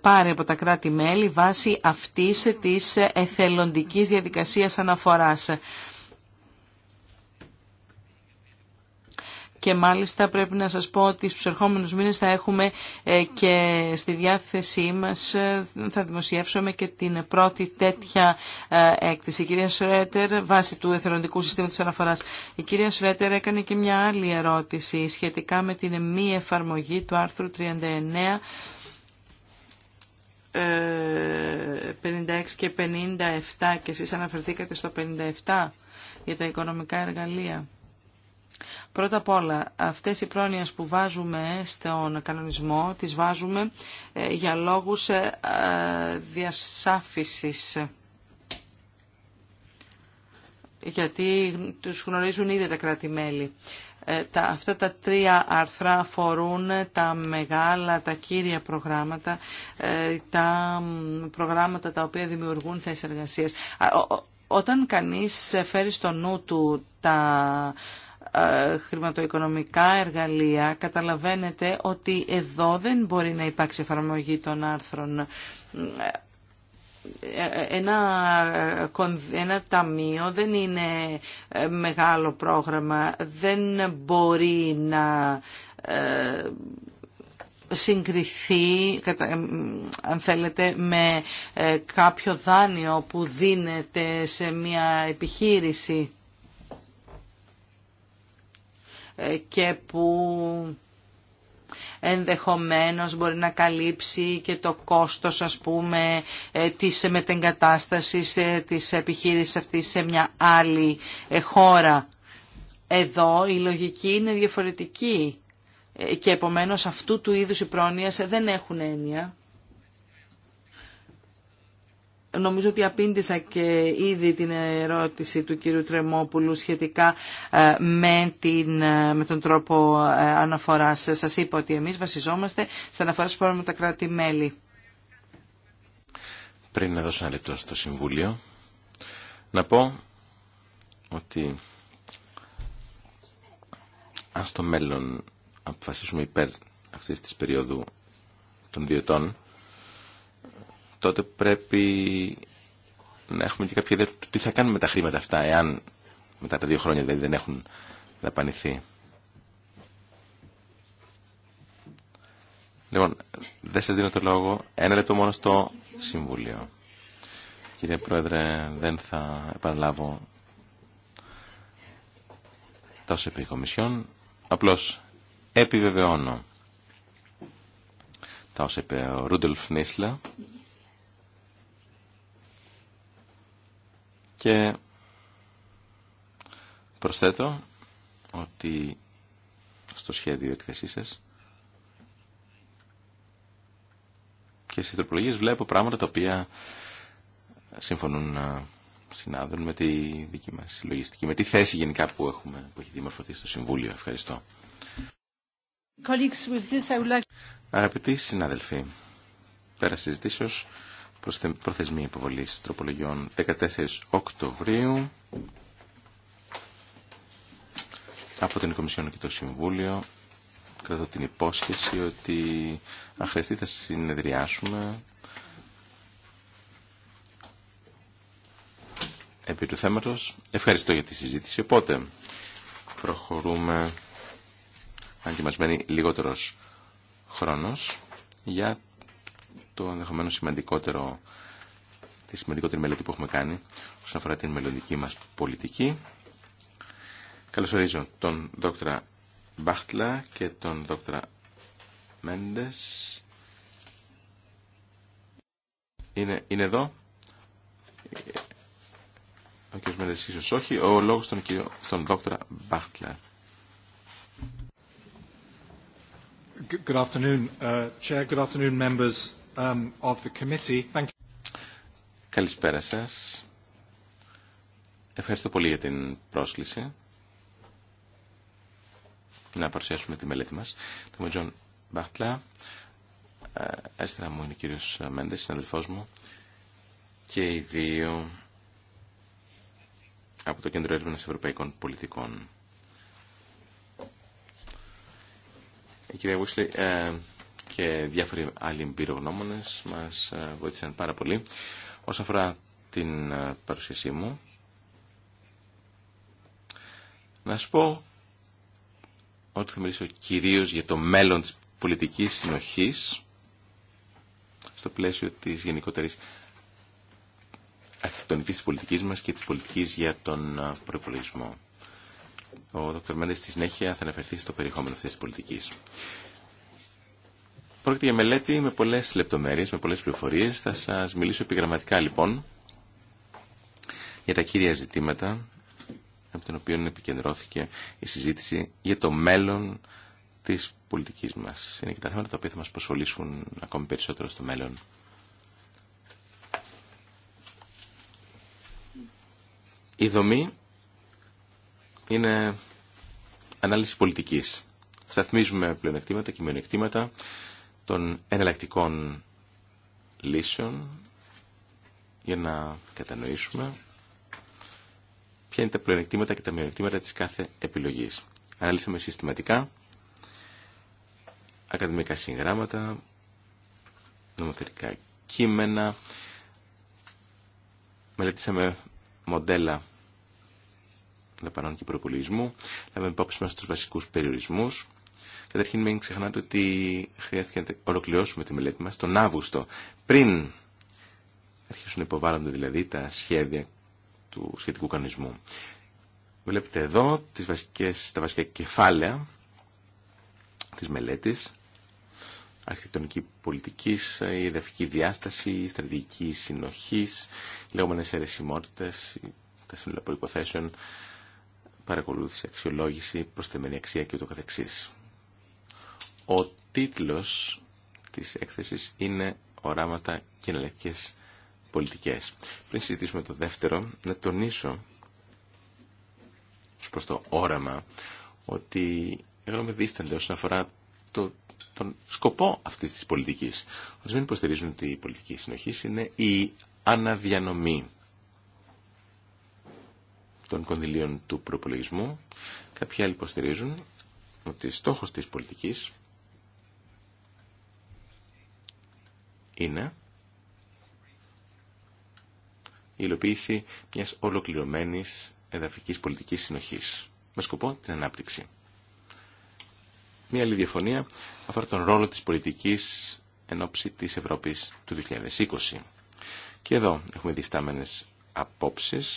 Speaker 1: πάρει από τα κράτη-μέλη βάσει αυτής της εθελοντικής διαδικασίας αναφοράς. και μάλιστα πρέπει να σας πω ότι στους ερχόμενους μήνες θα έχουμε ε, και στη διάθεσή μας ε, θα δημοσιεύσουμε και την πρώτη τέτοια ε, έκθεση. Η κυρία Σρέτερ, βάσει του εθελοντικού συστήματος αναφοράς, η κυρία Σρέτερ έκανε και μια άλλη ερώτηση σχετικά με την μη εφαρμογή του άρθρου 39 56 και 57 και εσείς αναφερθήκατε στο 57 για τα οικονομικά εργαλεία. Πρώτα απ' όλα, αυτές οι πρόνοιες που βάζουμε στον κανονισμό, τις βάζουμε ε, για λόγους ε, διασάφησης. Γιατί τους γνωρίζουν ήδη τα κράτη-μέλη. Ε, τα, αυτά τα τρία άρθρα αφορούν τα μεγάλα, τα κύρια προγράμματα, τα προγράμματα τα οποία δημιουργούν θέσεις εργασίας. Όταν κανείς φέρει στο νου του τα ε, χρηματοοικονομικά εργαλεία, καταλαβαίνετε ότι εδώ δεν μπορεί να υπάρξει εφαρμογή των άρθρων ε, ε, ένα, ένα ταμείο δεν είναι μεγάλο πρόγραμμα, δεν μπορεί να συγκριθεί, αν θέλετε, με κάποιο δάνειο που δίνεται σε μια επιχείρηση. Ε, και που ενδεχομένως μπορεί να καλύψει και το κόστος ας πούμε ε, της μετεγκατάστασης ε, της επιχείρησης αυτής σε μια άλλη χώρα. Εδώ η λογική είναι διαφορετική και επομένως αυτού του είδους οι δεν έχουν έννοια νομίζω ότι απήντησα και ήδη την ερώτηση του κύριου Τρεμόπουλου σχετικά ε, με, την, ε, τον τρόπο ε, αναφοράς. Σας είπα ότι εμείς βασιζόμαστε σε αναφορά που με τα κράτη-μέλη.
Speaker 3: Πριν να δώσω ένα λεπτό στο Συμβούλιο, να πω ότι αν στο μέλλον αποφασίσουμε υπέρ αυτής της περίοδου των διετών, τότε πρέπει να έχουμε και κάποια ιδέα του τι θα κάνουμε με τα χρήματα αυτά, εάν μετά τα δύο χρόνια δηλαδή δεν έχουν δαπανηθεί. Λοιπόν, δεν σας δίνω το λόγο. Ένα λεπτό μόνο στο Συμβούλιο. Κύριε Πρόεδρε, δεν θα επαναλάβω τα όσα είπε η Κομισιόν. Απλώς επιβεβαιώνω τα όσα είπε ο Ρούντελφ Νίσλα Και προσθέτω ότι στο σχέδιο εκθεσή σα. και στις τροπολογίες βλέπω πράγματα τα οποία συμφωνούν να ε, συνάδουν με τη δική μας συλλογιστική με τη θέση γενικά που, έχουμε, που έχει δημορφωθεί στο Συμβούλιο. Ευχαριστώ. Αγαπητοί συνάδελφοι, πέρα συζητήσεως προθεσμία υποβολής τροπολογιών 14 Οκτωβρίου από την Κομισιόν και το Συμβούλιο κρατώ την υπόσχεση ότι αν χρειαστεί θα συνεδριάσουμε επί του θέματος. Ευχαριστώ για τη συζήτηση. Οπότε προχωρούμε αν και μας μένει λιγότερος χρόνος για το ενδεχομένω σημαντικότερο τη σημαντικότερη μελέτη που έχουμε κάνει όσον αφορά την μελλοντική μας πολιτική. Καλωσορίζω τον δόκτρα Μπάχτλα και τον δόκτρα Μέντες. Είναι, είναι εδώ. Ο κ. Μέντες ίσως όχι. Ο λόγος στον, κύριο, στον δόκτρα Μπάχτλα.
Speaker 4: Good afternoon, uh, Chair. Good afternoon, members Um,
Speaker 3: Καλησπέρα σας. Ευχαριστώ πολύ για την πρόσκληση να παρουσιάσουμε τη μελέτη μας. Το ο Τζον Μπάχτλα, έστερα ε, μου είναι ο κύριος Μέντες, συναδελφός μου, και οι δύο από το Κέντρο Έρευνας Ευρωπαϊκών Πολιτικών. Η κυρία Βούσλη, ε, και διάφοροι άλλοι εμπειρογνώμονε μα ε, βοήθησαν πάρα πολύ. Όσον αφορά την ε, παρουσίασή μου, να σου πω ότι θα μιλήσω κυρίω για το μέλλον τη πολιτική συνοχή στο πλαίσιο τη γενικότερη αρχιτεκτονική της πολιτικής μας και τη πολιτική για τον ε, προπολογισμό. Ο Δ. Μέντες στη συνέχεια θα αναφερθεί στο περιεχόμενο αυτής της πολιτικής. Πρόκειται για μελέτη με πολλέ λεπτομέρειε, με πολλέ πληροφορίε. Θα σα μιλήσω επιγραμματικά λοιπόν για τα κύρια ζητήματα από τα οποία επικεντρώθηκε η συζήτηση για το μέλλον τη πολιτική μα. Είναι και τα θέματα τα οποία θα μα προσφολήσουν ακόμη περισσότερο στο μέλλον. Η δομή είναι ανάλυση πολιτικής. Σταθμίζουμε πλεονεκτήματα και μειονεκτήματα των εναλλακτικών λύσεων για να κατανοήσουμε ποια είναι τα πλεονεκτήματα και τα μειονεκτήματα της κάθε επιλογής. Αναλύσαμε συστηματικά ακαδημικά συγγράμματα, νομοθετικά κείμενα, μελετήσαμε μοντέλα δαπανών και προπολογισμού, λάβαμε υπόψη μας τους βασικούς περιορισμούς, Καταρχήν μην ξεχνάτε ότι χρειάστηκε να ολοκληρώσουμε τη μελέτη μα τον Αύγουστο, πριν αρχίσουν να υποβάλλονται δηλαδή τα σχέδια του σχετικού κανονισμού. Βλέπετε εδώ τις βασικές, τα βασικά κεφάλαια της μελέτης, αρχιτεκτονική πολιτική, η εδαφική διάσταση, η στρατηγική συνοχή, οι λεγόμενες αιρεσιμότητε, τα σύνολα προποθέσεων παρακολούθηση, αξιολόγηση, προσθεμένη αξία κ.ο.κ. Ο τίτλος της έκθεσης είναι «Οράματα και εναλλακτικές πολιτικές». Πριν συζητήσουμε το δεύτερο, να τονίσω ως όραμα ότι εγώ με δίστανται όσον αφορά τον σκοπό αυτής της πολιτικής. Ορισμένοι υποστηρίζουν ότι η πολιτική συνοχή είναι η αναδιανομή των κονδυλίων του προπολογισμού. Κάποιοι άλλοι υποστηρίζουν ότι στόχος της πολιτικής είναι η υλοποίηση μιας ολοκληρωμένης εδαφικής πολιτικής συνοχής με σκοπό την ανάπτυξη. Μία άλλη διαφωνία αφορά τον ρόλο της πολιτικής εν ώψη της Ευρώπης του 2020. Και εδώ έχουμε διστάμενες απόψεις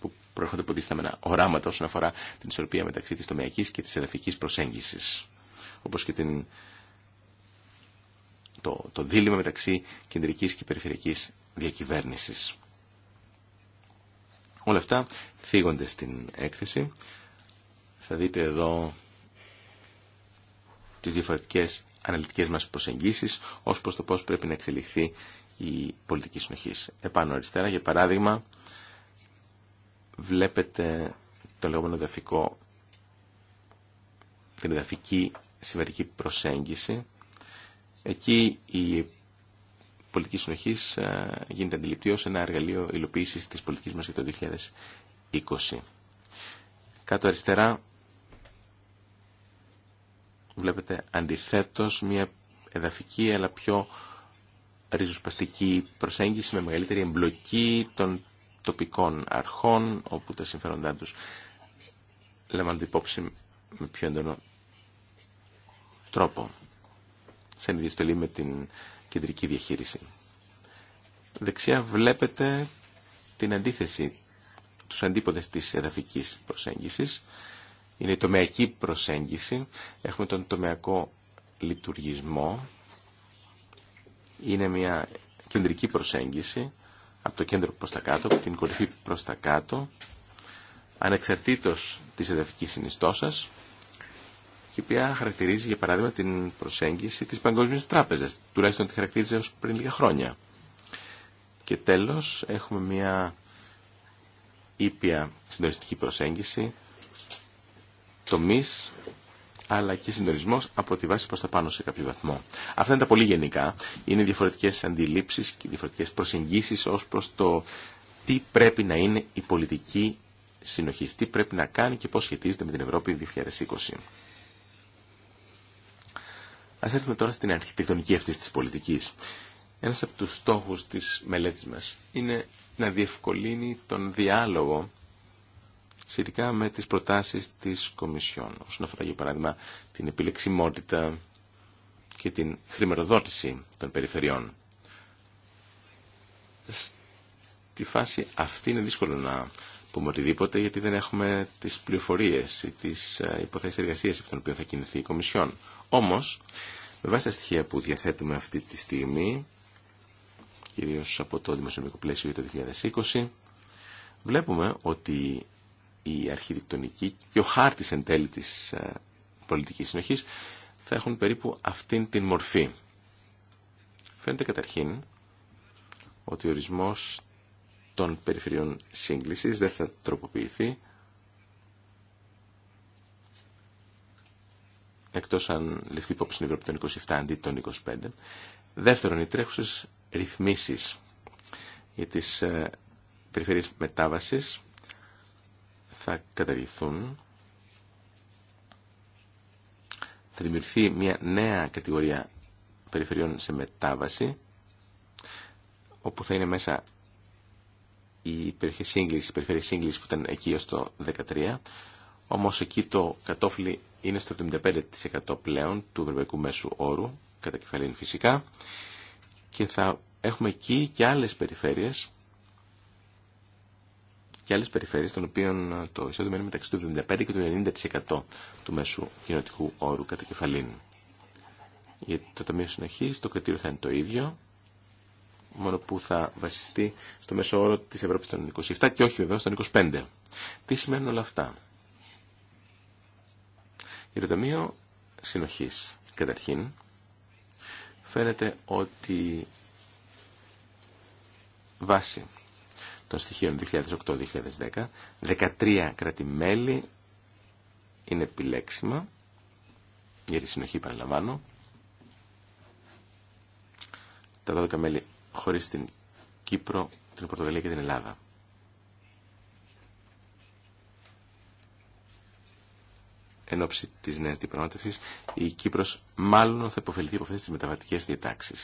Speaker 3: που προέρχονται από διστάμενα οράματα όσον αφορά την ισορροπία μεταξύ της τομεακής και της εδαφικής προσέγγισης, όπως και την το, το δίλημα μεταξύ κεντρικής και περιφερειακής διακυβέρνησης. Όλα αυτά θίγονται στην έκθεση. Θα δείτε εδώ τις διαφορετικές αναλυτικές μας προσεγγίσεις ως προς το πώς πρέπει να εξελιχθεί η πολιτική συνοχή. Επάνω αριστερά, για παράδειγμα, βλέπετε το λεγόμενο δαφικό, την εδαφική συμβατική προσέγγιση Εκεί η πολιτική συνοχή ε, γίνεται αντιληπτή ω ένα εργαλείο υλοποίηση τη πολιτική μα για το 2020. Κάτω αριστερά βλέπετε αντιθέτως μια εδαφική αλλά πιο ριζοσπαστική προσέγγιση με μεγαλύτερη εμπλοκή των τοπικών αρχών όπου τα συμφέροντά τους λαμβάνονται υπόψη με πιο έντονο τρόπο σε ενδιαστολή με την κεντρική διαχείριση. Δεξιά βλέπετε την αντίθεση, τους αντίποδες της εδαφικής προσέγγισης. Είναι η τομεακή προσέγγιση. Έχουμε τον τομεακό λειτουργισμό. Είναι μια κεντρική προσέγγιση από το κέντρο προς τα κάτω, από την κορυφή προς τα κάτω, ανεξαρτήτως της εδαφικής συνιστώσας η οποία χαρακτηρίζει για παράδειγμα την προσέγγιση της Παγκόσμια Τράπεζας, τουλάχιστον τη χαρακτηρίζει ως πριν λίγα χρόνια. Και τέλος έχουμε μια ήπια συντονιστική προσέγγιση, τομείς αλλά και συντονισμό από τη βάση προ τα πάνω σε κάποιο βαθμό. Αυτά είναι τα πολύ γενικά. Είναι διαφορετικέ αντιλήψει και διαφορετικέ προσεγγίσει ω προ το τι πρέπει να είναι η πολιτική συνοχή, τι πρέπει να κάνει και πώ σχετίζεται με την Ευρώπη 2020. Ας έρθουμε τώρα στην αρχιτεκτονική αυτής της πολιτικής. Ένας από τους στόχους της μελέτης μας είναι να διευκολύνει τον διάλογο σχετικά με τις προτάσεις της Κομισιόν. Όσον αφορά για παράδειγμα την επιλεξιμότητα και την χρημεροδότηση των περιφερειών. Στη φάση αυτή είναι δύσκολο να πούμε οτιδήποτε γιατί δεν έχουμε τι πληροφορίε ή τι ε, υποθέσει εργασία στην οποία θα κινηθεί η τις υποθεσεις εργασια απο τον οποιο Όμως, με βάση τα στοιχεία που διαθέτουμε αυτή τη στιγμή, κυρίως από το δημοσιονομικό πλαίσιο για το 2020, βλέπουμε ότι η αρχιτεκτονική και ο χάρτη εν τέλει τη ε, πολιτικής συνοχής θα έχουν περίπου αυτήν την μορφή. Φαίνεται καταρχήν ότι ο ορισμός των περιφερειών σύγκλησης, δεν θα τροποποιηθεί. εκτός αν ληφθεί υπόψη στην Ευρώπη των 27 αντί των 25. Δεύτερον, οι τρέχουσες ρυθμίσεις για τις ε, περιφερειές μετάβασης θα καταργηθούν. Θα δημιουργηθεί μια νέα κατηγορία περιφερειών σε μετάβαση, όπου θα είναι μέσα η περιοχές σύγκληση, η περιφέρειες σύγκλησης που ήταν εκεί ως το 2013, όμως εκεί το κατόφλι είναι στο 75% πλέον του ευρωπαϊκού μέσου όρου, κατά κεφαλήν φυσικά, και θα έχουμε εκεί και άλλες περιφέρειες και άλλες περιφέρειες των οποίων το εισόδημα είναι μεταξύ του 75% και του 90% του μέσου κοινοτικού όρου κατά κεφαλήν. Για το Ταμείο Συνοχής το κριτήριο θα είναι το ίδιο μόνο που θα βασιστεί στο μέσο όρο της Ευρώπης των 27 και όχι βεβαίως των 25. Τι σημαίνουν όλα αυτά. Για το Ταμείο Συνοχής, καταρχήν, φαίνεται ότι βάσει των στοιχείων 2008-2010, 13 κράτη-μέλη είναι επιλέξιμα, για τη συνοχή παραλαμβάνω, τα 12 μέλη χωρίς την Κύπρο, την Πορτογαλία και την Ελλάδα. Εν ώψη της νέας διαπραγμάτευσης, η Κύπρος μάλλον θα υποφεληθεί από αυτέ τι μεταβατικές διατάξει.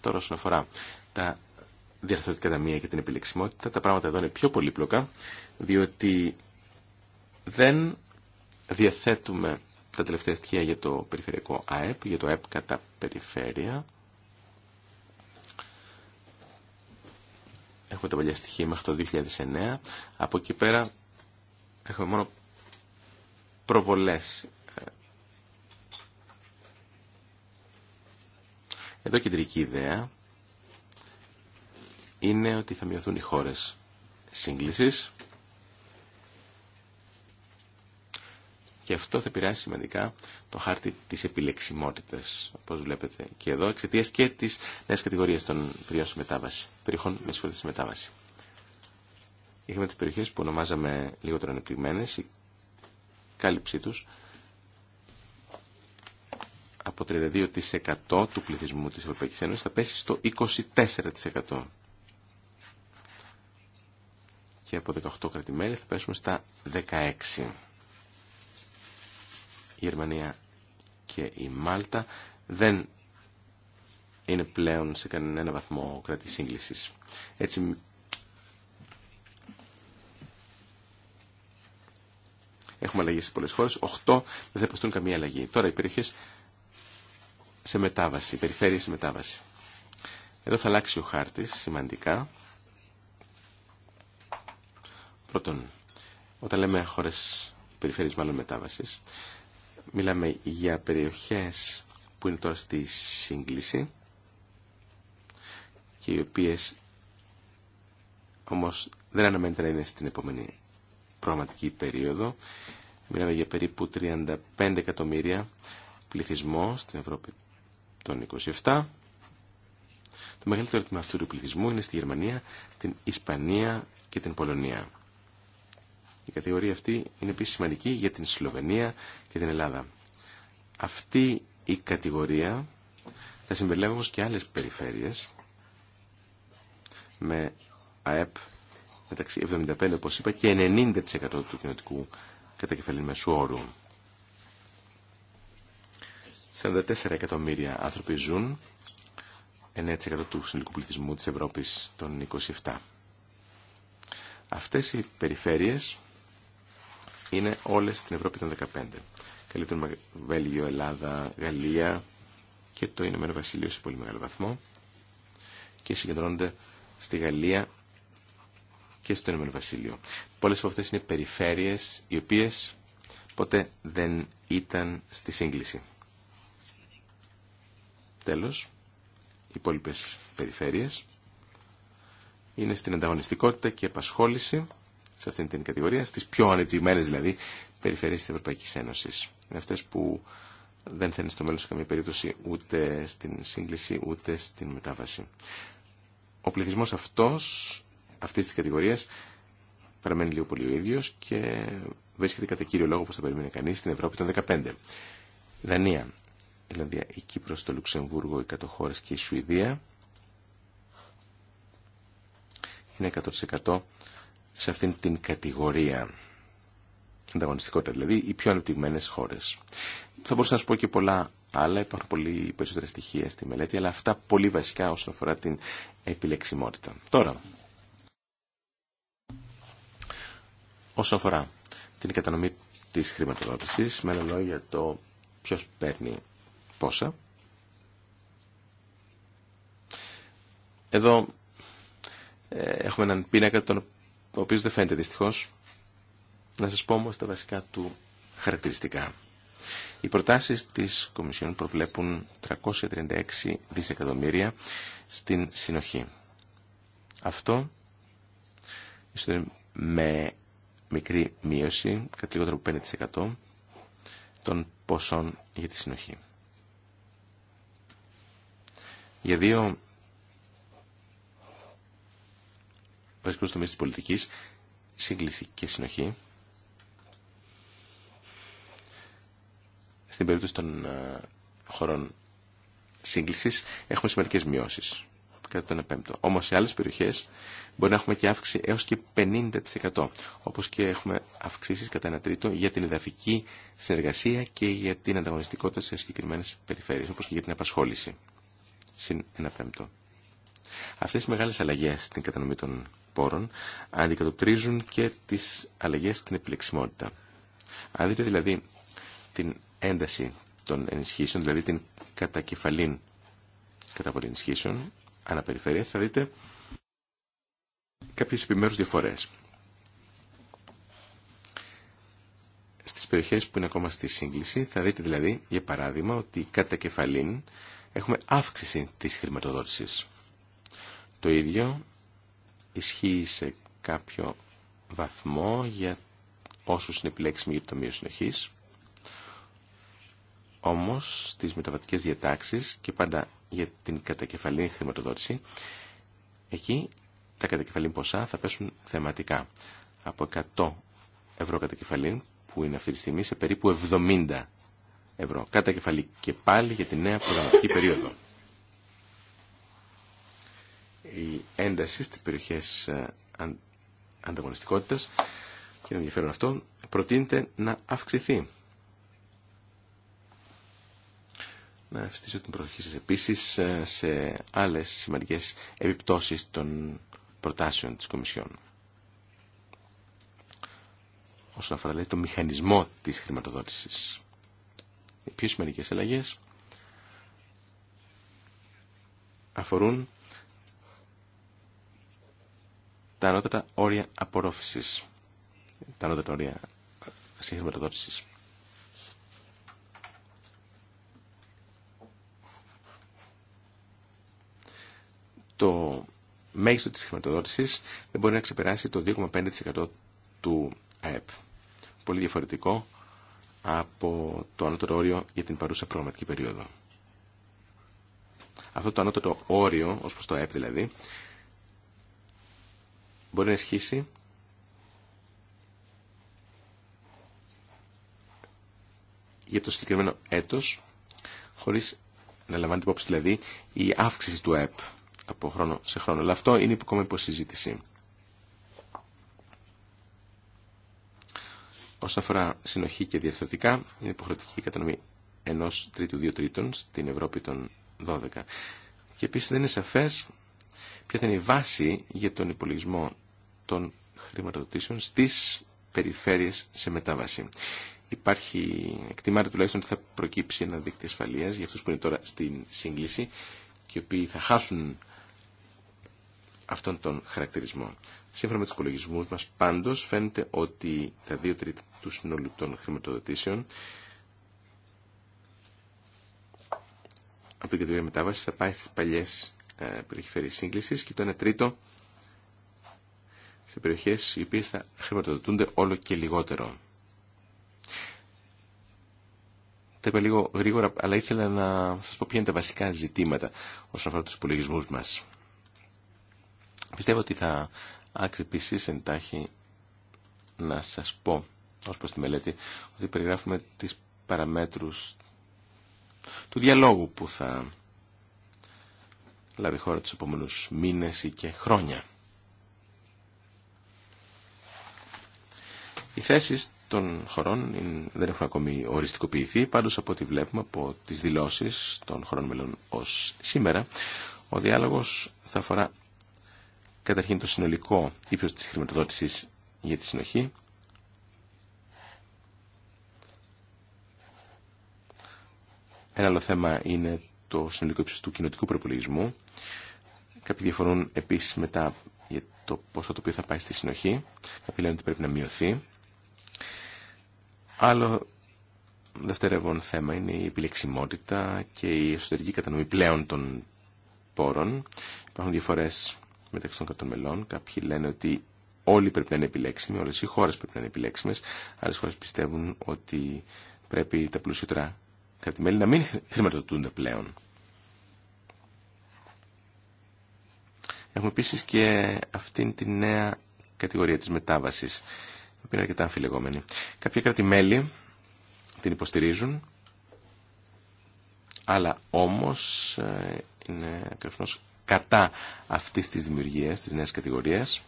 Speaker 3: Τώρα όσον αφορά τα διαρθρωτικά ταμεία και την επιλεξιμότητα, τα πράγματα εδώ είναι πιο πολύπλοκα, διότι δεν διαθέτουμε τα τελευταία στοιχεία για το περιφερειακό ΑΕΠ, για το ΑΕΠ κατά περιφέρεια, Έχουμε τα παλιά στοιχεία μέχρι το 2009. Από εκεί πέρα έχουμε μόνο προβολές. Εδώ κεντρική ιδέα είναι ότι θα μειωθούν οι χώρες σύγκλησης Και αυτό θα πειράσει σημαντικά το χάρτη τη επιλεξιμότητα, όπω βλέπετε και εδώ, εξαιτία και τη νέα κατηγορία των περιοχών μετάβαση. Περιοχών με συγχωρείτε μετάβαση. Είχαμε τι περιοχέ που ονομάζαμε λιγότερο ανεπτυγμένες, η κάλυψή του. από 32% του πληθυσμού της ΕΕ θα πέσει στο 24%. Και από 18 κρατημέρια θα πέσουμε στα 16%. Η Γερμανία και η Μάλτα δεν είναι πλέον σε κανένα βαθμό κράτη σύγκλησης. Έτσι Έχουμε αλλαγή σε πολλέ χώρε. 8 δεν θα υποστούν καμία αλλαγή. Τώρα οι σε μετάβαση, οι σε μετάβαση. Εδώ θα αλλάξει ο χάρτη σημαντικά. Πρώτον, όταν λέμε χώρε περιφέρειε μάλλον μετάβαση, Μιλάμε για περιοχές που είναι τώρα στη σύγκληση και οι οποίες όμως δεν αναμένεται να είναι στην επόμενη προγραμματική περίοδο. Μιλάμε για περίπου 35 εκατομμύρια πληθυσμό στην Ευρώπη των 27. Το μεγαλύτερο τμήμα αυτού του πληθυσμού είναι στη Γερμανία, την Ισπανία και την Πολωνία. Η κατηγορία αυτή είναι επίση σημαντική για την Σλοβενία και την Ελλάδα. Αυτή η κατηγορία θα συμπεριλάβει και άλλες περιφέρειες με ΑΕΠ μεταξύ 75% όπως είπα και 90% του κοινοτικού κατακεφαλήν μεσού όρου. 44 εκατομμύρια άνθρωποι ζουν, 9% του συνολικού πληθυσμού της Ευρώπης των 27. Αυτές οι περιφέρειες είναι όλες στην Ευρώπη των 15. Καλύπτουν Βέλγιο, Ελλάδα, Γαλλία και το Ηνωμένο Βασίλειο σε πολύ μεγάλο βαθμό και συγκεντρώνονται στη Γαλλία και στο Ηνωμένο Βασίλειο. Πολλέ από αυτές είναι περιφέρειες οι οποίες ποτέ δεν ήταν στη σύγκληση. Τέλος, οι υπόλοιπε περιφέρειες είναι στην ανταγωνιστικότητα και επασχόληση σε αυτήν την κατηγορία, στις πιο ανεπτυγμένες δηλαδή περιφερειές της Ευρωπαϊκής Ένωσης. Είναι αυτές που δεν θα στο μέλλον σε καμία περίπτωση ούτε στην σύγκληση ούτε στην μετάβαση. Ο πληθυσμός αυτός, αυτής της κατηγορίας, παραμένει λίγο πολύ ο ίδιος και βρίσκεται κατά κύριο λόγο, όπως θα περιμένει κανείς, στην Ευρώπη των 15. Δανία, Ιρλανδία, η Κύπρος, το Λουξεμβούργο, οι κατοχώρες και η Σουηδία είναι 100% σε αυτήν την κατηγορία ανταγωνιστικότητα, δηλαδή οι πιο ανεπτυγμένε χώρες. Θα μπορούσα να σου πω και πολλά άλλα, υπάρχουν πολύ περισσότερα στοιχεία στη μελέτη, αλλά αυτά πολύ βασικά όσον αφορά την επιλεξιμότητα. Τώρα, όσον αφορά την κατανομή της χρηματοδότησης, με ένα λόγια το ποιο παίρνει πόσα. Εδώ ε, έχουμε έναν πίνακα τον ο οποίος δεν φαίνεται δυστυχώς. Να σας πω όμως τα βασικά του χαρακτηριστικά. Οι προτάσεις της Κομισιόν προβλέπουν 336 δισεκατομμύρια στην συνοχή. Αυτό με μικρή μείωση, κατά λιγότερο από 5% των ποσών για τη συνοχή. Για δύο βασικούς τομείς της πολιτικής, σύγκληση και συνοχή. Στην περίπτωση των ε, χωρών σύγκληση, έχουμε σημαντικέ μειώσεις κατά τον πέμπτο. Όμως σε άλλες περιοχές μπορεί να έχουμε και αύξηση έως και 50%. Όπως και έχουμε αυξήσεις κατά ένα τρίτο για την εδαφική συνεργασία και για την ανταγωνιστικότητα σε συγκεκριμένες περιφέρειες, όπω και για την απασχόληση. Συν ένα πέμπτο. Αυτές οι μεγάλες αλλαγές στην κατανομή των πόρων αντικατοπτρίζουν και τις αλλαγές στην επιλεξιμότητα. Αν δείτε δηλαδή την ένταση των ενισχύσεων, δηλαδή την κατακεφαλήν καταβολή ενισχύσεων, αναπεριφέρεια, θα δείτε κάποιες επιμέρους διαφορές. Στις περιοχές που είναι ακόμα στη σύγκληση θα δείτε δηλαδή, για παράδειγμα, ότι κατά κεφαλήν έχουμε αύξηση της χρηματοδότησης. Το ίδιο ισχύει σε κάποιο βαθμό για όσους είναι επιλέξιμοι για το Ταμείο Συνοχής. Όμως, στις μεταβατικές διατάξεις και πάντα για την κατακεφαλή χρηματοδότηση, εκεί τα κατακεφαλή ποσά θα πέσουν θεματικά. Από 100 ευρώ κατακεφαλή, που είναι αυτή τη στιγμή, σε περίπου 70 ευρώ. Κατακεφαλή και πάλι για τη νέα προγραμματική περίοδο η ένταση στις περιοχές ε, ανταγωνιστικότητας και είναι ενδιαφέρον αυτό, προτείνεται να αυξηθεί. Να αυξήσω την προσοχή σας επίσης ε, σε άλλες σημαντικές επιπτώσεις των προτάσεων της Κομισιόν. Όσον αφορά λέει το μηχανισμό της χρηματοδότησης. Οι πιο σημαντικές αλλαγές αφορούν τα ανώτατα όρια απορρόφησης, τα ανώτατα όρια συγχρηματοδότησης. Το μέγιστο της χρηματοδότησης δεν μπορεί να ξεπεράσει το 2,5% του ΑΕΠ. Πολύ διαφορετικό από το ανώτερο όριο για την παρούσα προγραμματική περίοδο. Αυτό το ανώτερο όριο, ως προς το ΑΕΠ δηλαδή, Μπορεί να ισχύσει. για το συγκεκριμένο έτος, χωρίς να την υπόψη δηλαδή η αύξηση του ΕΠ από χρόνο σε χρόνο. Αλλά αυτό είναι ακόμα συζήτηση. Όσον αφορά συνοχή και διαστατικά, είναι υποχρεωτική η κατανομή ενός τρίτου δύο τρίτων στην Ευρώπη των 12. Και επίσης δεν είναι σαφές ποια θα είναι η βάση για τον υπολογισμό των χρηματοδοτήσεων στις περιφέρειες σε μετάβαση. Υπάρχει, εκτιμάται τουλάχιστον ότι θα προκύψει ένα δίκτυο ασφαλείας για αυτούς που είναι τώρα στην σύγκληση και οι οποίοι θα χάσουν αυτόν τον χαρακτηρισμό. Σύμφωνα με τους υπολογισμούς μας πάντως φαίνεται ότι τα δύο τρίτα του συνόλου των χρηματοδοτήσεων από την κατηγορία μετάβαση θα πάει στις παλιές ε, περιφέρειες και το 1 τρίτο σε περιοχές οι οποίες θα χρηματοδοτούνται όλο και λιγότερο. Τα είπα λίγο γρήγορα, αλλά ήθελα να σας πω ποια είναι τα βασικά ζητήματα όσον αφορά τους υπολογισμού μας. Πιστεύω ότι θα άξει επίση εντάχει να σας πω ως προς τη μελέτη ότι περιγράφουμε τις παραμέτρους του διαλόγου που θα λάβει χώρα τους επόμενους μήνες ή και χρόνια. Οι θέσεις των χωρών δεν έχουν ακόμη οριστικοποιηθεί, πάντως από ό,τι βλέπουμε από τις δηλώσεις των χωρών μελών ως σήμερα, ο διάλογος θα αφορά καταρχήν το συνολικό ύψος της χρηματοδότησης για τη συνοχή, Ένα άλλο θέμα είναι το συνολικό ύψο του κοινοτικού προπολογισμού. Κάποιοι διαφωνούν επίση μετά για το πόσο το οποίο θα πάει στη συνοχή. Κάποιοι λένε ότι πρέπει να μειωθεί. Άλλο δευτερεύον θέμα είναι η επιλεξιμότητα και η εσωτερική κατανομή πλέον των πόρων. Υπάρχουν διαφορέ μεταξύ των κρατών μελών. Κάποιοι λένε ότι όλοι πρέπει να είναι επιλέξιμοι, όλε οι χώρε πρέπει να είναι επιλέξιμε. Άλλε χώρες πιστεύουν ότι πρέπει τα πλουσιότερα κράτη-μέλη να μην χρηματοδοτούνται πλέον. Έχουμε επίσης και αυτήν τη νέα κατηγορία της μετάβασης, που είναι αρκετά αμφιλεγόμενη. Κάποια κράτη-μέλη την υποστηρίζουν, αλλά όμως ε, είναι ακριβώς κατά αυτής της δημιουργίας, της νέας κατηγορίας,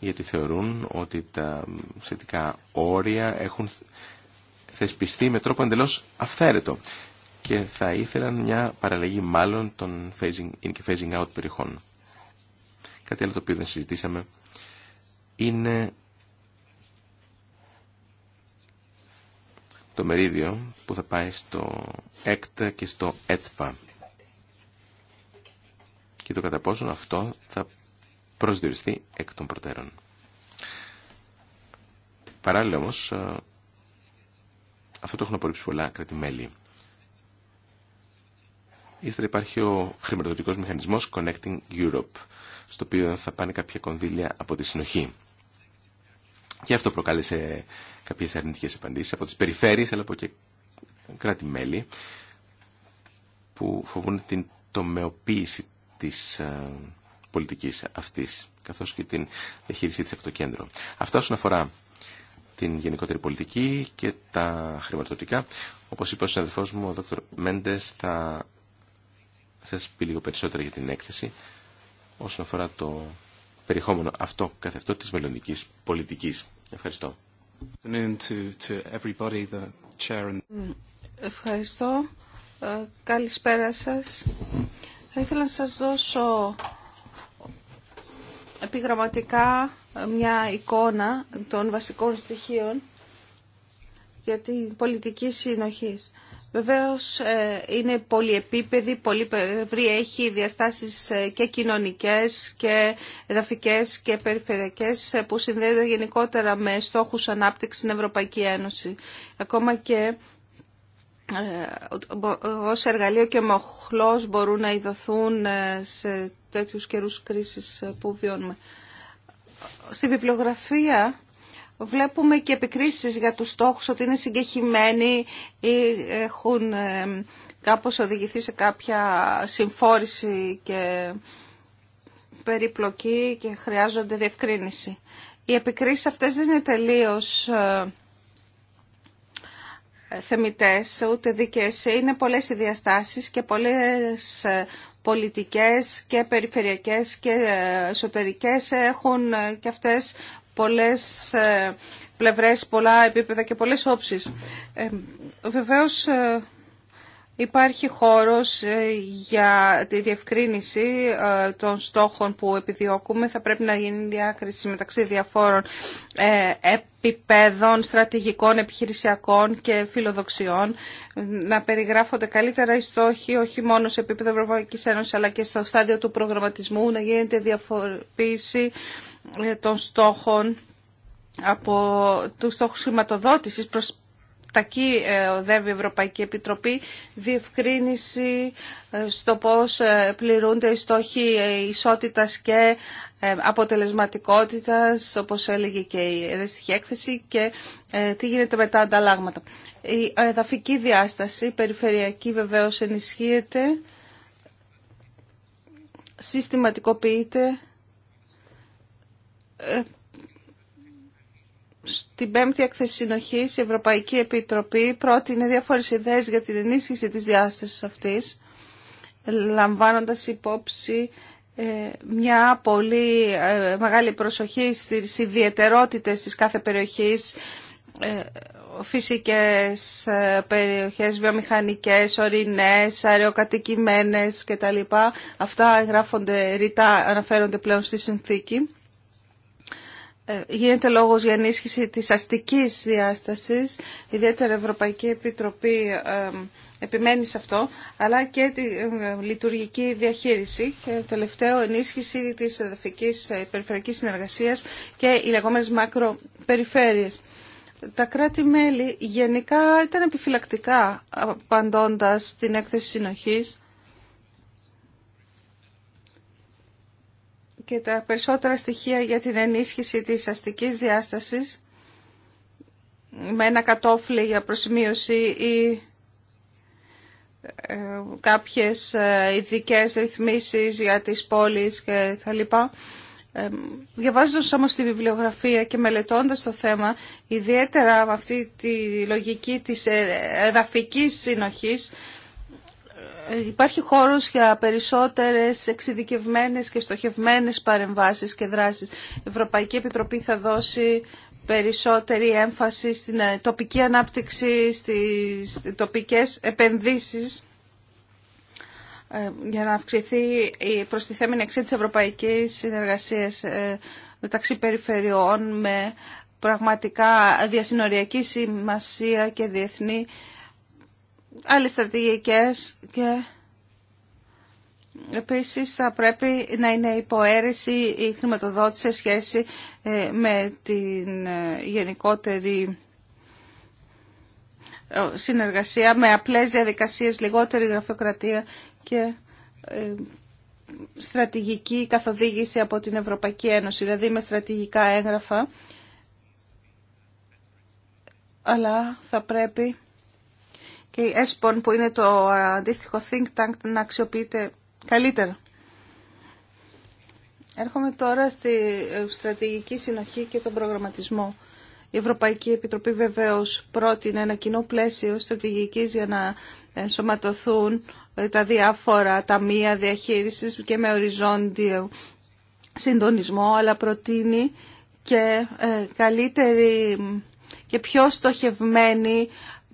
Speaker 3: γιατί θεωρούν ότι τα σχετικά όρια έχουν θεσπιστεί με τρόπο εντελώς αυθαίρετο και θα ήθελαν μια παραλλαγή μάλλον των phasing in και phasing out περιχών. Κάτι άλλο το οποίο δεν συζητήσαμε είναι το μερίδιο που θα πάει στο ΕΚΤΑ και στο ΕΤΠΑ και το κατά πόσον αυτό θα προσδιοριστεί εκ των προτέρων. Παράλληλα όμως αυτό το έχουν απορρίψει πολλά κράτη-μέλη. Ύστερα υπάρχει ο χρηματοδοτικό μηχανισμός Connecting Europe, στο οποίο θα πάνε κάποια κονδύλια από τη συνοχή. Και αυτό προκάλεσε κάποιες αρνητικές απαντήσει από τις περιφέρειες, αλλά από και κράτη-μέλη, που φοβούν την τομεοποίηση της ε, πολιτικής αυτής, καθώς και την διαχείρισή της από το κέντρο. Αυτά όσον αφορά την γενικότερη πολιτική και τα χρηματοδοτικά. Όπως είπε ο συναδελφός μου, ο Δ. Μέντες θα σας πει λίγο περισσότερα για την έκθεση όσον αφορά το περιεχόμενο αυτό καθ' αυτό της μελλοντικής πολιτικής. Ευχαριστώ.
Speaker 2: Ευχαριστώ. Ε, καλησπέρα σας. Θα ήθελα να σας δώσω επιγραμματικά μια εικόνα των βασικών στοιχείων για την πολιτική συνοχή. Βεβαίως ε, είναι πολυεπίπεδη, πολύ έχει διαστάσεις ε, και κοινωνικές και εδαφικές και περιφερειακές ε, που συνδέονται γενικότερα με στόχους ανάπτυξης στην Ευρωπαϊκή Ένωση. Ακόμα και ως εργαλείο και μοχλός μπορούν να ειδωθούν σε τέτοιους καιρούς κρίσεις που βιώνουμε στη βιβλιογραφία βλέπουμε και επικρίσεις για τους στόχους ότι είναι συγκεχημένοι ή έχουν ε, κάπως οδηγηθεί σε κάποια συμφόρηση και περιπλοκή και χρειάζονται διευκρίνηση. Οι επικρίσεις αυτές δεν είναι τελείως ε, θεμητές, ούτε δικές. Είναι πολλές οι διαστάσεις και πολλές ε, πολιτικές και περιφερειακές και ε, εσωτερικές έχουν ε, και αυτές πολλές ε, πλευρές, πολλά επίπεδα και πολλές όψεις. Ε, βεβαίως Υπάρχει χώρος ε, για τη διευκρίνηση ε, των στόχων που επιδιώκουμε. Θα πρέπει να γίνει διάκριση μεταξύ διαφόρων ε, επιπέδων, στρατηγικών, επιχειρησιακών και φιλοδοξιών. Να περιγράφονται καλύτερα οι στόχοι, όχι μόνο σε επίπεδο Ευρωπαϊκή Ένωσης, αλλά και στο στάδιο του προγραμματισμού, να γίνεται διαφοροποίηση των στόχων από τους στόχους σηματοδότησης προς τακή ε, οδεύει η Ευρωπαϊκή Επιτροπή διευκρίνηση ε, στο πώς ε, πληρούνται οι στόχοι ισότητας και αποτελεσματικότητας, όπως έλεγε και η ερεστική έκθεση, και τι γίνεται με τα ανταλλάγματα. Η εδαφική διάσταση, η περιφερειακή βεβαίως ενισχύεται, συστηματικοποιείται, στην πέμπτη έκθεση συνοχή, η Ευρωπαϊκή Επιτροπή πρότεινε διάφορε ιδέες για την ενίσχυση της διάστασης αυτής, λαμβάνοντας υπόψη ε, μια πολύ ε, μεγάλη προσοχή στις ιδιαιτερότητες της κάθε περιοχής, ε, φυσικές περιοχές, βιομηχανικές, ορεινές, αεροκατοικημένες κτλ. Αυτά γράφονται ρητά, αναφέρονται πλέον στη συνθήκη. Ε, γίνεται λόγος για ενίσχυση της αστικής διάστασης, ιδιαίτερα η Ευρωπαϊκή Επιτροπή ε, επιμένει σε αυτό, αλλά και τη ε, λειτουργική διαχείριση και τελευταίο ενίσχυση της εδαφικής περιφερειακής συνεργασίας και οι λεγόμενες μακροπεριφέρειες. Τα κράτη-μέλη γενικά ήταν επιφυλακτικά απαντώντας την έκθεση συνοχής και τα περισσότερα στοιχεία για την ενίσχυση της αστικής διάστασης με ένα κατόφλι για προσημείωση ή ε, κάποιες ε, ειδικέ ρυθμίσεις για τις πόλεις και τα λοιπά. Ε, διαβάζοντας όμως τη βιβλιογραφία και μελετώντας το θέμα, ιδιαίτερα με αυτή τη λογική της εδαφικής συνοχής, Υπάρχει χώρος για περισσότερες εξειδικευμένες και στοχευμένες παρεμβάσεις και δράσεις. Η Ευρωπαϊκή Επιτροπή θα δώσει περισσότερη έμφαση στην ε, τοπική ανάπτυξη, στις τοπικές επενδύσεις ε, για να αυξηθεί η προστιθέμενη αξία της ευρωπαϊκής συνεργασίας ε, μεταξύ περιφερειών με πραγματικά διασυνοριακή σημασία και διεθνή άλλες στρατηγικές και επίσης θα πρέπει να είναι υποαίρεση η χρηματοδότηση σε σχέση ε, με την ε, γενικότερη ε, συνεργασία, με απλές διαδικασίες, λιγότερη γραφειοκρατία και στρατηγική καθοδήγηση από την Ευρωπαϊκή Ένωση, δηλαδή με στρατηγικά έγγραφα, αλλά θα πρέπει και η ΕΣΠΟΝ που είναι το αντίστοιχο think tank να αξιοποιείται καλύτερα. Έρχομαι τώρα στη ε, στρατηγική συνοχή και τον προγραμματισμό. Η Ευρωπαϊκή Επιτροπή βεβαίως πρότεινε ένα κοινό πλαίσιο στρατηγικής για να ενσωματωθούν ε, τα διάφορα ταμεία διαχείρισης και με οριζόντιο συντονισμό, αλλά προτείνει και ε, καλύτερη και πιο στοχευμένη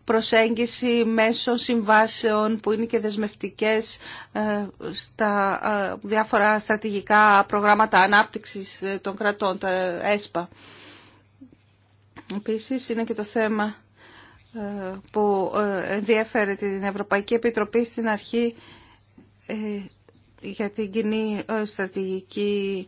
Speaker 2: προσέγγιση μέσω συμβάσεων που είναι και δεσμευτικές ε, στα ε, διάφορα στρατηγικά προγράμματα ανάπτυξης ε, των κρατών, τα ΕΣΠΑ. Επίσης είναι και το θέμα που ενδιαφέρεται την Ευρωπαϊκή Επιτροπή στην αρχή για την κοινή στρατηγική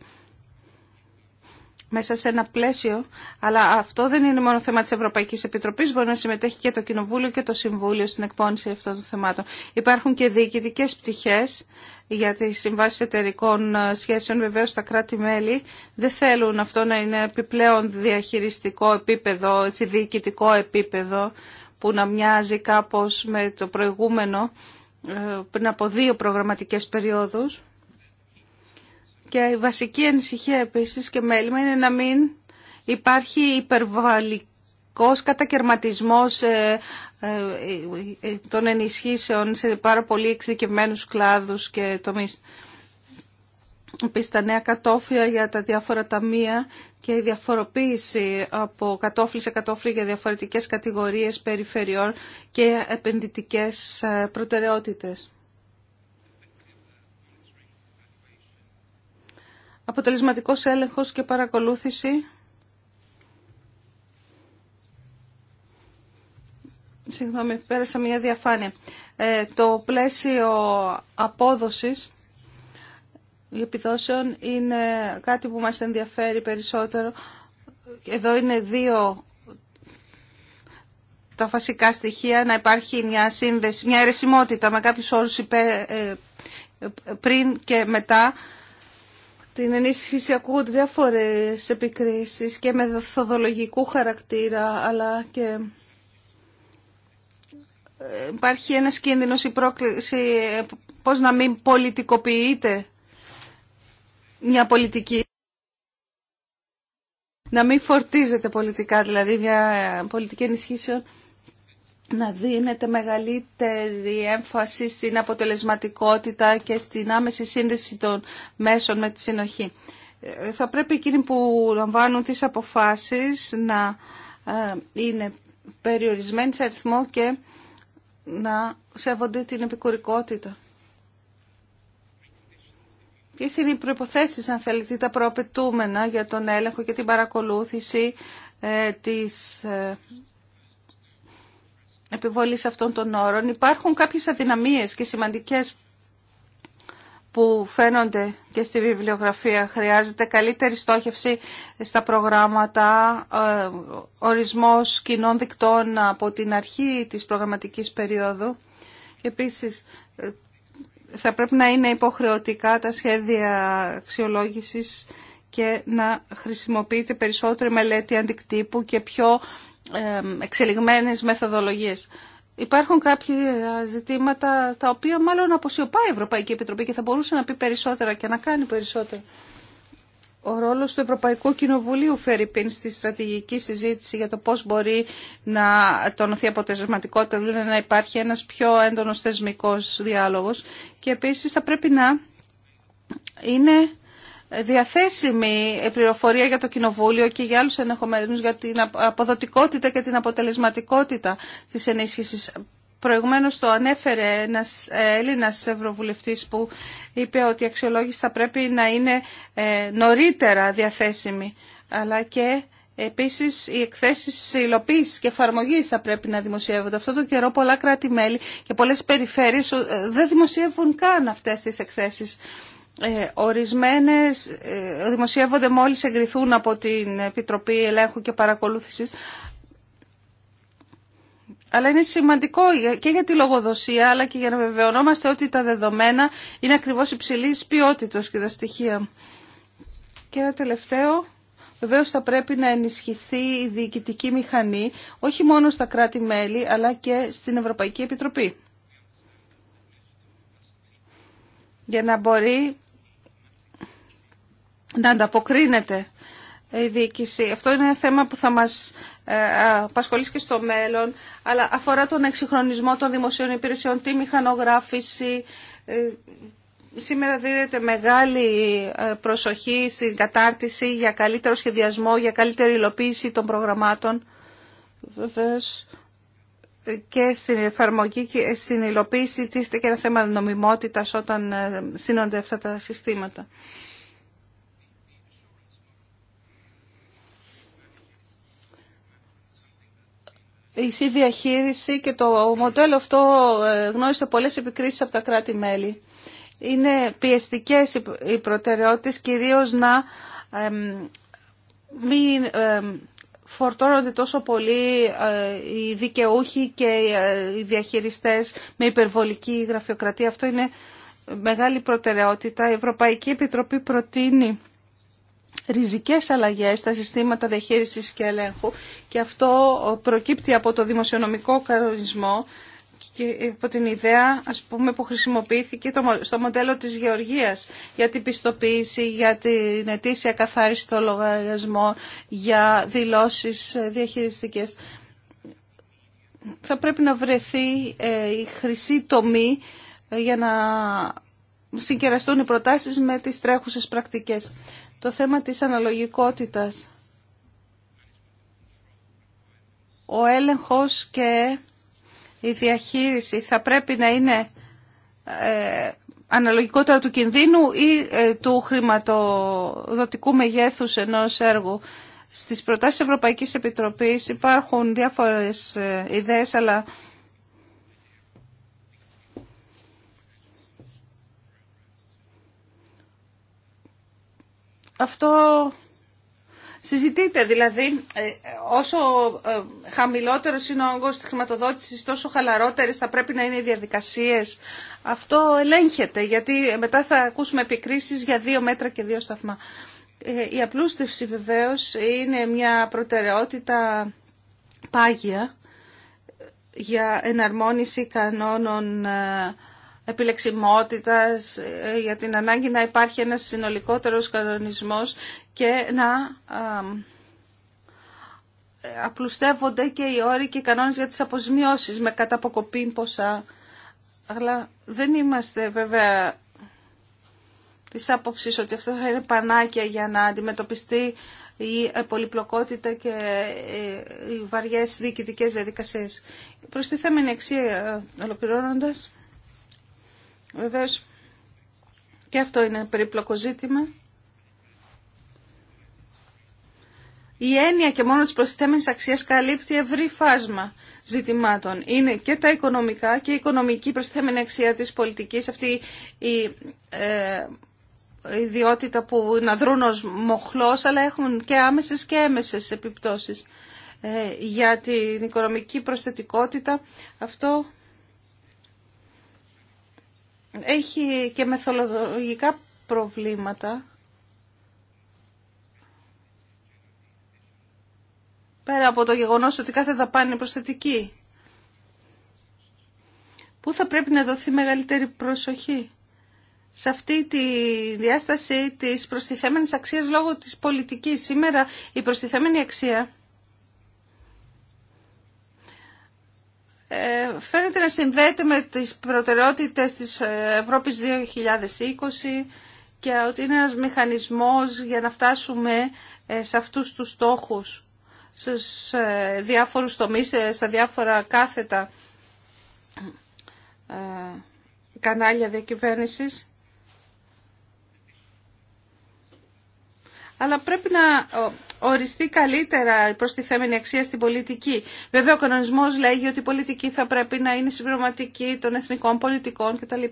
Speaker 2: μέσα σε ένα πλαίσιο, αλλά αυτό δεν είναι μόνο θέμα της Ευρωπαϊκής Επιτροπής, μπορεί να συμμετέχει και το Κοινοβούλιο και το Συμβούλιο στην εκπόνηση αυτών των θεμάτων. Υπάρχουν και διοικητικέ πτυχές για τις συμβάσεις εταιρικών ε, σχέσεων, βεβαίως τα κράτη-μέλη δεν θέλουν αυτό να είναι επιπλέον διαχειριστικό επίπεδο, έτσι, διοικητικό επίπεδο, που να μοιάζει κάπως με το προηγούμενο ε, πριν από δύο προγραμματικές περιόδους. Και η βασική ανησυχία επίσης και μέλημα είναι να μην υπάρχει υπερβαλλικός κατακαιρματισμός ε, ε, ε, των ενισχύσεων σε πάρα πολύ εξειδικευμένους κλάδους και τομείς. Επίσης τα νέα για τα διάφορα ταμεία και η διαφοροποίηση από κατόφλι σε κατόφλι για διαφορετικές κατηγορίες περιφερειών και επενδυτικές προτεραιότητες. αποτελεσματικός έλεγχος και παρακολούθηση Συγγνώμη, πέρασα μια διαφάνεια. Ε, το πλαίσιο απόδοσης επιδόσεων είναι κάτι που μας ενδιαφέρει περισσότερο. Εδώ είναι δύο τα βασικά στοιχεία, να υπάρχει μια σύνδεση, μια αιρεσιμότητα με κάποιους όρους ε, πριν και μετά την ενίσχυση ακούγονται διάφορες επικρίσεις και με δοθοδολογικού χαρακτήρα αλλά και ε, υπάρχει ένας κίνδυνος η πρόκληση ε, πώς να μην πολιτικοποιείται μια πολιτική να μην φορτίζεται πολιτικά δηλαδή μια ε, πολιτική ενισχύσεων να δίνεται μεγαλύτερη έμφαση στην αποτελεσματικότητα και στην άμεση σύνδεση των μέσων με τη συνοχή. Ε, θα πρέπει εκείνοι που λαμβάνουν τις αποφάσεις να ε, είναι περιορισμένοι σε αριθμό και να σέβονται την επικουρικότητα. Ποιε είναι οι προϋποθέσεις, αν θέλετε, τα προαπαιτούμενα για τον έλεγχο και την παρακολούθηση ε, της επιβολής αυτών των όρων υπάρχουν κάποιες αδυναμίες και σημαντικές που φαίνονται και στη βιβλιογραφία. Χρειάζεται καλύτερη στόχευση στα προγράμματα, ε, ορισμός κοινών δικτών από την αρχή της προγραμματικής περίοδου. Επίσης, ε, θα πρέπει να είναι υποχρεωτικά τα σχέδια αξιολόγησης και να χρησιμοποιείται περισσότερη μελέτη αντικτύπου και πιο εξελιγμένες μεθοδολογίες. Υπάρχουν κάποια ζητήματα τα οποία μάλλον αποσιωπάει η Ευρωπαϊκή Επιτροπή και θα μπορούσε να πει περισσότερα και να κάνει περισσότερα. Ο ρόλος του Ευρωπαϊκού Κοινοβουλίου φέρει πίν στη στρατηγική συζήτηση για το πώς μπορεί να τονωθεί αποτελεσματικότητα, δηλαδή να υπάρχει ένας πιο έντονος θεσμικός διάλογος και επίσης θα πρέπει να είναι διαθέσιμη πληροφορία για το Κοινοβούλιο και για άλλους ενεχομένους για την αποδοτικότητα και την αποτελεσματικότητα της ενίσχυσης. Προηγουμένως το ανέφερε ένας ε, Έλληνας Ευρωβουλευτής που είπε ότι η αξιολόγηση θα πρέπει να είναι ε, νωρίτερα διαθέσιμη, αλλά και Επίσης, οι εκθέσεις υλοποίησης και εφαρμογή θα πρέπει να δημοσιεύονται. Αυτό το καιρό πολλά κράτη-μέλη και πολλές περιφέρειες ε, δεν δημοσιεύουν καν αυτές τις εκθέσεις. Ε, ορισμένες ε, δημοσιεύονται μόλις εγκριθούν από την Επιτροπή Ελέγχου και Παρακολούθησης. Αλλά είναι σημαντικό και για τη λογοδοσία, αλλά και για να βεβαιωνόμαστε ότι τα δεδομένα είναι ακριβώς υψηλής ποιότητος και τα στοιχεία. Και ένα τελευταίο, βεβαίως θα πρέπει να ενισχυθεί η διοικητική μηχανή, όχι μόνο στα κράτη-μέλη, αλλά και στην Ευρωπαϊκή Επιτροπή. Για να μπορεί να ανταποκρίνεται η διοίκηση. Αυτό είναι ένα θέμα που θα μας ε, απασχολήσει και στο μέλλον, αλλά αφορά τον εξυγχρονισμό των δημοσίων υπηρεσιών, τη μηχανογράφηση. Ε, σήμερα δίνεται μεγάλη ε, προσοχή στην κατάρτιση για καλύτερο σχεδιασμό, για καλύτερη υλοποίηση των προγραμμάτων. βεβαίω και στην εφαρμογή και στην υλοποίηση τίθεται και ένα θέμα νομιμότητας όταν σύνονται αυτά τα συστήματα. η διαχείριση και το μοντέλο αυτό ε, γνώρισε πολλές επικρίσεις από τα κράτη-μέλη. Είναι πιεστικές οι προτεραιότητες, κυρίως να μην φορτώνονται τόσο πολύ ε, οι δικαιούχοι και ε, οι διαχειριστές με υπερβολική γραφειοκρατία. Αυτό είναι μεγάλη προτεραιότητα. Η Ευρωπαϊκή Επιτροπή προτείνει ριζικές αλλαγές στα συστήματα διαχείρισης και ελέγχου και αυτό προκύπτει από το δημοσιονομικό κανονισμό και από την ιδέα ας πούμε, που χρησιμοποιήθηκε στο μοντέλο της γεωργίας για την πιστοποίηση, για την ετήσια καθάριση των λογαριασμών, για δηλώσεις ε, διαχειριστικές. Θα πρέπει να βρεθεί ε, η χρυσή τομή ε, για να συγκεραστούν οι προτάσεις με τις τρέχουσες πρακτικές το θέμα της αναλογικότητας. Ο έλεγχος και η διαχείριση θα πρέπει να είναι ε, αναλογικότερα του κινδύνου ή ε, του χρηματοδοτικού μεγέθους ενός έργου. Στις προτάσεις Ευρωπαϊκής Επιτροπής υπάρχουν διάφορες ε, ιδέες, αλλά Αυτό συζητείται, δηλαδή ε, όσο ε, χαμηλότερο είναι ο όγκος της χρηματοδότησης, τόσο χαλαρότερε θα πρέπει να είναι οι διαδικασίες. Αυτό ελέγχεται, γιατί μετά θα ακούσουμε επικρίσεις για δύο μέτρα και δύο σταθμά. Ε, η απλούστευση βεβαίως είναι μια προτεραιότητα πάγια για εναρμόνιση κανόνων επιλεξιμότητας, ε, για την ανάγκη να υπάρχει ένας συνολικότερος κανονισμός και να ε, απλουστεύονται και οι όροι και οι κανόνες για τις αποσμιώσεις με καταποκοπή ποσά. Αλλά δεν είμαστε βέβαια της άποψης ότι αυτό θα είναι πανάκια για να αντιμετωπιστεί η ε, πολυπλοκότητα και οι βαριές διοικητικές διαδικασίες. Προστιθέμενη αξία ολοκληρώνοντας. Βεβαίως και αυτό είναι περίπλοκο ζήτημα. Η έννοια και μόνο της προστιθέμενης αξίας καλύπτει ευρύ φάσμα ζητημάτων. Είναι και τα οικονομικά και η οικονομική προσθέμενη αξία της πολιτικής, αυτή η ε, ιδιότητα που να δρούν ως μοχλός, αλλά έχουν και άμεσες και έμεσες επιπτώσεις. Ε, για την οικονομική προσθετικότητα αυτό έχει και μεθολογικά προβλήματα. Πέρα από το γεγονός ότι κάθε δαπάνη είναι προσθετική. Πού θα πρέπει να δοθεί μεγαλύτερη προσοχή. Σε αυτή τη διάσταση της προστιθέμενης αξίας λόγω της πολιτικής. Σήμερα η προστιθέμενη αξία Ε, φαίνεται να συνδέεται με τις προτεραιότητες της Ευρώπης 2020 και ότι είναι ένας μηχανισμός για να φτάσουμε ε, σε αυτούς τους στόχους, στους ε, διάφορους τομείς, στα διάφορα κάθετα κανάλια διακυβέρνησης. αλλά πρέπει να οριστεί καλύτερα η προστιθέμενη αξία στην πολιτική. Βέβαια, ο κανονισμό λέγει ότι η πολιτική θα πρέπει να είναι συμπληρωματική των εθνικών πολιτικών κτλ.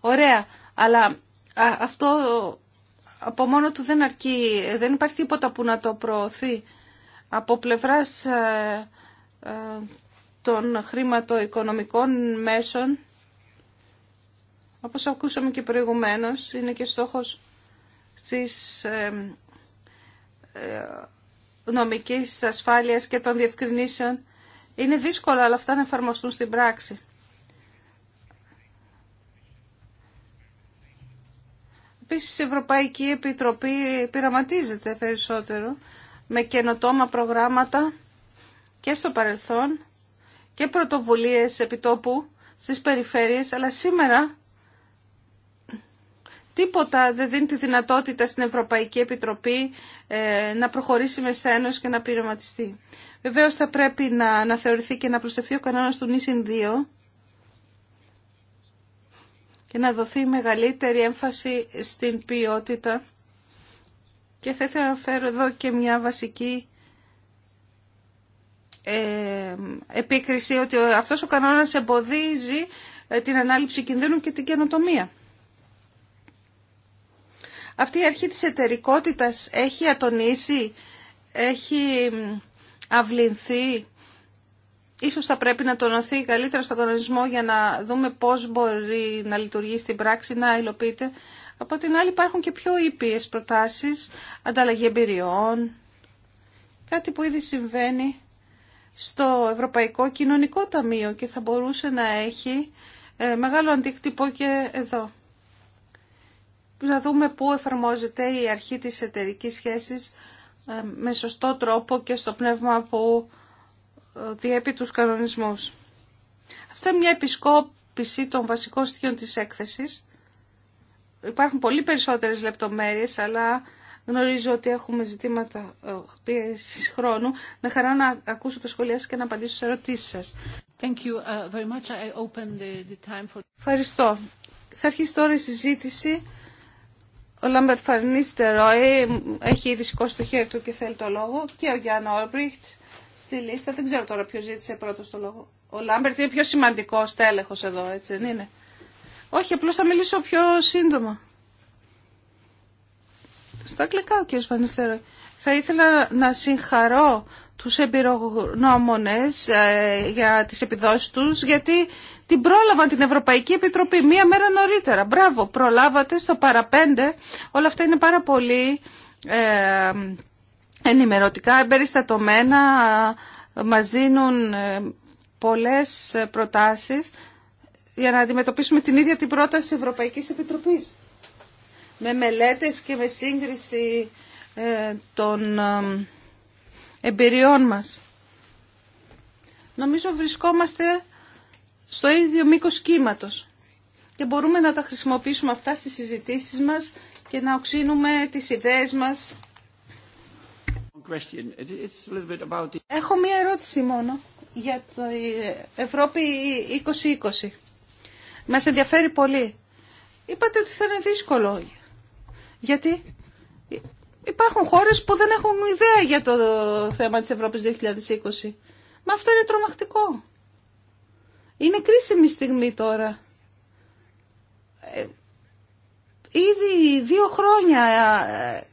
Speaker 2: Ωραία. Αλλά αυτό από μόνο του δεν αρκεί. Δεν υπάρχει τίποτα που να το προωθεί. Από πλευρά ε, ε, των χρηματοοικονομικών μέσων, όπως ακούσαμε και προηγουμένως, είναι και στόχος της ε, ε, νομικής ασφάλειας και των διευκρινήσεων. Είναι δύσκολο αλλά αυτά να εφαρμοστούν στην πράξη. Επίσης η Ευρωπαϊκή Επιτροπή πειραματίζεται περισσότερο με καινοτόμα προγράμματα και στο παρελθόν και πρωτοβουλίες επιτόπου στις περιφέρειες, αλλά σήμερα τίποτα δεν δίνει τη δυνατότητα στην Ευρωπαϊκή Επιτροπή ε, να προχωρήσει με σένος και να πειραματιστεί. Βεβαίως θα πρέπει να θεωρηθεί και να προστευτεί ο κανόνας του νησιν 2 και να δοθεί μεγαλύτερη έμφαση στην ποιότητα. Και θα ήθελα να φέρω εδώ και μια βασική ε, επίκριση ότι αυτός ο κανόνας εμποδίζει ε, την ανάληψη κινδύνου και την καινοτομία. Αυτή η αρχή της εταιρικότητας έχει ατονίσει, έχει αυλυνθεί. Ίσως θα πρέπει να τονωθεί καλύτερα στον κανονισμό για να δούμε πώς μπορεί να λειτουργεί στην πράξη, να υλοποιείται. Από την άλλη υπάρχουν και πιο ήπιες προτάσεις, ανταλλαγή εμπειριών, κάτι που ήδη συμβαίνει στο Ευρωπαϊκό Κοινωνικό Ταμείο και θα μπορούσε να έχει ε, μεγάλο αντίκτυπο και εδώ να δούμε πού εφαρμόζεται η αρχή της εταιρικής σχέσης ε, με σωστό τρόπο και στο πνεύμα που ε, διέπει τους κανονισμούς. Αυτά είναι μια επισκόπηση των βασικών στοιχείων της έκθεσης. Υπάρχουν πολύ περισσότερες λεπτομέρειες, αλλά γνωρίζω ότι έχουμε ζητήματα ε, πίεσης χρόνου. Με χαρά να ακούσω τα σχολεία σας και να απαντήσω σε ερωτήσεις σας. Ευχαριστώ. Θα αρχίσει τώρα η συζήτηση. Ο Λάμπερτ Φαρνίστεροι έχει ήδη σηκώσει το χέρι του και θέλει το λόγο. Και ο Γιάννα Ορμπριχτ στη λίστα. Δεν ξέρω τώρα ποιο ζήτησε πρώτο το λόγο. Ο Λάμπερτ είναι πιο σημαντικό τέλεχο εδώ, έτσι δεν είναι. Όχι, απλώ θα μιλήσω πιο σύντομα. Στα αγγλικά ο κ. Θα ήθελα να συγχαρώ τους εμπειρογνώμονες ε, για τις επιδόσεις τους, γιατί την πρόλαβαν την Ευρωπαϊκή Επιτροπή μία μέρα νωρίτερα. Μπράβο, προλάβατε στο παραπέντε. Όλα αυτά είναι πάρα πολύ ε, ενημερωτικά, εμπεριστατωμένα, μας δίνουν ε, πολλές ε, προτάσεις για να αντιμετωπίσουμε την ίδια την πρόταση της Ευρωπαϊκής Επιτροπής. Με μελέτες και με σύγκριση των εμπειριών μας. Νομίζω βρισκόμαστε στο ίδιο μήκος κύματος. Και μπορούμε να τα χρησιμοποιήσουμε αυτά στις συζητήσεις μας και να οξύνουμε τις ιδέες μας. Έχω μία ερώτηση μόνο για το ε, Ευρώπη 2020. Μας ενδιαφέρει πολύ. Είπατε ότι θα είναι δύσκολο. Γιατί υπάρχουν χώρες που δεν έχουν ιδέα για το θέμα της Ευρώπης 2020. Μα αυτό είναι τρομακτικό. Είναι κρίσιμη στιγμή τώρα. Ε, ήδη δύο χρόνια ε,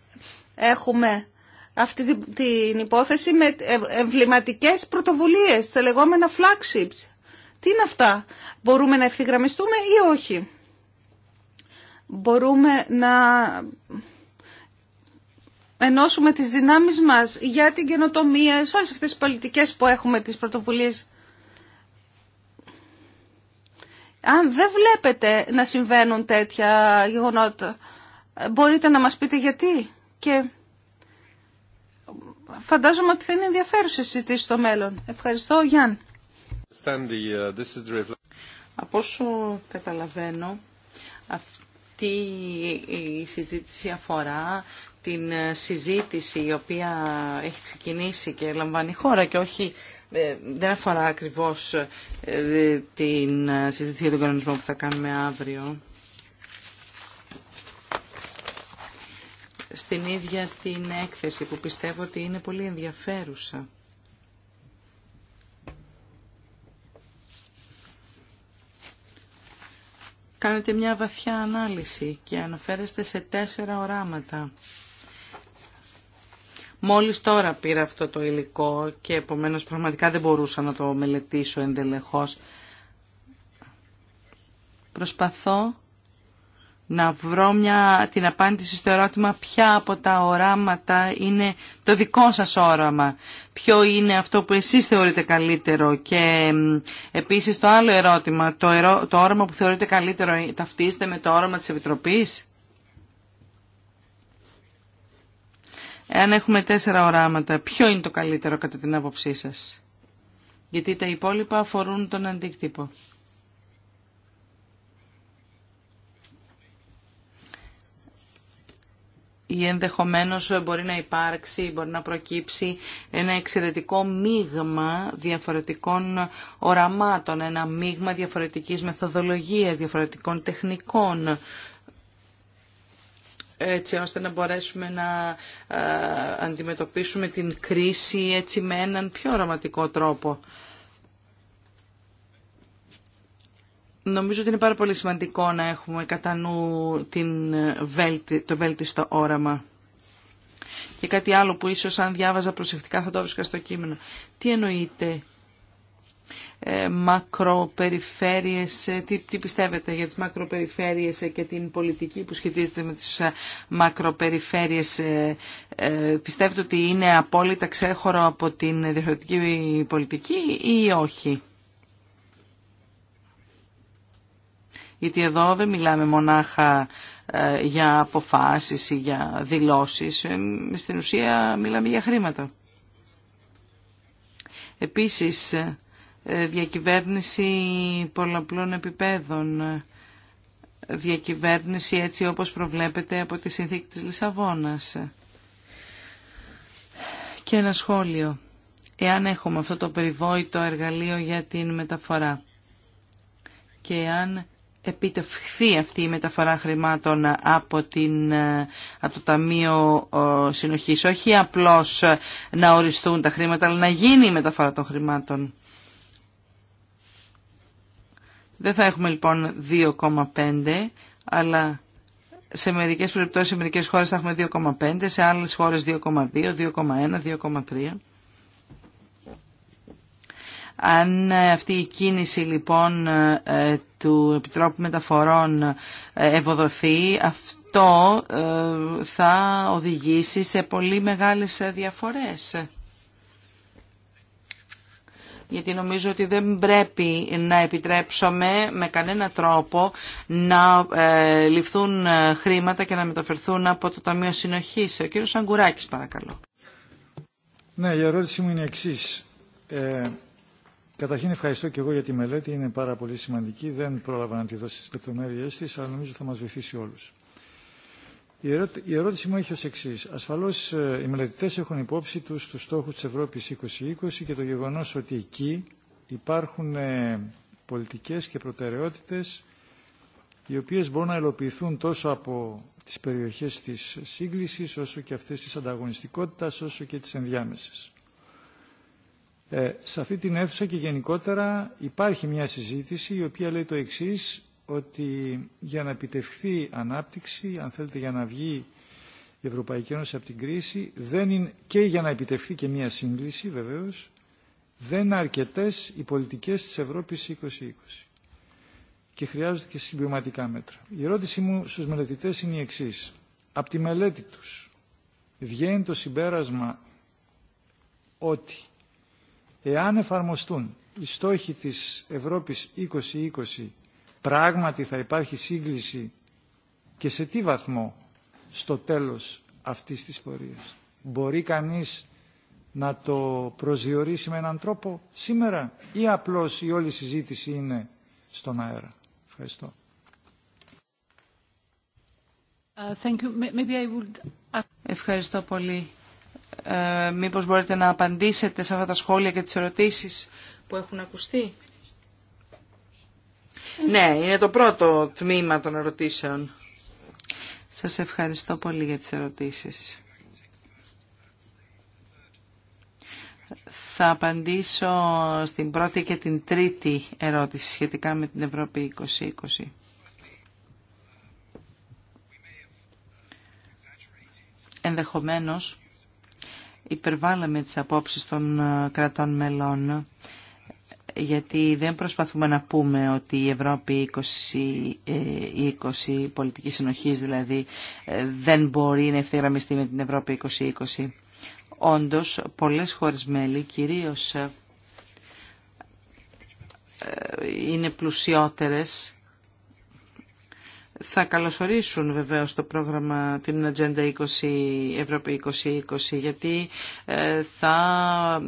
Speaker 2: έχουμε αυτή την υπόθεση με ε, εμβληματικές πρωτοβουλίες, τα λεγόμενα flagships. Τι είναι αυτά, μπορούμε να ευθυγραμμιστούμε ή όχι. Μπορούμε να ενώσουμε τις δυνάμεις μας για την καινοτομία, σε όλες αυτές τις πολιτικές που έχουμε, τις πρωτοβουλίες αν δεν βλέπετε να συμβαίνουν τέτοια γεγονότα, μπορείτε να μας πείτε γιατί. Και φαντάζομαι ότι θα είναι ενδιαφέρουσε συζητήσει στο μέλλον. Ευχαριστώ, Γιάννη.
Speaker 4: Uh,
Speaker 1: Από όσο καταλαβαίνω, αυτή η συζήτηση αφορά την ε, συζήτηση η οποία έχει ξεκινήσει και λαμβάνει χώρα και όχι ε, δεν αφορά ακριβώς ε, την ε, συζήτηση για τον κανονισμό που θα κάνουμε αύριο. Στην ίδια την έκθεση που πιστεύω ότι είναι πολύ ενδιαφέρουσα. Κάνετε μια βαθιά ανάλυση και αναφέρεστε σε τέσσερα οράματα. Μόλις τώρα πήρα αυτό το υλικό και επομένως πραγματικά δεν μπορούσα να το μελετήσω εντελεχώς. Προσπαθώ να βρω μια, την απάντηση στο ερώτημα ποια από τα οράματα είναι το δικό σας όραμα, ποιο είναι αυτό που εσείς θεωρείτε καλύτερο και επίσης το άλλο ερώτημα, το, το όραμα που θεωρείτε καλύτερο ταυτίζεται με το όραμα της Επιτροπής. Εάν έχουμε τέσσερα οράματα, ποιο είναι το καλύτερο κατά την άποψή σας. Γιατί τα υπόλοιπα αφορούν τον αντίκτυπο. ή ενδεχομένως μπορεί να υπάρξει, μπορεί να προκύψει ένα εξαιρετικό μείγμα διαφορετικών οραμάτων, ένα μείγμα διαφορετικής μεθοδολογίας, διαφορετικών τεχνικών έτσι ώστε να μπορέσουμε να ε, αντιμετωπίσουμε την κρίση έτσι με έναν πιο οραματικό τρόπο. Νομίζω ότι είναι πάρα πολύ σημαντικό να έχουμε κατά νου την, το βέλτιστο όραμα. Και κάτι άλλο που ίσως αν διάβαζα προσεκτικά θα το έβρισκα στο κείμενο. Τι εννοείται ε, μακροπεριφέρειες, ε, τι, τι πιστεύετε για τις μακροπεριφέρειες ε, και την πολιτική που σχετίζεται με τις μακροπεριφέρειες. Πιστεύετε ότι είναι απόλυτα ξέχωρο από την διευθυντική πολιτική ή όχι. Γιατί εδώ δεν μιλάμε μονάχα για αποφάσεις ή για δηλώσεις. Στην ουσία μιλάμε για χρήματα. Επίσης, ε, διακυβέρνηση πολλαπλών επιπέδων, ε, διακυβέρνηση έτσι όπως προβλέπεται από τη συνθήκη της Λισαβόνας. Ε, και ένα σχόλιο, εάν έχουμε αυτό το περιβόητο εργαλείο για την μεταφορά και εάν επιτευχθεί αυτή η μεταφορά χρημάτων από, την, από το Ταμείο Συνοχής, όχι απλώς να οριστούν τα χρήματα, αλλά να γίνει η μεταφορά των χρημάτων. Δεν θα έχουμε λοιπόν 2,5 αλλά σε μερικές περιπτώσεις, σε μερικές χώρες θα έχουμε 2,5, σε άλλες χώρες 2,2, 2,1, 2,3. Αν ε, αυτή η κίνηση λοιπόν ε, του Επιτρόπου Μεταφορών ε, ευοδοθεί, αυτό θα οδηγήσει σε πολύ μεγάλες διαφορές γιατί νομίζω ότι δεν πρέπει να επιτρέψουμε με κανένα τρόπο να ε, ληφθούν ε, χρήματα και να μεταφερθούν από το Ταμείο Συνοχής. Ο κύριος Αγκουράκης παρακαλώ.
Speaker 4: Ναι, η ερώτηση μου είναι εξή. Ε, καταρχήν ευχαριστώ και εγώ για τη μελέτη, είναι πάρα πολύ σημαντική. Δεν πρόλαβα να τη δώσω τις λεπτομέρειές της, αλλά νομίζω θα μας βοηθήσει όλους. Η ερώτηση μου έχει ω εξή. Ασφαλώς ε, οι μελετητέ έχουν υπόψη τους τους στόχου της Ευρώπης 2020 και το γεγονό ότι εκεί υπάρχουν ε, πολιτικές και προτεραιότητες οι οποίες μπορούν να ελοπιθούν τόσο από τις περιοχές της σύγκληση, όσο και αυτές της ανταγωνιστικότητας όσο και της ενδιάμεσης. Ε, σε αυτή την αίθουσα και γενικότερα υπάρχει μια συζήτηση η οποία λέει το εξής ότι για να επιτευχθεί ανάπτυξη, αν θέλετε για να βγει η Ευρωπαϊκή Ένωση από την κρίση, δεν είναι, και για να επιτευχθεί και μια σύγκληση βεβαίως, δεν είναι αρκετές οι πολιτικές της Ευρώπης 2020 και χρειάζονται και συμπληρωματικά μέτρα. Η ερώτησή μου στους μελετητές είναι η εξής. Από τη μελέτη τους βγαίνει το συμπέρασμα ότι εάν εφαρμοστούν οι στόχοι της Ευρώπης 2020 πράγματι θα υπάρχει σύγκληση και σε τι βαθμό στο τέλος αυτής της πορείας. Μπορεί κανείς να το προσδιορίσει με έναν τρόπο σήμερα ή απλώς η όλη συζήτηση είναι στον αέρα. Ευχαριστώ.
Speaker 2: Uh,
Speaker 4: Ευχαριστώ πολύ. Ε,
Speaker 1: μήπως μπορείτε να απαντήσετε σε αυτά τα σχόλια και τις ερωτήσεις που έχουν ακουστεί. Ναι, είναι το πρώτο τμήμα των ερωτήσεων. Σας ευχαριστώ πολύ για τις ερωτήσεις. Θα απαντήσω στην πρώτη και την τρίτη ερώτηση σχετικά με την Ευρώπη 2020. Ενδεχομένως υπερβάλαμε τις απόψεις των ε, κρατών μελών γιατί δεν προσπαθούμε να πούμε ότι η Ευρώπη 20, η 20 πολιτική συνοχής δηλαδή ε, δεν μπορεί να ευθυγραμμιστεί με την Ευρώπη 2020. Όντω πολλέ χώρε μέλη, κυρίως ε, ε, είναι πλουσιότερες θα καλωσορίσουν βεβαίως το πρόγραμμα την Ατζέντα 20, Ευρώπη 2020 γιατί ε, θα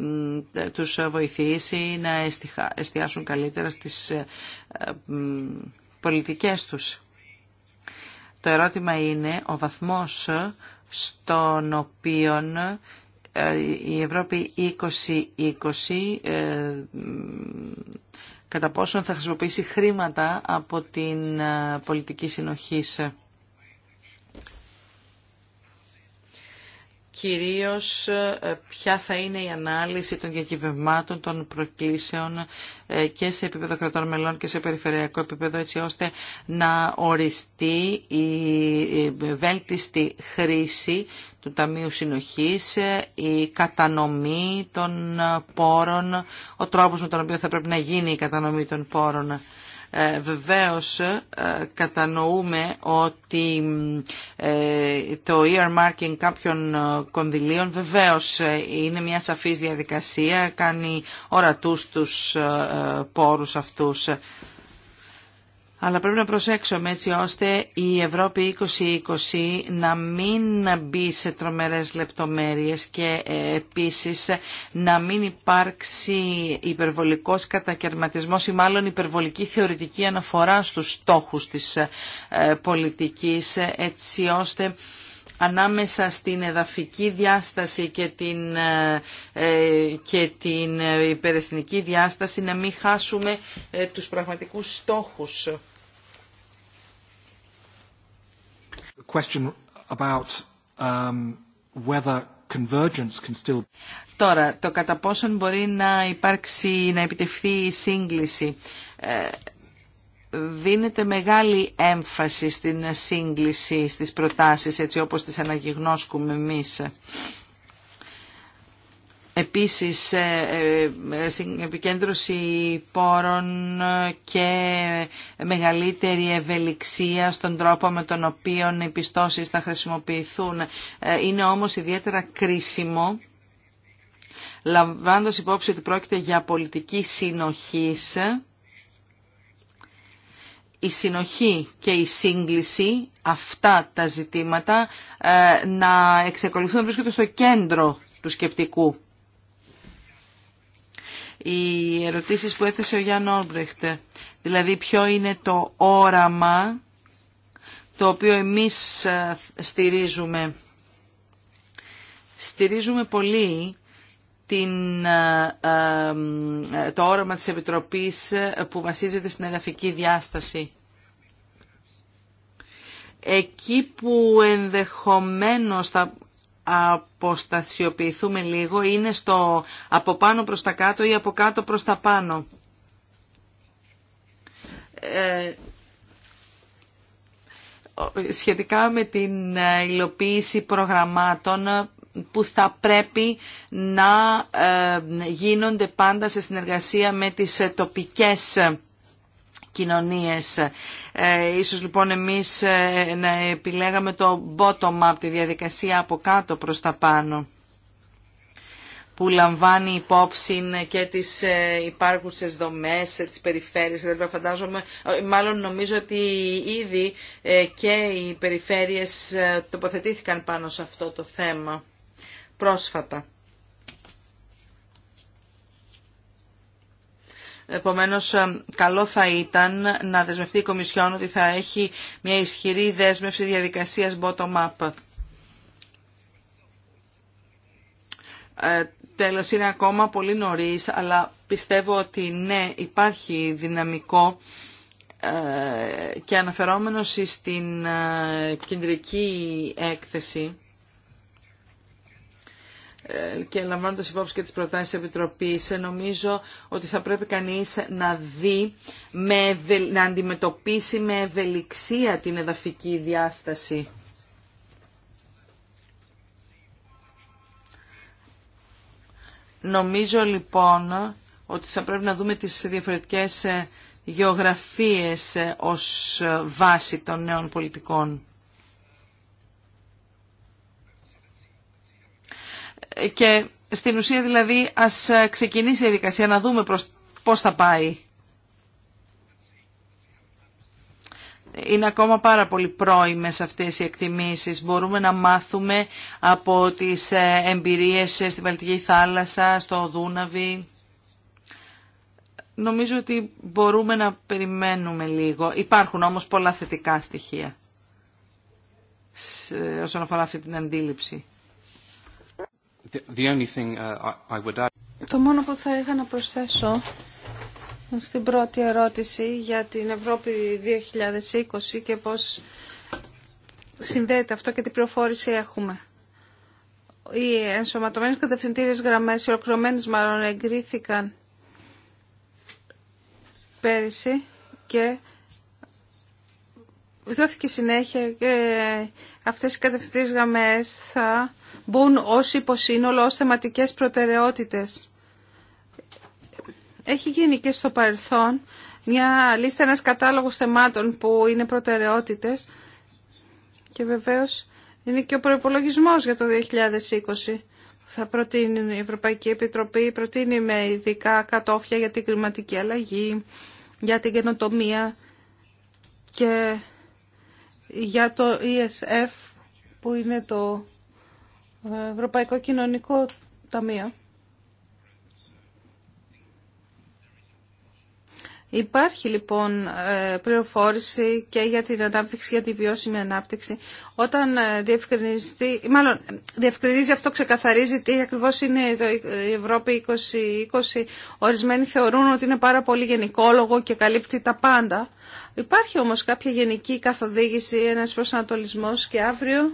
Speaker 1: τους βοηθήσει να εστιάσουν καλύτερα στις ε, πολιτικές τους. Το ερώτημα είναι ο βαθμός στον οποίο ε, η Ευρώπη 2020 κατά πόσον θα χρησιμοποιήσει χρήματα από την ε, πολιτική συνοχή σε. κυρίως ε, ποια θα είναι η ανάλυση των διακυβευμάτων, των προκλήσεων ε, και σε επίπεδο κρατών μελών και σε περιφερειακό επίπεδο, έτσι ώστε να οριστεί η βέλτιστη χρήση του Ταμείου Συνοχής, ε, η κατανομή των πόρων, ο τρόπος με τον οποίο θα πρέπει να γίνει η κατανομή των πόρων. Ε, βεβαίως ε, κατανοούμε ότι ε, το earmarking κάποιων κονδυλίων βεβαίως είναι μια σαφής διαδικασία, κάνει ορατούς τους πόρους αυτούς. Αλλά πρέπει να προσέξουμε έτσι ώστε η Ευρώπη 2020 να μην μπει σε τρομερές λεπτομέρειες και ε, επίσης να μην υπάρξει υπερβολικός κατακαιρματισμός ή μάλλον υπερβολική θεωρητική αναφορά στους στόχους της ε, πολιτικής έτσι ώστε ανάμεσα στην εδαφική διάσταση και την, ε, και την υπερεθνική διάσταση να μην χάσουμε τους πραγματικούς στόχους. Um, Τώρα, το κατά πόσον μπορεί να υπάρξει, να επιτευχθεί η σύγκληση. Ε, δίνεται μεγάλη έμφαση στην σύγκληση, στις προτάσεις, έτσι όπως τις αναγυγνώσκουμε εμείς. Επίσης, ε, ε, επικέντρωση πόρων και μεγαλύτερη ευελιξία στον τρόπο με τον οποίο οι πιστώσεις θα χρησιμοποιηθούν. Ε, είναι όμως ιδιαίτερα κρίσιμο, λαμβάνοντας υπόψη ότι πρόκειται για πολιτική συνοχής, η συνοχή και η σύγκληση, αυτά τα ζητήματα, να εξεκολουθούν να βρίσκονται στο κέντρο του σκεπτικού οι ερωτήσεις που έθεσε ο Γιάνν Ορμπρεχτ. Δηλαδή ποιο είναι το όραμα το οποίο εμείς ε, στηρίζουμε. Στηρίζουμε πολύ την, ε, ε, το όραμα της Επιτροπής που βασίζεται στην εδαφική διάσταση. Εκεί που ενδεχομένως θα αποστασιοποιηθούμε λίγο είναι στο από πάνω προς τα κάτω ή από κάτω προς τα πάνω. Ε, σχετικά με την ε, υλοποίηση προγραμμάτων ε, που θα πρέπει να γίνονται πάντα σε συνεργασία με τις τοπικές κοινωνίες. Ε, ίσως λοιπόν εμείς ε, να επιλέγαμε το bottom-up, τη διαδικασία από κάτω προς τα πάνω που λαμβάνει υπόψη ε, και τις υπάρχουσες δομές, τις περιφέρειες, Δεν φαντάζομαι, μάλλον νομίζω ότι ήδη και οι περιφέρειες τοποθετήθηκαν πάνω σε αυτό το θέμα πρόσφατα. Επομένως, ε, καλό θα ήταν να δεσμευτεί η Κομισιόν ότι θα έχει μια ισχυρή διαδικασία διαδικασίας bottom-up. Ε, τέλος, είναι ακόμα πολύ νωρίς, αλλά πιστεύω ότι ναι, υπάρχει δυναμικό ε, και αναφερόμενος στην κεντρική έκθεση ε, και λαμβάνοντας υπόψη και τις προτάσεις της Επιτροπής, ε, νομίζω ότι θα πρέπει κανείς να δει, με, να αντιμετωπίσει με ευελιξία την εδαφική διάσταση. Νομίζω λοιπόν ότι θα πρέπει να δούμε τις διαφορετικές ε, γεωγραφίες ως βάση των νέων πολιτικών. και στην ουσία δηλαδή ας ξεκινήσει η διαδικασία να δούμε προς πώς θα πάει. Είναι ακόμα πάρα πολύ πρόημες αυτές οι εκτιμήσεις. Μπορούμε να μάθουμε από τις ε, εμπειρίες στην Βαλτική θάλασσα, στο Δούναβι. Νομίζω ότι μπορούμε να περιμένουμε λίγο. Υπάρχουν όμως πολλά θετικά στοιχεία όσον αφορά αυτή την αντίληψη. Uh,
Speaker 2: Το μόνο που θα είχα να προσθέσω στην πρώτη ερώτηση για την Ευρώπη 2020 και πώς συνδέεται αυτό και την πληροφόρηση έχουμε. Οι ενσωματωμένες κατευθυντήριες γραμμές, οι ολοκληρωμένες μάλλον, εγκρίθηκαν πέρυσι και δόθηκε συνέχεια και αυτές οι κατευθυντήριες γραμμές θα μπουν ως υποσύνολο, ως θεματικές προτεραιότητες. Έχει γίνει και στο παρελθόν μια λίστα, ένας κατάλογος θεμάτων που είναι προτεραιότητες και βεβαίως είναι και ο προπολογισμό για το 2020 θα προτείνει η Ευρωπαϊκή Επιτροπή, προτείνει με ειδικά κατόφια για την κλιματική αλλαγή, για την καινοτομία και για το ESF που είναι το ε, Ευρωπαϊκό Κοινωνικό Ταμείο. Υπάρχει λοιπόν ε, πληροφόρηση και για την ανάπτυξη, για τη βιώσιμη ανάπτυξη. Όταν ε, διευκρινιστεί, μάλλον διευκρινίζει αυτό, ξεκαθαρίζει τι ακριβώς είναι το, η Ευρώπη 2020. Ορισμένοι θεωρούν ότι είναι πάρα πολύ γενικόλογο και καλύπτει τα πάντα. Υπάρχει όμως κάποια γενική καθοδήγηση, ένας προσανατολισμός και αύριο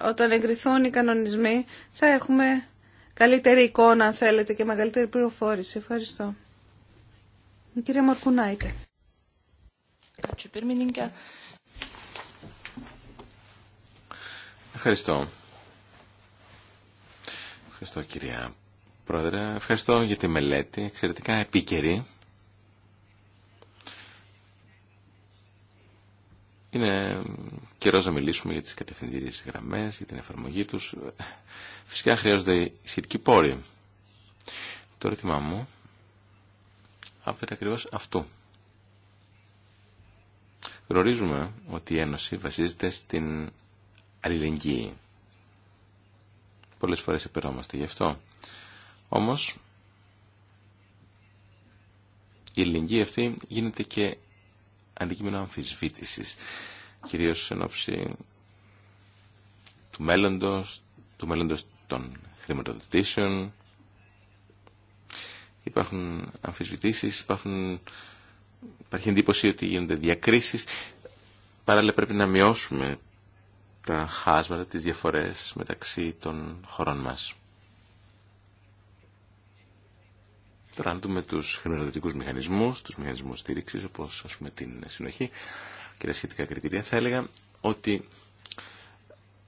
Speaker 2: όταν εγκριθούν οι κανονισμοί θα έχουμε καλύτερη εικόνα αν θέλετε και μεγαλύτερη πληροφόρηση. Ευχαριστώ. Κύριε Μορκουνάιτε.
Speaker 3: Ευχαριστώ. Ευχαριστώ κυρία Πρόεδρε. Ευχαριστώ για τη μελέτη. Εξαιρετικά επίκαιρη. Είναι καιρό να μιλήσουμε για τις κατευθυντήριε γραμμές, για την εφαρμογή τους. Φυσικά χρειάζονται σχετικοί πόροι. Το ερώτημά μου άφηνε ακριβώ αυτού. Γνωρίζουμε ότι η Ένωση βασίζεται στην αλληλεγγύη. Πολλές φορές επερώμαστε γι' αυτό. Όμως, η αλληλεγγύη αυτή γίνεται και αντικείμενο αμφισβήτησης κυρίως εν ώψη του μέλλοντος, του μέλλοντος των χρηματοδοτήσεων. Υπάρχουν αμφισβητήσεις, υπάρχουν, υπάρχει εντύπωση ότι γίνονται διακρίσεις. Παράλληλα πρέπει να μειώσουμε τα χάσματα, τις διαφορές μεταξύ των χωρών μας. Τώρα αν δούμε τους χρηματοδοτικούς μηχανισμούς, τους μηχανισμούς στήριξης, όπως ας πούμε την συνοχή, και τα σχετικά κριτήρια, θα έλεγα ότι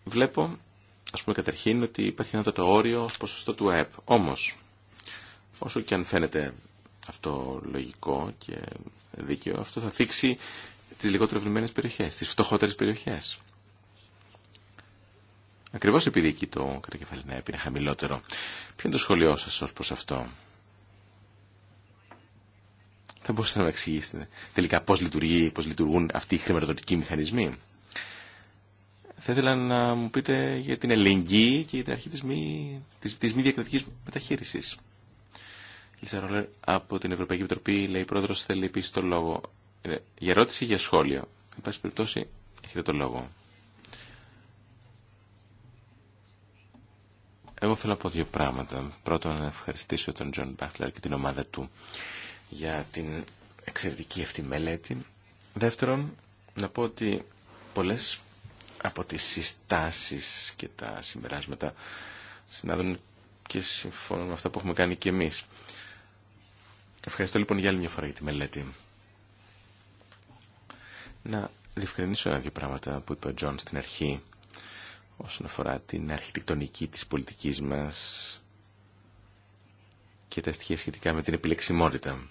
Speaker 3: βλέπω, ας πούμε καταρχήν, ότι υπάρχει ένα τότε όριο ως ποσοστό του ΑΕΠ. Όμως, όσο και αν φαίνεται αυτό λογικό και δίκαιο, αυτό θα θίξει τις λιγότερο ευνημένε περιοχές, τις φτωχότερες περιοχές. Ακριβώς επειδή εκεί το κρατικεφαλήν ΑΕΠ είναι χαμηλότερο. Ποιο είναι το σχολείο σα ω προ αυτό. Θα μπορούσατε να εξηγήσετε τελικά πώς, λειτουργεί, πώς λειτουργούν αυτοί οι χρηματοδοτικοί μηχανισμοί. Θα ήθελα να μου πείτε για την ελεγγύη και για την αρχή της μη, της, της μη μεταχείρισης. Λίσα Ρόλερ από την Ευρωπαϊκή Επιτροπή λέει πρόεδρος θέλει επίση το λόγο ε, για ερώτηση για σχόλιο. Εν πάση περιπτώσει έχετε το λόγο. Εγώ θέλω να πω δύο πράγματα. Πρώτον να ευχαριστήσω τον Τζον Μπάχλερ και την ομάδα του για την εξαιρετική αυτή μελέτη. Δεύτερον, να πω ότι πολλές από τις συστάσεις και τα συμπεράσματα συνάδουν και συμφωνούν με αυτά που έχουμε κάνει και εμείς. Ευχαριστώ λοιπόν για άλλη μια φορά για τη μελέτη. Να διευκρινίσω ένα-δύο πράγματα που είπε ο Τζον στην αρχή όσον αφορά την αρχιτεκτονική της πολιτικής μας και τα στοιχεία σχετικά με την επιλεξιμότητα.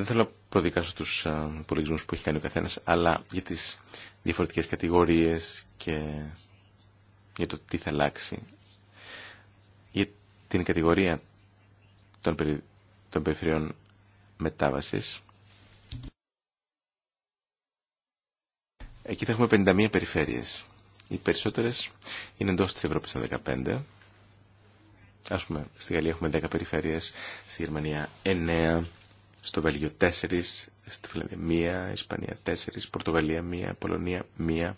Speaker 3: Δεν θέλω να προδικάσω τους ε, υπολογισμούς που έχει κάνει ο καθένας, αλλά για τις διαφορετικές κατηγορίες και για το τι θα αλλάξει. Για την κατηγορία των, περι... των περιφερειών μετάβασης, εκεί θα έχουμε 51 περιφέρειες. Οι περισσότερες είναι εντός της Ευρώπης 15, Ας πούμε, στη Γαλλία έχουμε 10 περιφέρειες, στη Γερμανία 9, στο Βέλγιο 4, στη Φιλανδία 1, Ισπανία 4, Πορτογαλία 1, Πολωνία 1,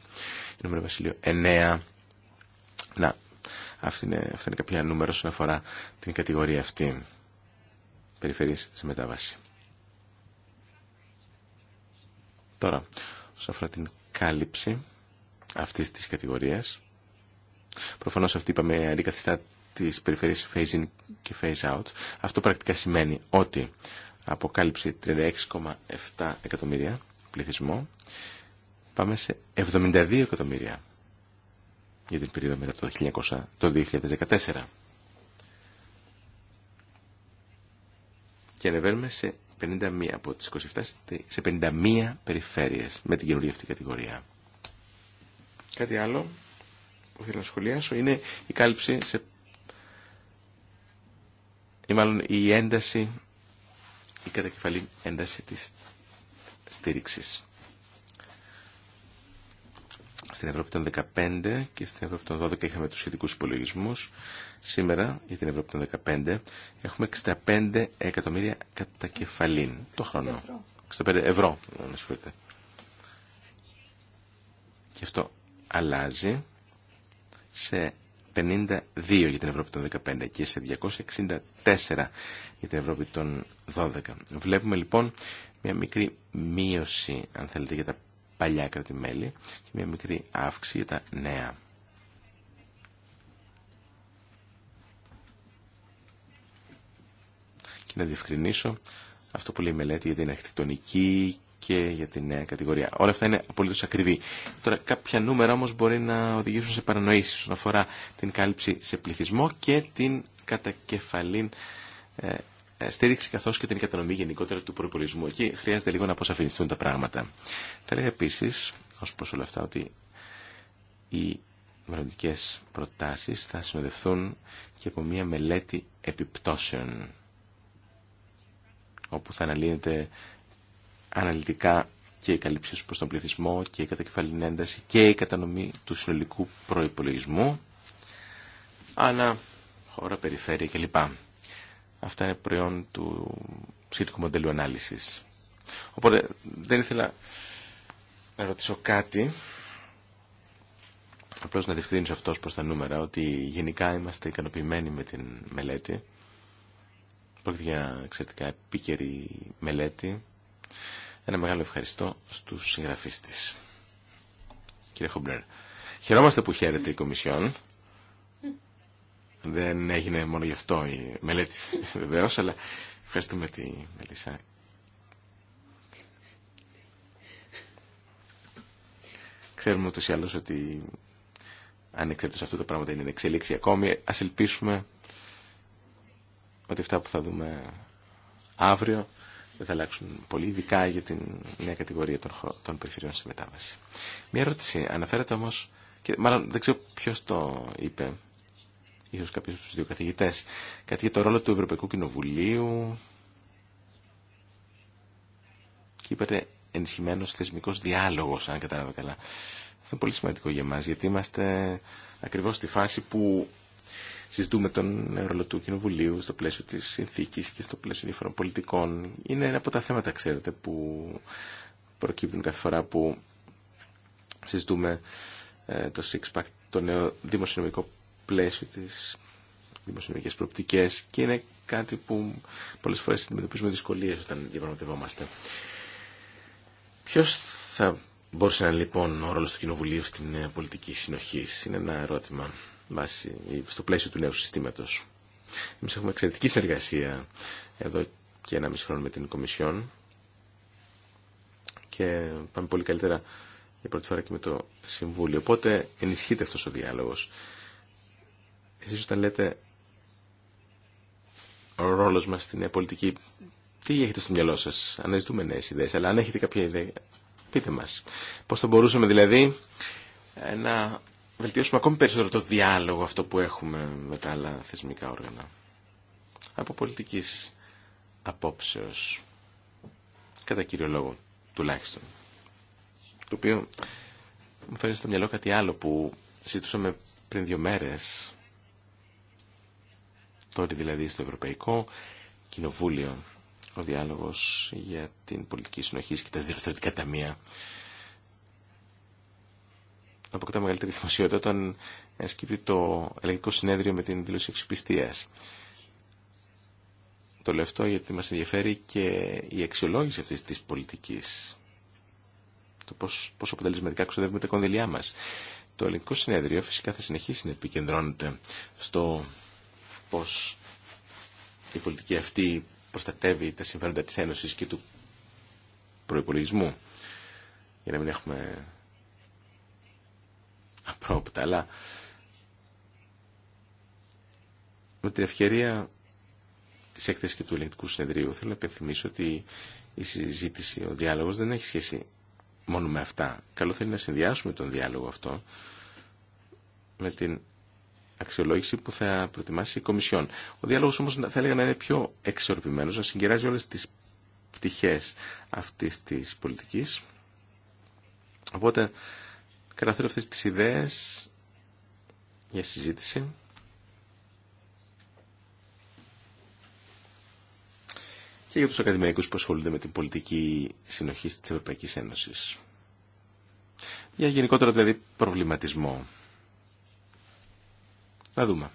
Speaker 3: Ηνωμένο Βασίλειο 9. Να, αυτή είναι, αυτή είναι κάποια νούμερα όσον αφορά την κατηγορία αυτή. Περιφερείς σε μετάβαση. Τώρα, όσον αφορά την κάλυψη αυτής της κατηγορίας, προφανώς αυτή είπαμε αντικαθιστά τις περιφερειές phase in και phase out. Αυτό πρακτικά σημαίνει ότι αποκάλυψη 36,7 εκατομμύρια πληθυσμό, πάμε σε 72 εκατομμύρια για την περίοδο μετά το, 1900, το 2014. Και ανεβαίνουμε σε 51 από τις 27 σε 51 περιφέρειες με την καινούργια αυτή κατηγορία. Κάτι άλλο που θέλω να σχολιάσω είναι η κάλυψη σε ή μάλλον η ένταση η κατακεφαλή ένταση της στήριξης. Στην Ευρώπη των 15 και στην Ευρώπη των 12 είχαμε τους σχετικούς υπολογισμού. Σήμερα για την Ευρώπη των 15 έχουμε 65 εκατομμύρια κατακεφαλήν το χρόνο. 65 ευρώ, να σχολείτε. Και αυτό αλλάζει σε 52 για την Ευρώπη των 15 και σε 264 για την Ευρώπη των 12. Βλέπουμε λοιπόν μια μικρή μείωση, αν θέλετε, για τα παλιά κρατημέλη και μια μικρή αύξηση για τα νέα. Και να διευκρινίσω αυτό που λέει η μελέτη για την αρχιτεκτονική και για την νέα κατηγορία. Όλα αυτά είναι απολύτως ακριβή. Τώρα κάποια νούμερα όμω μπορεί να οδηγήσουν σε παρανοήσεις όσον αφορά την κάλυψη σε πληθυσμό και την κατακεφαλήν ε, ε, στήριξη καθώς και την κατανομή γενικότερα του προπολογισμού. Εκεί χρειάζεται λίγο να αποσαφινιστούν τα πράγματα. Θα λέγαμε επίσης, ω προ όλα αυτά, ότι οι μελλοντικέ προτάσει θα συνοδευτούν και από μια μελέτη επιπτώσεων όπου θα αναλύνεται αναλυτικά και οι καλύψεις προς τον πληθυσμό και η κατακεφαλήν ένταση και η κατανομή του συνολικού προϋπολογισμού αλλά χώρα, περιφέρεια κλπ. Αυτά είναι προϊόν του σχετικού μοντέλου ανάλυσης. Οπότε δεν ήθελα να ρωτήσω κάτι, απλώς να διευκρίνησω αυτός προς τα νούμερα, ότι γενικά είμαστε ικανοποιημένοι με την μελέτη. Πρόκειται για εξαιρετικά επίκαιρη μελέτη ένα μεγάλο ευχαριστώ στους συγγραφείς της. Κύριε Χομπλερ, χαιρόμαστε που χαίρεται η Κομισιόν. Δεν έγινε μόνο γι' αυτό η μελέτη βεβαίω, αλλά ευχαριστούμε τη Μελισσά. Ξέρουμε ούτως ή άλλως ότι αν σε αυτό το πράγμα δεν είναι εξέλιξη ακόμη, ας ελπίσουμε ότι αυτά που θα δούμε αύριο δεν θα αλλάξουν πολύ, ειδικά για την νέα κατηγορία των, περιφερειών σε μετάβαση. Μια ερώτηση. Αναφέρατε όμω, και μάλλον δεν ξέρω ποιο το είπε, ίσω κάποιο από του δύο καθηγητέ, κάτι για το ρόλο του Ευρωπαϊκού Κοινοβουλίου. Και είπατε ενισχυμένο θεσμικό διάλογο, αν κατάλαβα καλά. Αυτό είναι πολύ σημαντικό για εμά, γιατί είμαστε ακριβώ στη φάση που συζητούμε τον ρόλο του Κοινοβουλίου στο πλαίσιο της συνθήκης και στο πλαίσιο διαφορών πολιτικών. Είναι ένα από τα θέματα, ξέρετε, που προκύπτουν κάθε φορά που συζητούμε ε, το six το νέο δημοσιονομικό πλαίσιο της δημοσιονομικές προοπτικές και είναι κάτι που πολλές φορές αντιμετωπίζουμε δυσκολίες όταν διαπραγματευόμαστε. Ποιος θα μπορούσε να είναι λοιπόν ο ρόλος του Κοινοβουλίου στην ε, πολιτική συνοχή, είναι ένα ερώτημα βάση, ε, στο πλαίσιο του νέου συστήματος. Εμείς έχουμε εξαιρετική συνεργασία εδώ και ένα μισό χρόνο με την Κομισιόν και πάμε πολύ καλύτερα για πρώτη φορά και με το Συμβούλιο. Οπότε ενισχύεται αυτός ο διάλογος. Εσείς όταν λέτε ο ρόλος μας στην πολιτική, τι έχετε στο μυαλό σας, αναζητούμε νέες ιδέες, αλλά αν έχετε κάποια ιδέα, πείτε μας. Πώς θα μπορούσαμε δηλαδή να βελτιώσουμε ακόμη περισσότερο το διάλογο αυτό που έχουμε με τα άλλα θεσμικά όργανα. Από πολιτική απόψεω, κατά κύριο λόγο τουλάχιστον, το οποίο μου φέρνει στο μυαλό κάτι άλλο που συζητούσαμε πριν δύο μέρε, τότε δηλαδή στο Ευρωπαϊκό Κοινοβούλιο, ο διάλογος για την πολιτική συνοχή και τα διευθυντικά ταμεία αποκτά μεγαλύτερη δημοσιότητα όταν ασκείται το ελεγκτικό συνέδριο με την δήλωση εξυπηστία. Το λέω γιατί μας ενδιαφέρει και η αξιολόγηση αυτής της πολιτικής. Το πώς, αποτελεσματικά ξοδεύουμε τα κονδυλιά μας. Το ελληνικό συνέδριο φυσικά θα συνεχίσει να επικεντρώνεται στο πώς η πολιτική αυτή προστατεύει τα συμφέροντα της Ένωσης και του προϋπολογισμού για να μην έχουμε απρόπτα, αλλά με την ευκαιρία της έκθεσης και του ελληνικού συνεδρίου θέλω να υπενθυμίσω ότι η συζήτηση, ο διάλογος δεν έχει σχέση μόνο με αυτά. Καλό θέλει να συνδυάσουμε τον διάλογο αυτό με την αξιολόγηση που θα προτιμάσει η Κομισιόν. Ο διάλογος όμως θα έλεγα να είναι πιο εξορπημένος, να συγκεράζει όλες τις πτυχές αυτής της πολιτικής. Οπότε Καταθέτω αυτές τις ιδέες για συζήτηση. και για τους ακαδημαϊκούς που ασχολούνται με την πολιτική συνοχή της Ευρωπαϊκής Ένωσης. Για γενικότερα δηλαδή προβληματισμό. Να δούμε.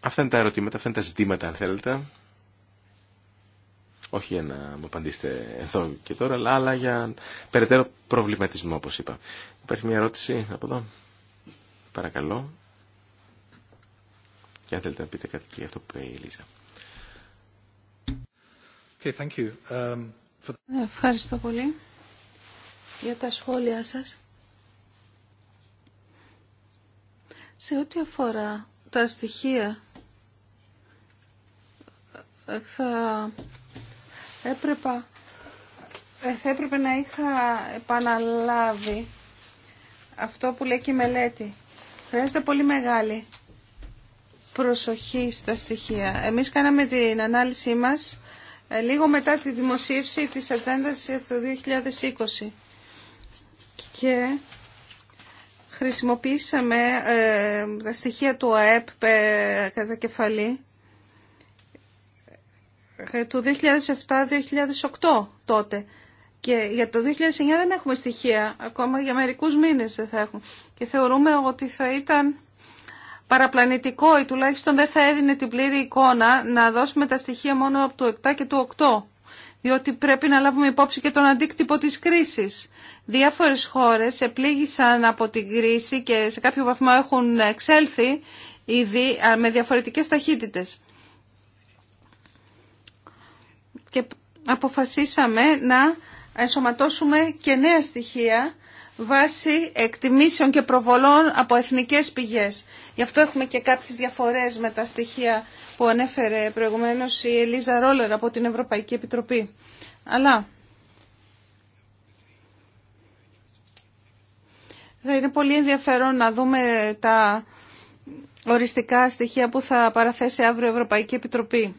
Speaker 3: Αυτά είναι τα ερωτήματα, αυτά είναι τα ζητήματα αν θέλετε. Όχι για να μου απαντήσετε εδώ και τώρα, αλλά για περαιτέρω προβληματισμό, όπως είπα. Υπάρχει μια ερώτηση από εδώ. Παρακαλώ. Και αν θέλετε να πείτε κάτι και αυτό που λέει η Ελίζα.
Speaker 4: Okay, thank you. Um,
Speaker 2: ναι, ευχαριστώ πολύ για τα σχόλια σας. Σε ό,τι αφορά τα στοιχεία θα ε θα έπρεπε να είχα επαναλάβει αυτό που λέει και η μελέτη. Χρειάζεται πολύ μεγάλη προσοχή στα στοιχεία. Εμείς κάναμε την ανάλυση μας ε, λίγο μετά τη δημοσίευση της ατζέντα το 2020 και χρησιμοποίησαμε ε, τα στοιχεία του ΑΕΠ ε, κατά κεφαλή ε, του 2007-2008 τότε. Και για το 2009 δεν έχουμε στοιχεία, ακόμα για μερικούς μήνες δεν θα έχουμε. Και θεωρούμε ότι θα ήταν παραπλανητικό ή τουλάχιστον δεν θα έδινε την πλήρη εικόνα να δώσουμε τα στοιχεία μόνο από το 7 και το 8 διότι πρέπει να λάβουμε υπόψη και τον αντίκτυπο της κρίσης. Διάφορες χώρες επλήγησαν από την κρίση και σε κάποιο βαθμό έχουν εξέλθει ήδη με διαφορετικές ταχύτητες και αποφασίσαμε να ενσωματώσουμε και νέα στοιχεία βάσει εκτιμήσεων και προβολών από εθνικές πηγές. Γι' αυτό έχουμε και κάποιες διαφορές με τα στοιχεία που ανέφερε προηγουμένως η Ελίζα Ρόλερ από την Ευρωπαϊκή Επιτροπή. Αλλά θα είναι πολύ ενδιαφέρον να δούμε τα οριστικά στοιχεία που θα παραθέσει αύριο η Ευρωπαϊκή Επιτροπή.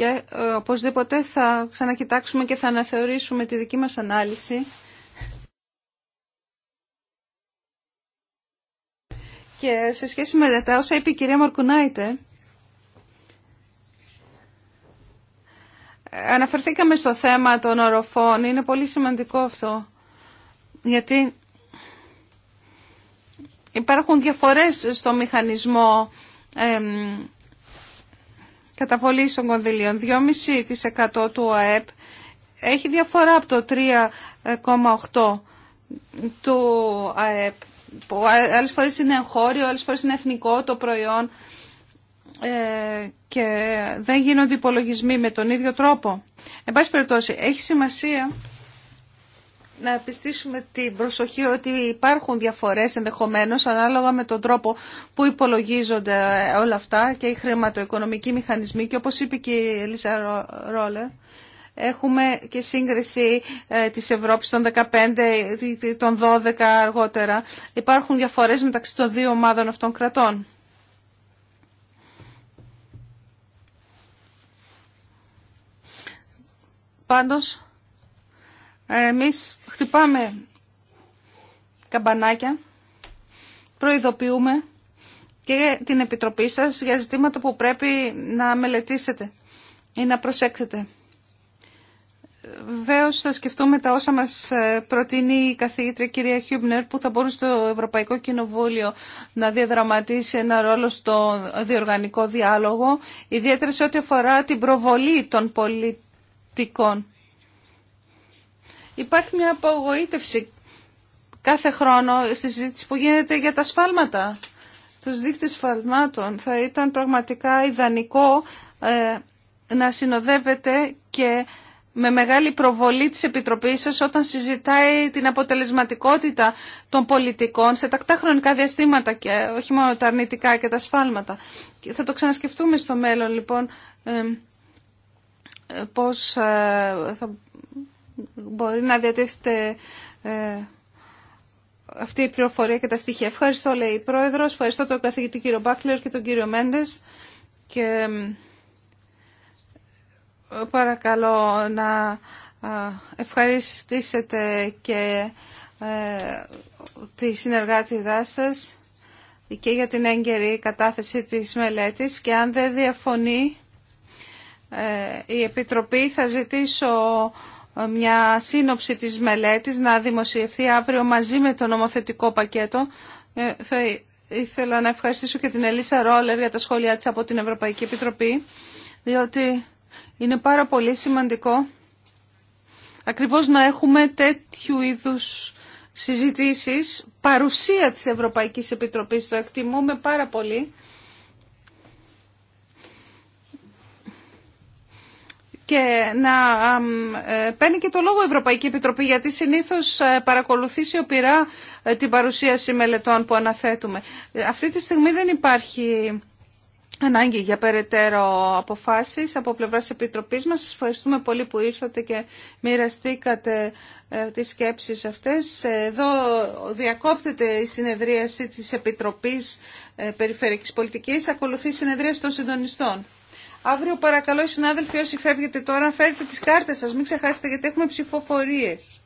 Speaker 2: και ε, οπωσδήποτε θα ξανακοιτάξουμε και θα αναθεωρήσουμε τη δική μας ανάλυση και σε σχέση με τα όσα είπε η κυρία Μορκουνάιτε αναφερθήκαμε στο θέμα των οροφών είναι πολύ σημαντικό αυτό γιατί υπάρχουν διαφορές στο μηχανισμό Καταβολή των κονδυλίων, 2,5% του ΑΕΠ, έχει διαφορά από το 3,8% του ΑΕΠ, που είναι χώριο, άλλε φορέ είναι εθνικό το προϊόν ε, και δεν γίνονται υπολογισμοί με τον ίδιο τρόπο. Εν πάση περιπτώσει, έχει σημασία να επιστήσουμε την προσοχή ότι υπάρχουν διαφορές ενδεχομένως ανάλογα με τον τρόπο που υπολογίζονται όλα αυτά και οι χρηματοοικονομικοί μηχανισμοί και όπως είπε και η Ελίζα Ρόλερ έχουμε και σύγκριση ε, της Ευρώπης των 15, των 12 αργότερα. Υπάρχουν διαφορές μεταξύ των δύο ομάδων αυτών κρατών. Πάντως, ε, εμείς χτυπάμε καμπανάκια, προειδοποιούμε και την Επιτροπή σας για ζητήματα που πρέπει να μελετήσετε ή να προσέξετε. Βεβαίω θα σκεφτούμε τα όσα μας ε, προτείνει η καθηγήτρια κυρία Χιούμπνερ που θα μπορούσε το Ευρωπαϊκό Κοινοβούλιο να διαδραματίσει ένα ρόλο στο διοργανικό διάλογο, ιδιαίτερα σε ό,τι αφορά την προβολή των πολιτικών. Υπάρχει μια απογοήτευση κάθε χρόνο στη συζήτηση που γίνεται για τα σφάλματα, τους δείκτες σφαλμάτων. Θα ήταν πραγματικά ιδανικό ε, να συνοδεύεται και με μεγάλη προβολή της Επιτροπής σας όταν συζητάει την αποτελεσματικότητα των πολιτικών σε τακτά χρονικά διαστήματα και όχι μόνο τα αρνητικά και τα σφάλματα. θα το ξανασκεφτούμε στο μέλλον λοιπόν ε, ε, πώς θα μπορεί να διατίθεται ε, αυτή η πληροφορία και τα στοιχεία. Ευχαριστώ, λέει η Πρόεδρος. Ευχαριστώ τον καθηγητή κύριο Μπάκλερ και τον κύριο Μέντες. Και ε, παρακαλώ να ε, ευχαριστήσετε και τη συνεργάτη σας και για την έγκαιρη κατάθεση της μελέτης και αν δεν διαφωνεί η Επιτροπή θα ζητήσω μια σύνοψη της μελέτης να δημοσιευθεί αύριο μαζί με το νομοθετικό πακέτο. Ε, θα ήθελα να ευχαριστήσω και την Ελίσσα Ρόλερ για τα σχόλιά της από την Ευρωπαϊκή Επιτροπή, διότι είναι πάρα πολύ σημαντικό ακριβώς να έχουμε τέτοιου είδους συζητήσεις, παρουσία της Ευρωπαϊκής Επιτροπής, το εκτιμούμε πάρα πολύ. και να ε, παίρνει και το λόγο η Ευρωπαϊκή Επιτροπή γιατί συνήθως ε, παρακολουθεί σιωπηρά ε, την παρουσίαση μελετών που αναθέτουμε. Αυτή τη στιγμή δεν υπάρχει ανάγκη για περαιτέρω αποφάσεις από πλευράς Επιτροπής μας. Σας ευχαριστούμε πολύ που ήρθατε και μοιραστήκατε τις σκέψεις αυτές. Εδώ διακόπτεται η συνεδρίαση της Επιτροπής Περιφερειακής Πολιτικής. Ακολουθεί η συνεδρίαση των συντονιστών. Αύριο παρακαλώ οι συνάδελφοι όσοι φεύγετε τώρα φέρετε τις κάρτες σας. Μην ξεχάσετε γιατί έχουμε ψηφοφορίες.